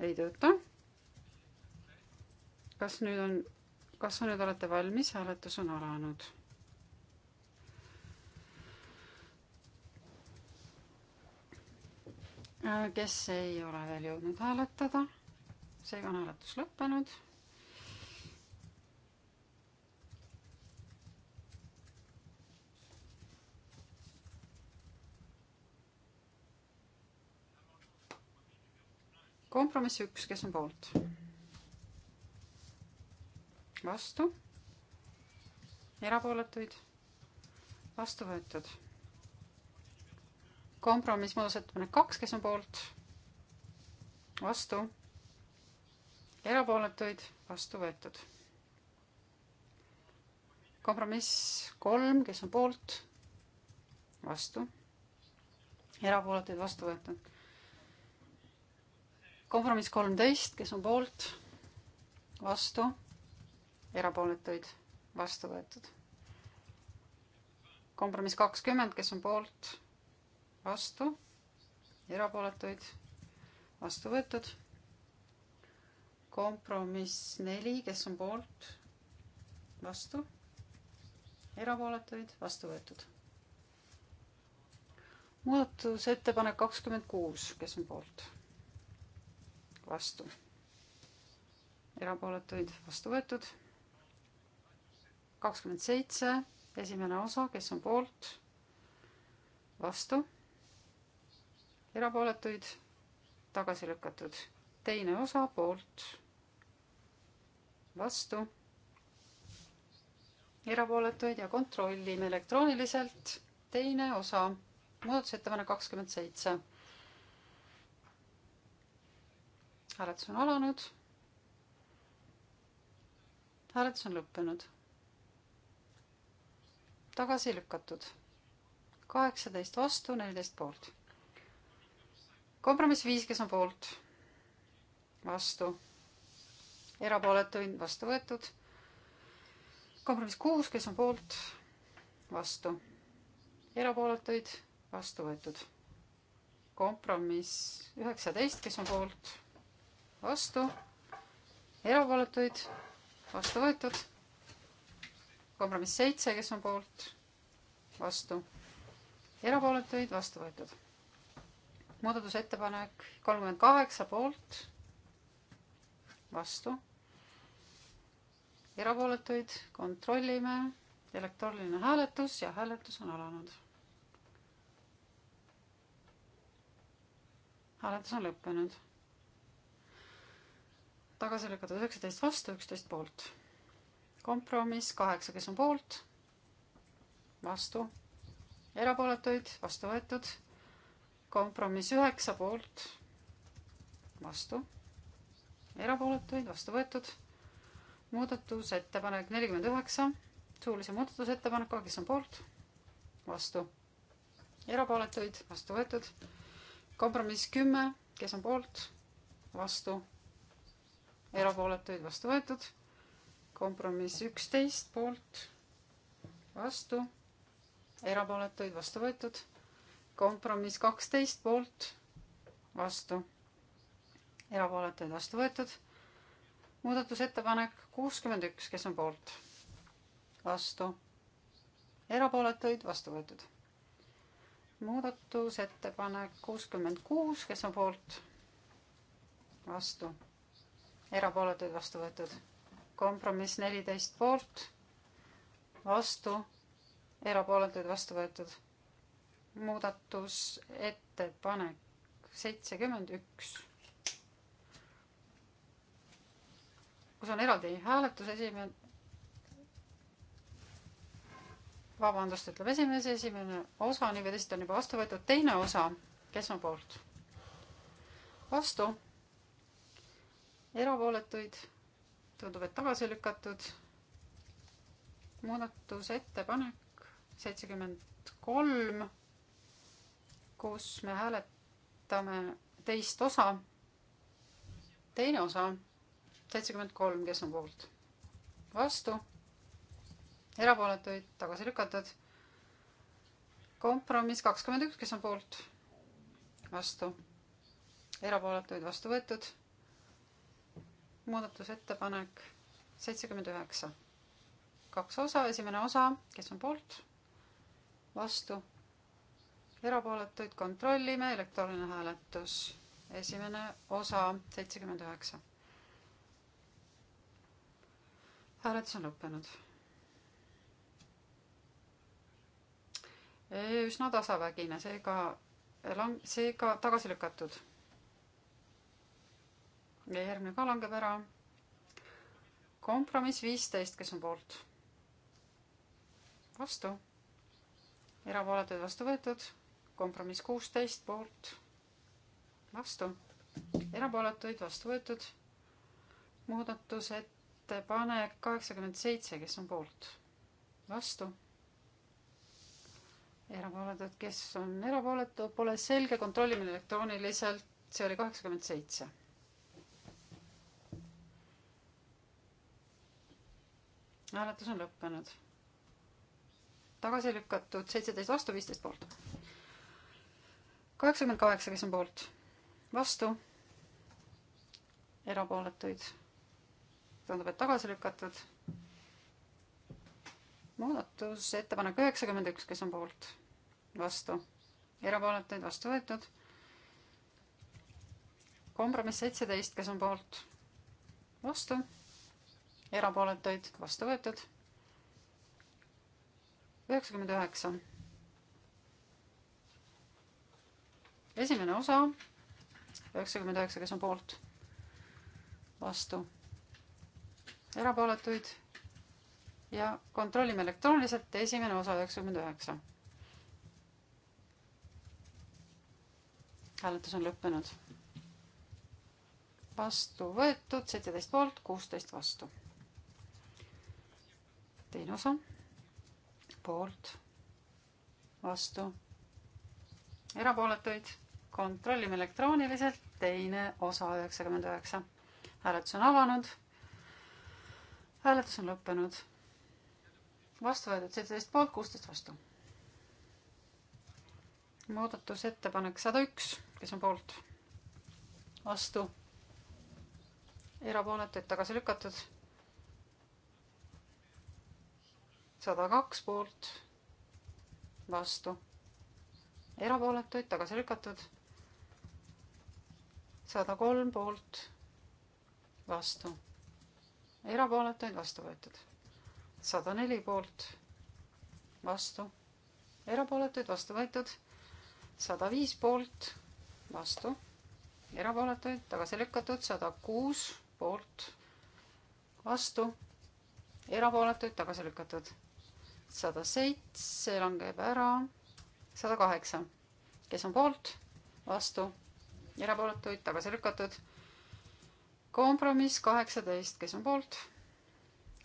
ei tööta. kas nüüd on, kas nüüd olete valmis, hääletus on alanud? Äh, kes ei ole veel jõudnud hääletada, seega on hääletus lõppenud kompromiss üks, kes on poolt? vastu? erapooletuid? vastu võetud. kompromiss muudatusettepanek kaks, kes on poolt? vastu? erapooletuid? vastu võetud. kompromiss kolm, kes on poolt? vastu? erapooletuid vastu võetud kompromiss kolmteist, kes on poolt, vastu, erapooletuid, vastu võetud. kompromiss kakskümmend, kes on poolt, vastu, erapooletuid, vastu võetud. kompromiss neli, kes on poolt, vastu, erapooletuid, vastu võetud muudatusettepanek kakskümmend kuus, kes on poolt? vastu. erapooletuid vastu võetud. kakskümmend seitse, esimene osa, kes on poolt, vastu, erapooletuid tagasi lükatud. teine osa poolt, vastu, erapooletuid ja kontrollime elektrooniliselt. teine osa, muudatusettepanek kakskümmend seitse hääletus on alanud. hääletus on lõppenud. tagasi lükatud. kaheksateist vastu, neliteist poolt. kompromiss viis, kes on poolt, vastu, erapooletuid vastu võetud. kompromiss kuus, kes on poolt, vastu, erapooletuid vastu võetud kompromiss üheksateist, kes on poolt vastu, erapooletuid, vastu võetud. kompromiss seitse, kes on poolt, vastu, erapooletuid, vastu võetud. muudatusettepanek kolmkümmend kaheksa poolt, vastu, erapooletuid, kontrollime, elektrooniline hääletus ja hääletus on alanud hääletus on lõppenud tagasi lükatud üheksateist vastu, üksteist poolt. kompromiss kaheksa, kes on poolt, vastu, erapooletuid, vastu võetud. kompromiss üheksa poolt, vastu, erapooletuid, vastu võetud. muudatusettepanek nelikümmend üheksa, suulise muudatusettepanekuga, kes on poolt, vastu, erapooletuid, vastu võetud. kompromiss kümme, kes on poolt, vastu erapooletuid vastu võetud. kompromiss üksteist poolt, vastu, erapooletuid vastu võetud. kompromiss kaksteist poolt, vastu, erapooletuid vastu võetud. muudatusettepanek kuuskümmend üks, kes on poolt, vastu, erapooletuid vastu võetud muudatusettepanek kuuskümmend kuus, kes on poolt? vastu erapooletuid vastu võetud. kompromiss neliteist poolt, vastu, erapooletuid vastu võetud. muudatusettepanek seitsekümmend üks. kus on eraldi hääletus, esimene, vabandust, ütleb esimees, esimene osa, nii või teisiti on juba vastu võetud, teine osa, kes on poolt? vastu erapooletuid, tundub, et tagasi lükatud. muudatusettepanek seitsekümmend kolm, kus me hääletame teist osa. teine osa, seitsekümmend kolm, kes on poolt? vastu, erapooletuid, tagasi lükatud. kompromiss kakskümmend üks, kes on poolt? vastu, erapooletuid vastu võetud muudatusettepanek seitsekümmend üheksa. kaks osa, esimene osa, kes on poolt, vastu, erapooletuid kontrollime, elektrooniline hääletus, esimene osa, seitsekümmend üheksa. hääletus on lõppenud. üsna tasavägine, seega lang-, seega tagasi lükatud ja järgmine ka langeb ära. kompromiss viisteist, kes on poolt? vastu. erapooletuid vastu võetud. kompromiss kuusteist poolt. vastu. erapooletuid vastu võetud. muudatusettepanek kaheksakümmend seitse, kes on poolt? vastu. erapooletud, kes on erapooletu, pole selge, kontrollime elektrooniliselt, see oli kaheksakümmend seitse hääletus on lõppenud. tagasi lükatud seitseteist vastu, viisteist poolt. kaheksakümmend kaheksa, kes on poolt, vastu, erapooletuid, tundub, et tagasi lükatud. muudatusettepanek üheksakümmend üks, kes on poolt, vastu, erapooletuid, vastu võetud. kompromiss seitseteist, kes on poolt, vastu erapooletuid, vastu võetud. üheksakümmend üheksa. esimene osa, üheksakümmend üheksa, kes on poolt, vastu, erapooletuid ja kontrollime elektrooniliselt esimene osa üheksakümmend üheksa. hääletus on lõppenud. vastu võetud seitseteist poolt, kuusteist vastu teine osa poolt, vastu, erapooletuid. kontrollime elektrooniliselt, teine osa üheksakümmend üheksa. hääletus on avanud. hääletus on lõppenud. vastu võetud seitseteist poolt, kuusteist vastu. muudatusettepanek sada üks, kes on poolt, vastu, erapooletuid tagasi lükatud sada kaks poolt, vastu, erapooletuid tagasi lükatud. sada kolm poolt, vastu, erapooletuid vastu võetud. sada neli poolt, vastu, erapooletuid vastu võetud. sada viis poolt, vastu, erapooletuid tagasi lükatud, sada kuus poolt, vastu, erapooletuid tagasi lükatud sada seitse langeb ära, sada kaheksa, kes on poolt, vastu, erapooletuid, tagasi lükatud. kompromiss kaheksateist, kes on poolt,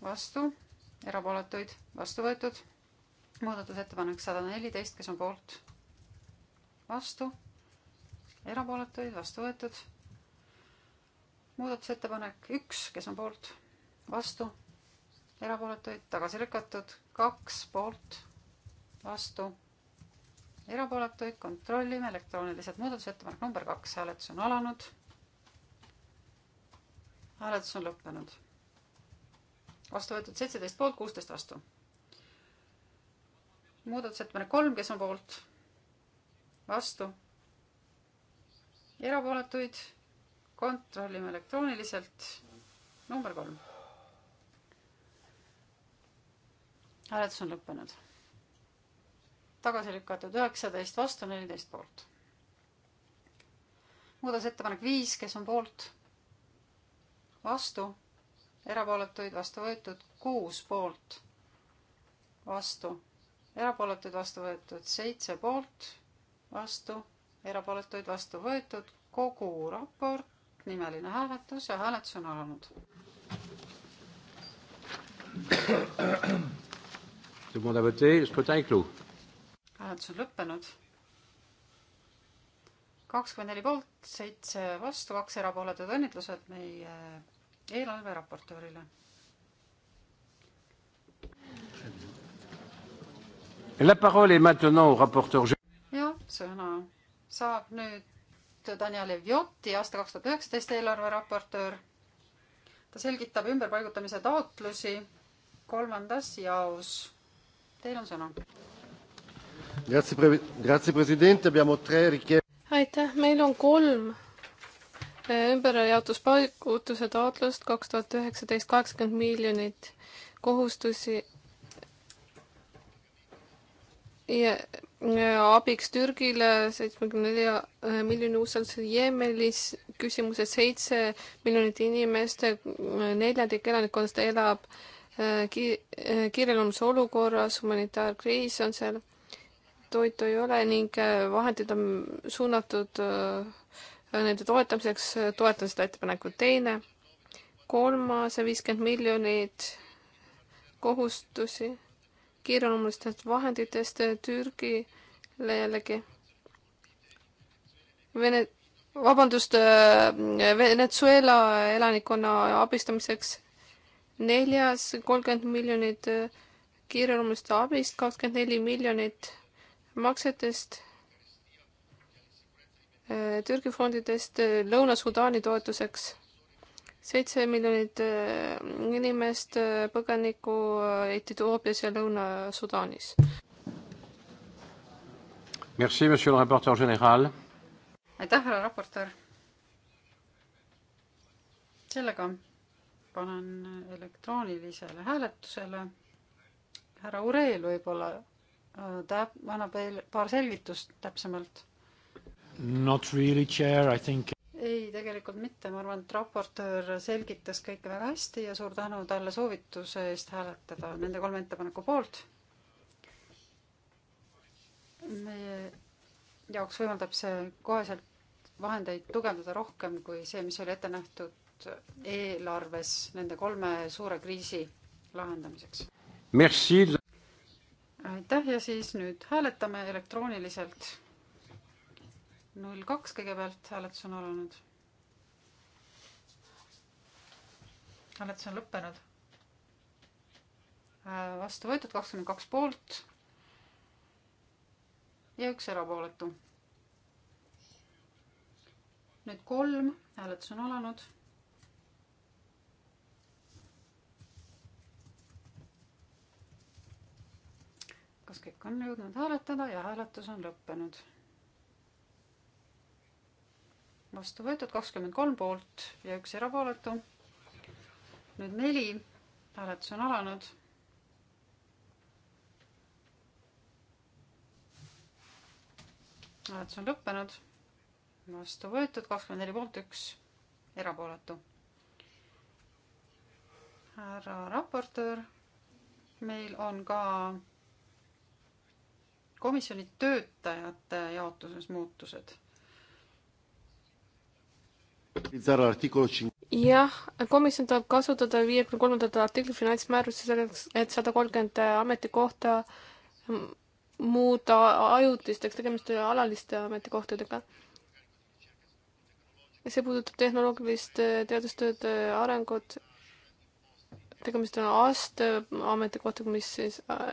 vastu, erapooletuid, vastu võetud. muudatusettepanek sada neliteist, kes on poolt, vastu, erapooletuid, vastu võetud muudatusettepanek üks, kes on poolt, vastu erapooletuid tagasi lükatud, kaks poolt, vastu, erapooletuid, kontrollime elektrooniliselt, muudatusettepanek number kaks, hääletus on alanud. hääletus on lõppenud. vastu võetud seitseteist poolt, kuusteist vastu. muudatusettepanek kolm, kes on poolt, vastu, erapooletuid, kontrollime elektrooniliselt, number kolm hääletus on lõppenud. tagasi lükatud üheksateist, vastu neliteist poolt. muudatusettepanek viis, kes on poolt? vastu, erapooletuid vastu võetud kuus poolt, vastu, erapooletuid vastu võetud seitse poolt, vastu, erapooletuid vastu võetud kogu raport, nimeline hääletus ja hääletus on alanud. Tout le monde a voté, le scrutin est clos. hääletus on lõppenud. kakskümmend neli poolt, seitse vastu, kaks erapooletut, õnnitlused meie eelarveraportöörile. La parole est maintenant au rapporteur. jah, sõna saab nüüd Daniel Evjoti, aasta kaks tuhat üheksateist eelarveraportöör. ta selgitab ümberpaigutamise taotlusi kolmandas jaos Teil on sõna. aitäh, meil on kolm eh, ümberjaotuspaigutuse taotlust kaks tuhat üheksateist, kaheksakümmend miljonit kohustusi ja, ja abiks Türgile seitsmekümne nelja eh, miljoni usaldusel Jeemenis küsimuses seitse miljonit inimest, eh, neljandik elanikkonnast elab äh, Äh, ki-, äh, kiireloomulises olukorras, humanitaarkriis on seal, toitu ei ole ning äh, vahendid on suunatud nende toetamiseks, toetan seda ettepanekut. teine, kolmas ja viiskümmend miljonit kohustusi kiireloomulistest vahenditest Türgile jällegi. Vene, vabandust, Venezuela elanikkonna abistamiseks neljas kolmkümmend miljonit äh, kiireloomulist abist, kakskümmend neli miljonit maksetest, äh, Türgi fondidest äh, Lõuna-Sudaani toetuseks, seitse miljonit inimest põgenikku Etioopias ja Lõuna-Sudaanis. Merci, monsieur le rapporteur général. aitäh, härra raportöör. sellega panen elektroonilisele hääletusele. härra Ureel võib-olla äh, täp-, annab veel paar selgitust täpsemalt. Not really chair, I think. ei, tegelikult mitte, ma arvan, et raportöör selgitas kõike väga hästi ja suur tänu talle soovituse eest hääletada nende kolme ettepaneku poolt. meie jaoks võimaldab see koheselt vahendeid tugevdada rohkem kui see, mis oli ette nähtud olnud eelarves nende kolme suure kriisi lahendamiseks. aitäh ja siis nüüd hääletame elektrooniliselt. null kaks kõigepealt hääletus on alanud. hääletus on lõppenud. Äh, vastu võetud kakskümmend kaks poolt ja üks erapooletu. nüüd kolm, hääletus on alanud kas kõik on jõudnud hääletada ja hääletus on lõppenud. vastu võetud kakskümmend kolm poolt ja üks erapooletu. nüüd neli, hääletus on alanud. hääletus on lõppenud, vastu võetud kakskümmend neli poolt, üks erapooletu härra raportöör, meil on ka komisjoni töötajate jaotuses muutused? jah, komisjon tahab kasutada viiekümne kolmandat artikli finantsmäärusse selleks, et sada kolmkümmend ametikohta muuta ajutisteks, tegemist ei ole alaliste ametikohtadega. see puudutab tehnoloogilist teadustööd, arengut. tegemist on aste ametikohtaga, mis siis äh,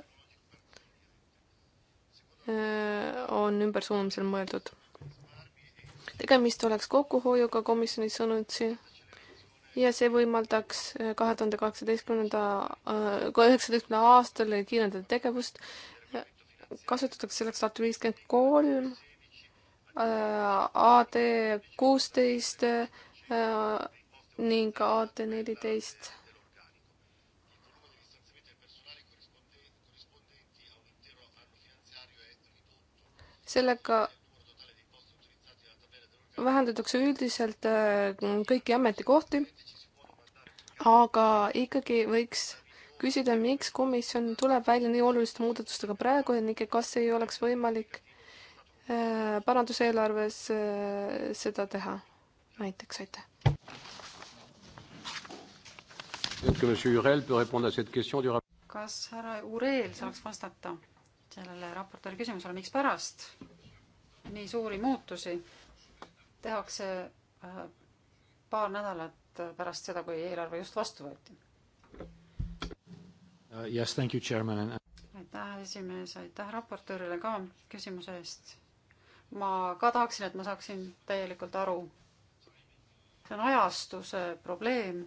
Äh, on ümbersuunamisel mõeldud. tegemist oleks kokkuhoiuga komisjoni sõnutsi ja see võimaldaks äh, kahe tuhande kaheksateistkümnenda, äh, üheksateistkümnenda aastal kiirendada tegevust. kasutatakse selleks tuhat viiskümmend kolm, AD kuusteist ning AD neliteist sellega vähendatakse üldiselt äh, kõiki ametikohti, aga ikkagi võiks küsida, miks komisjon tuleb välja nii oluliste muudatustega praegu, ennekõike kas ei oleks võimalik äh, paranduseelarves äh, seda teha, näiteks, aitäh. kas härra Ureel saaks vastata? sellele raportööri küsimusele, mikspärast nii suuri muutusi tehakse äh, paar nädalat pärast seda, kui eelarve just vastu võeti uh,. Yes, thank you, chairman. Uh, aitäh, esimees, aitäh raportöörile ka küsimuse eest. ma ka tahaksin, et ma saaksin täielikult aru. see on ajastuse probleem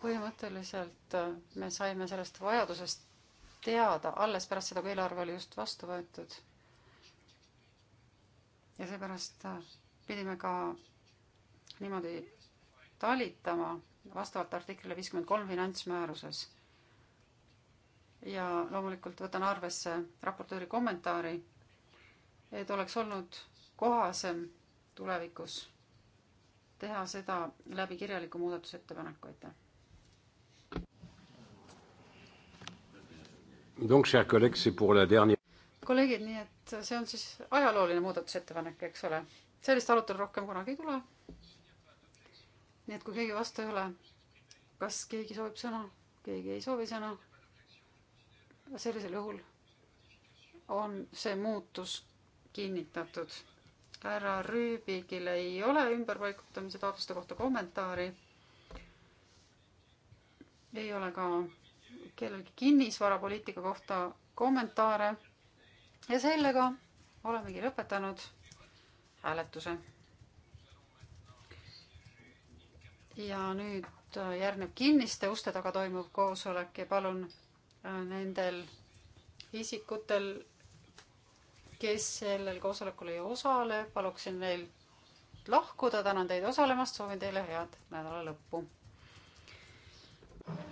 põhimõtteliselt äh, me saime sellest vajadusest teada alles pärast seda, kui eelarve oli just vastu võetud. ja seepärast äh, pidime ka niimoodi talitama vastavalt artiklile viiskümmend kolm finantsmääruses. ja loomulikult võtan arvesse raportööri kommentaari, et oleks olnud kohasem tulevikus teha seda läbi kirjaliku muudatusettepaneku, aitäh kolleegid, nii et see on siis ajalooline muudatusettepanek, eks ole. sellist arutelu rohkem kunagi ei tule. nii et kui keegi vastu ei ole, kas keegi soovib sõna? keegi ei soovi sõna. sellisel juhul on see muutus kinnitatud. härra Rüübigil ei ole ümberpaigutamise taotluste kohta kommentaari. ei ole ka kellelgi kinnisvarapoliitika kohta kommentaare. ja sellega olemegi lõpetanud hääletuse. ja nüüd järgneb kinniste uste taga toimuv koosolek ja palun äh, nendel isikutel, kes sellel koosolekul ei osale, paluksin neil lahkuda, tänan teid osalemast, soovin teile head nädala lõppu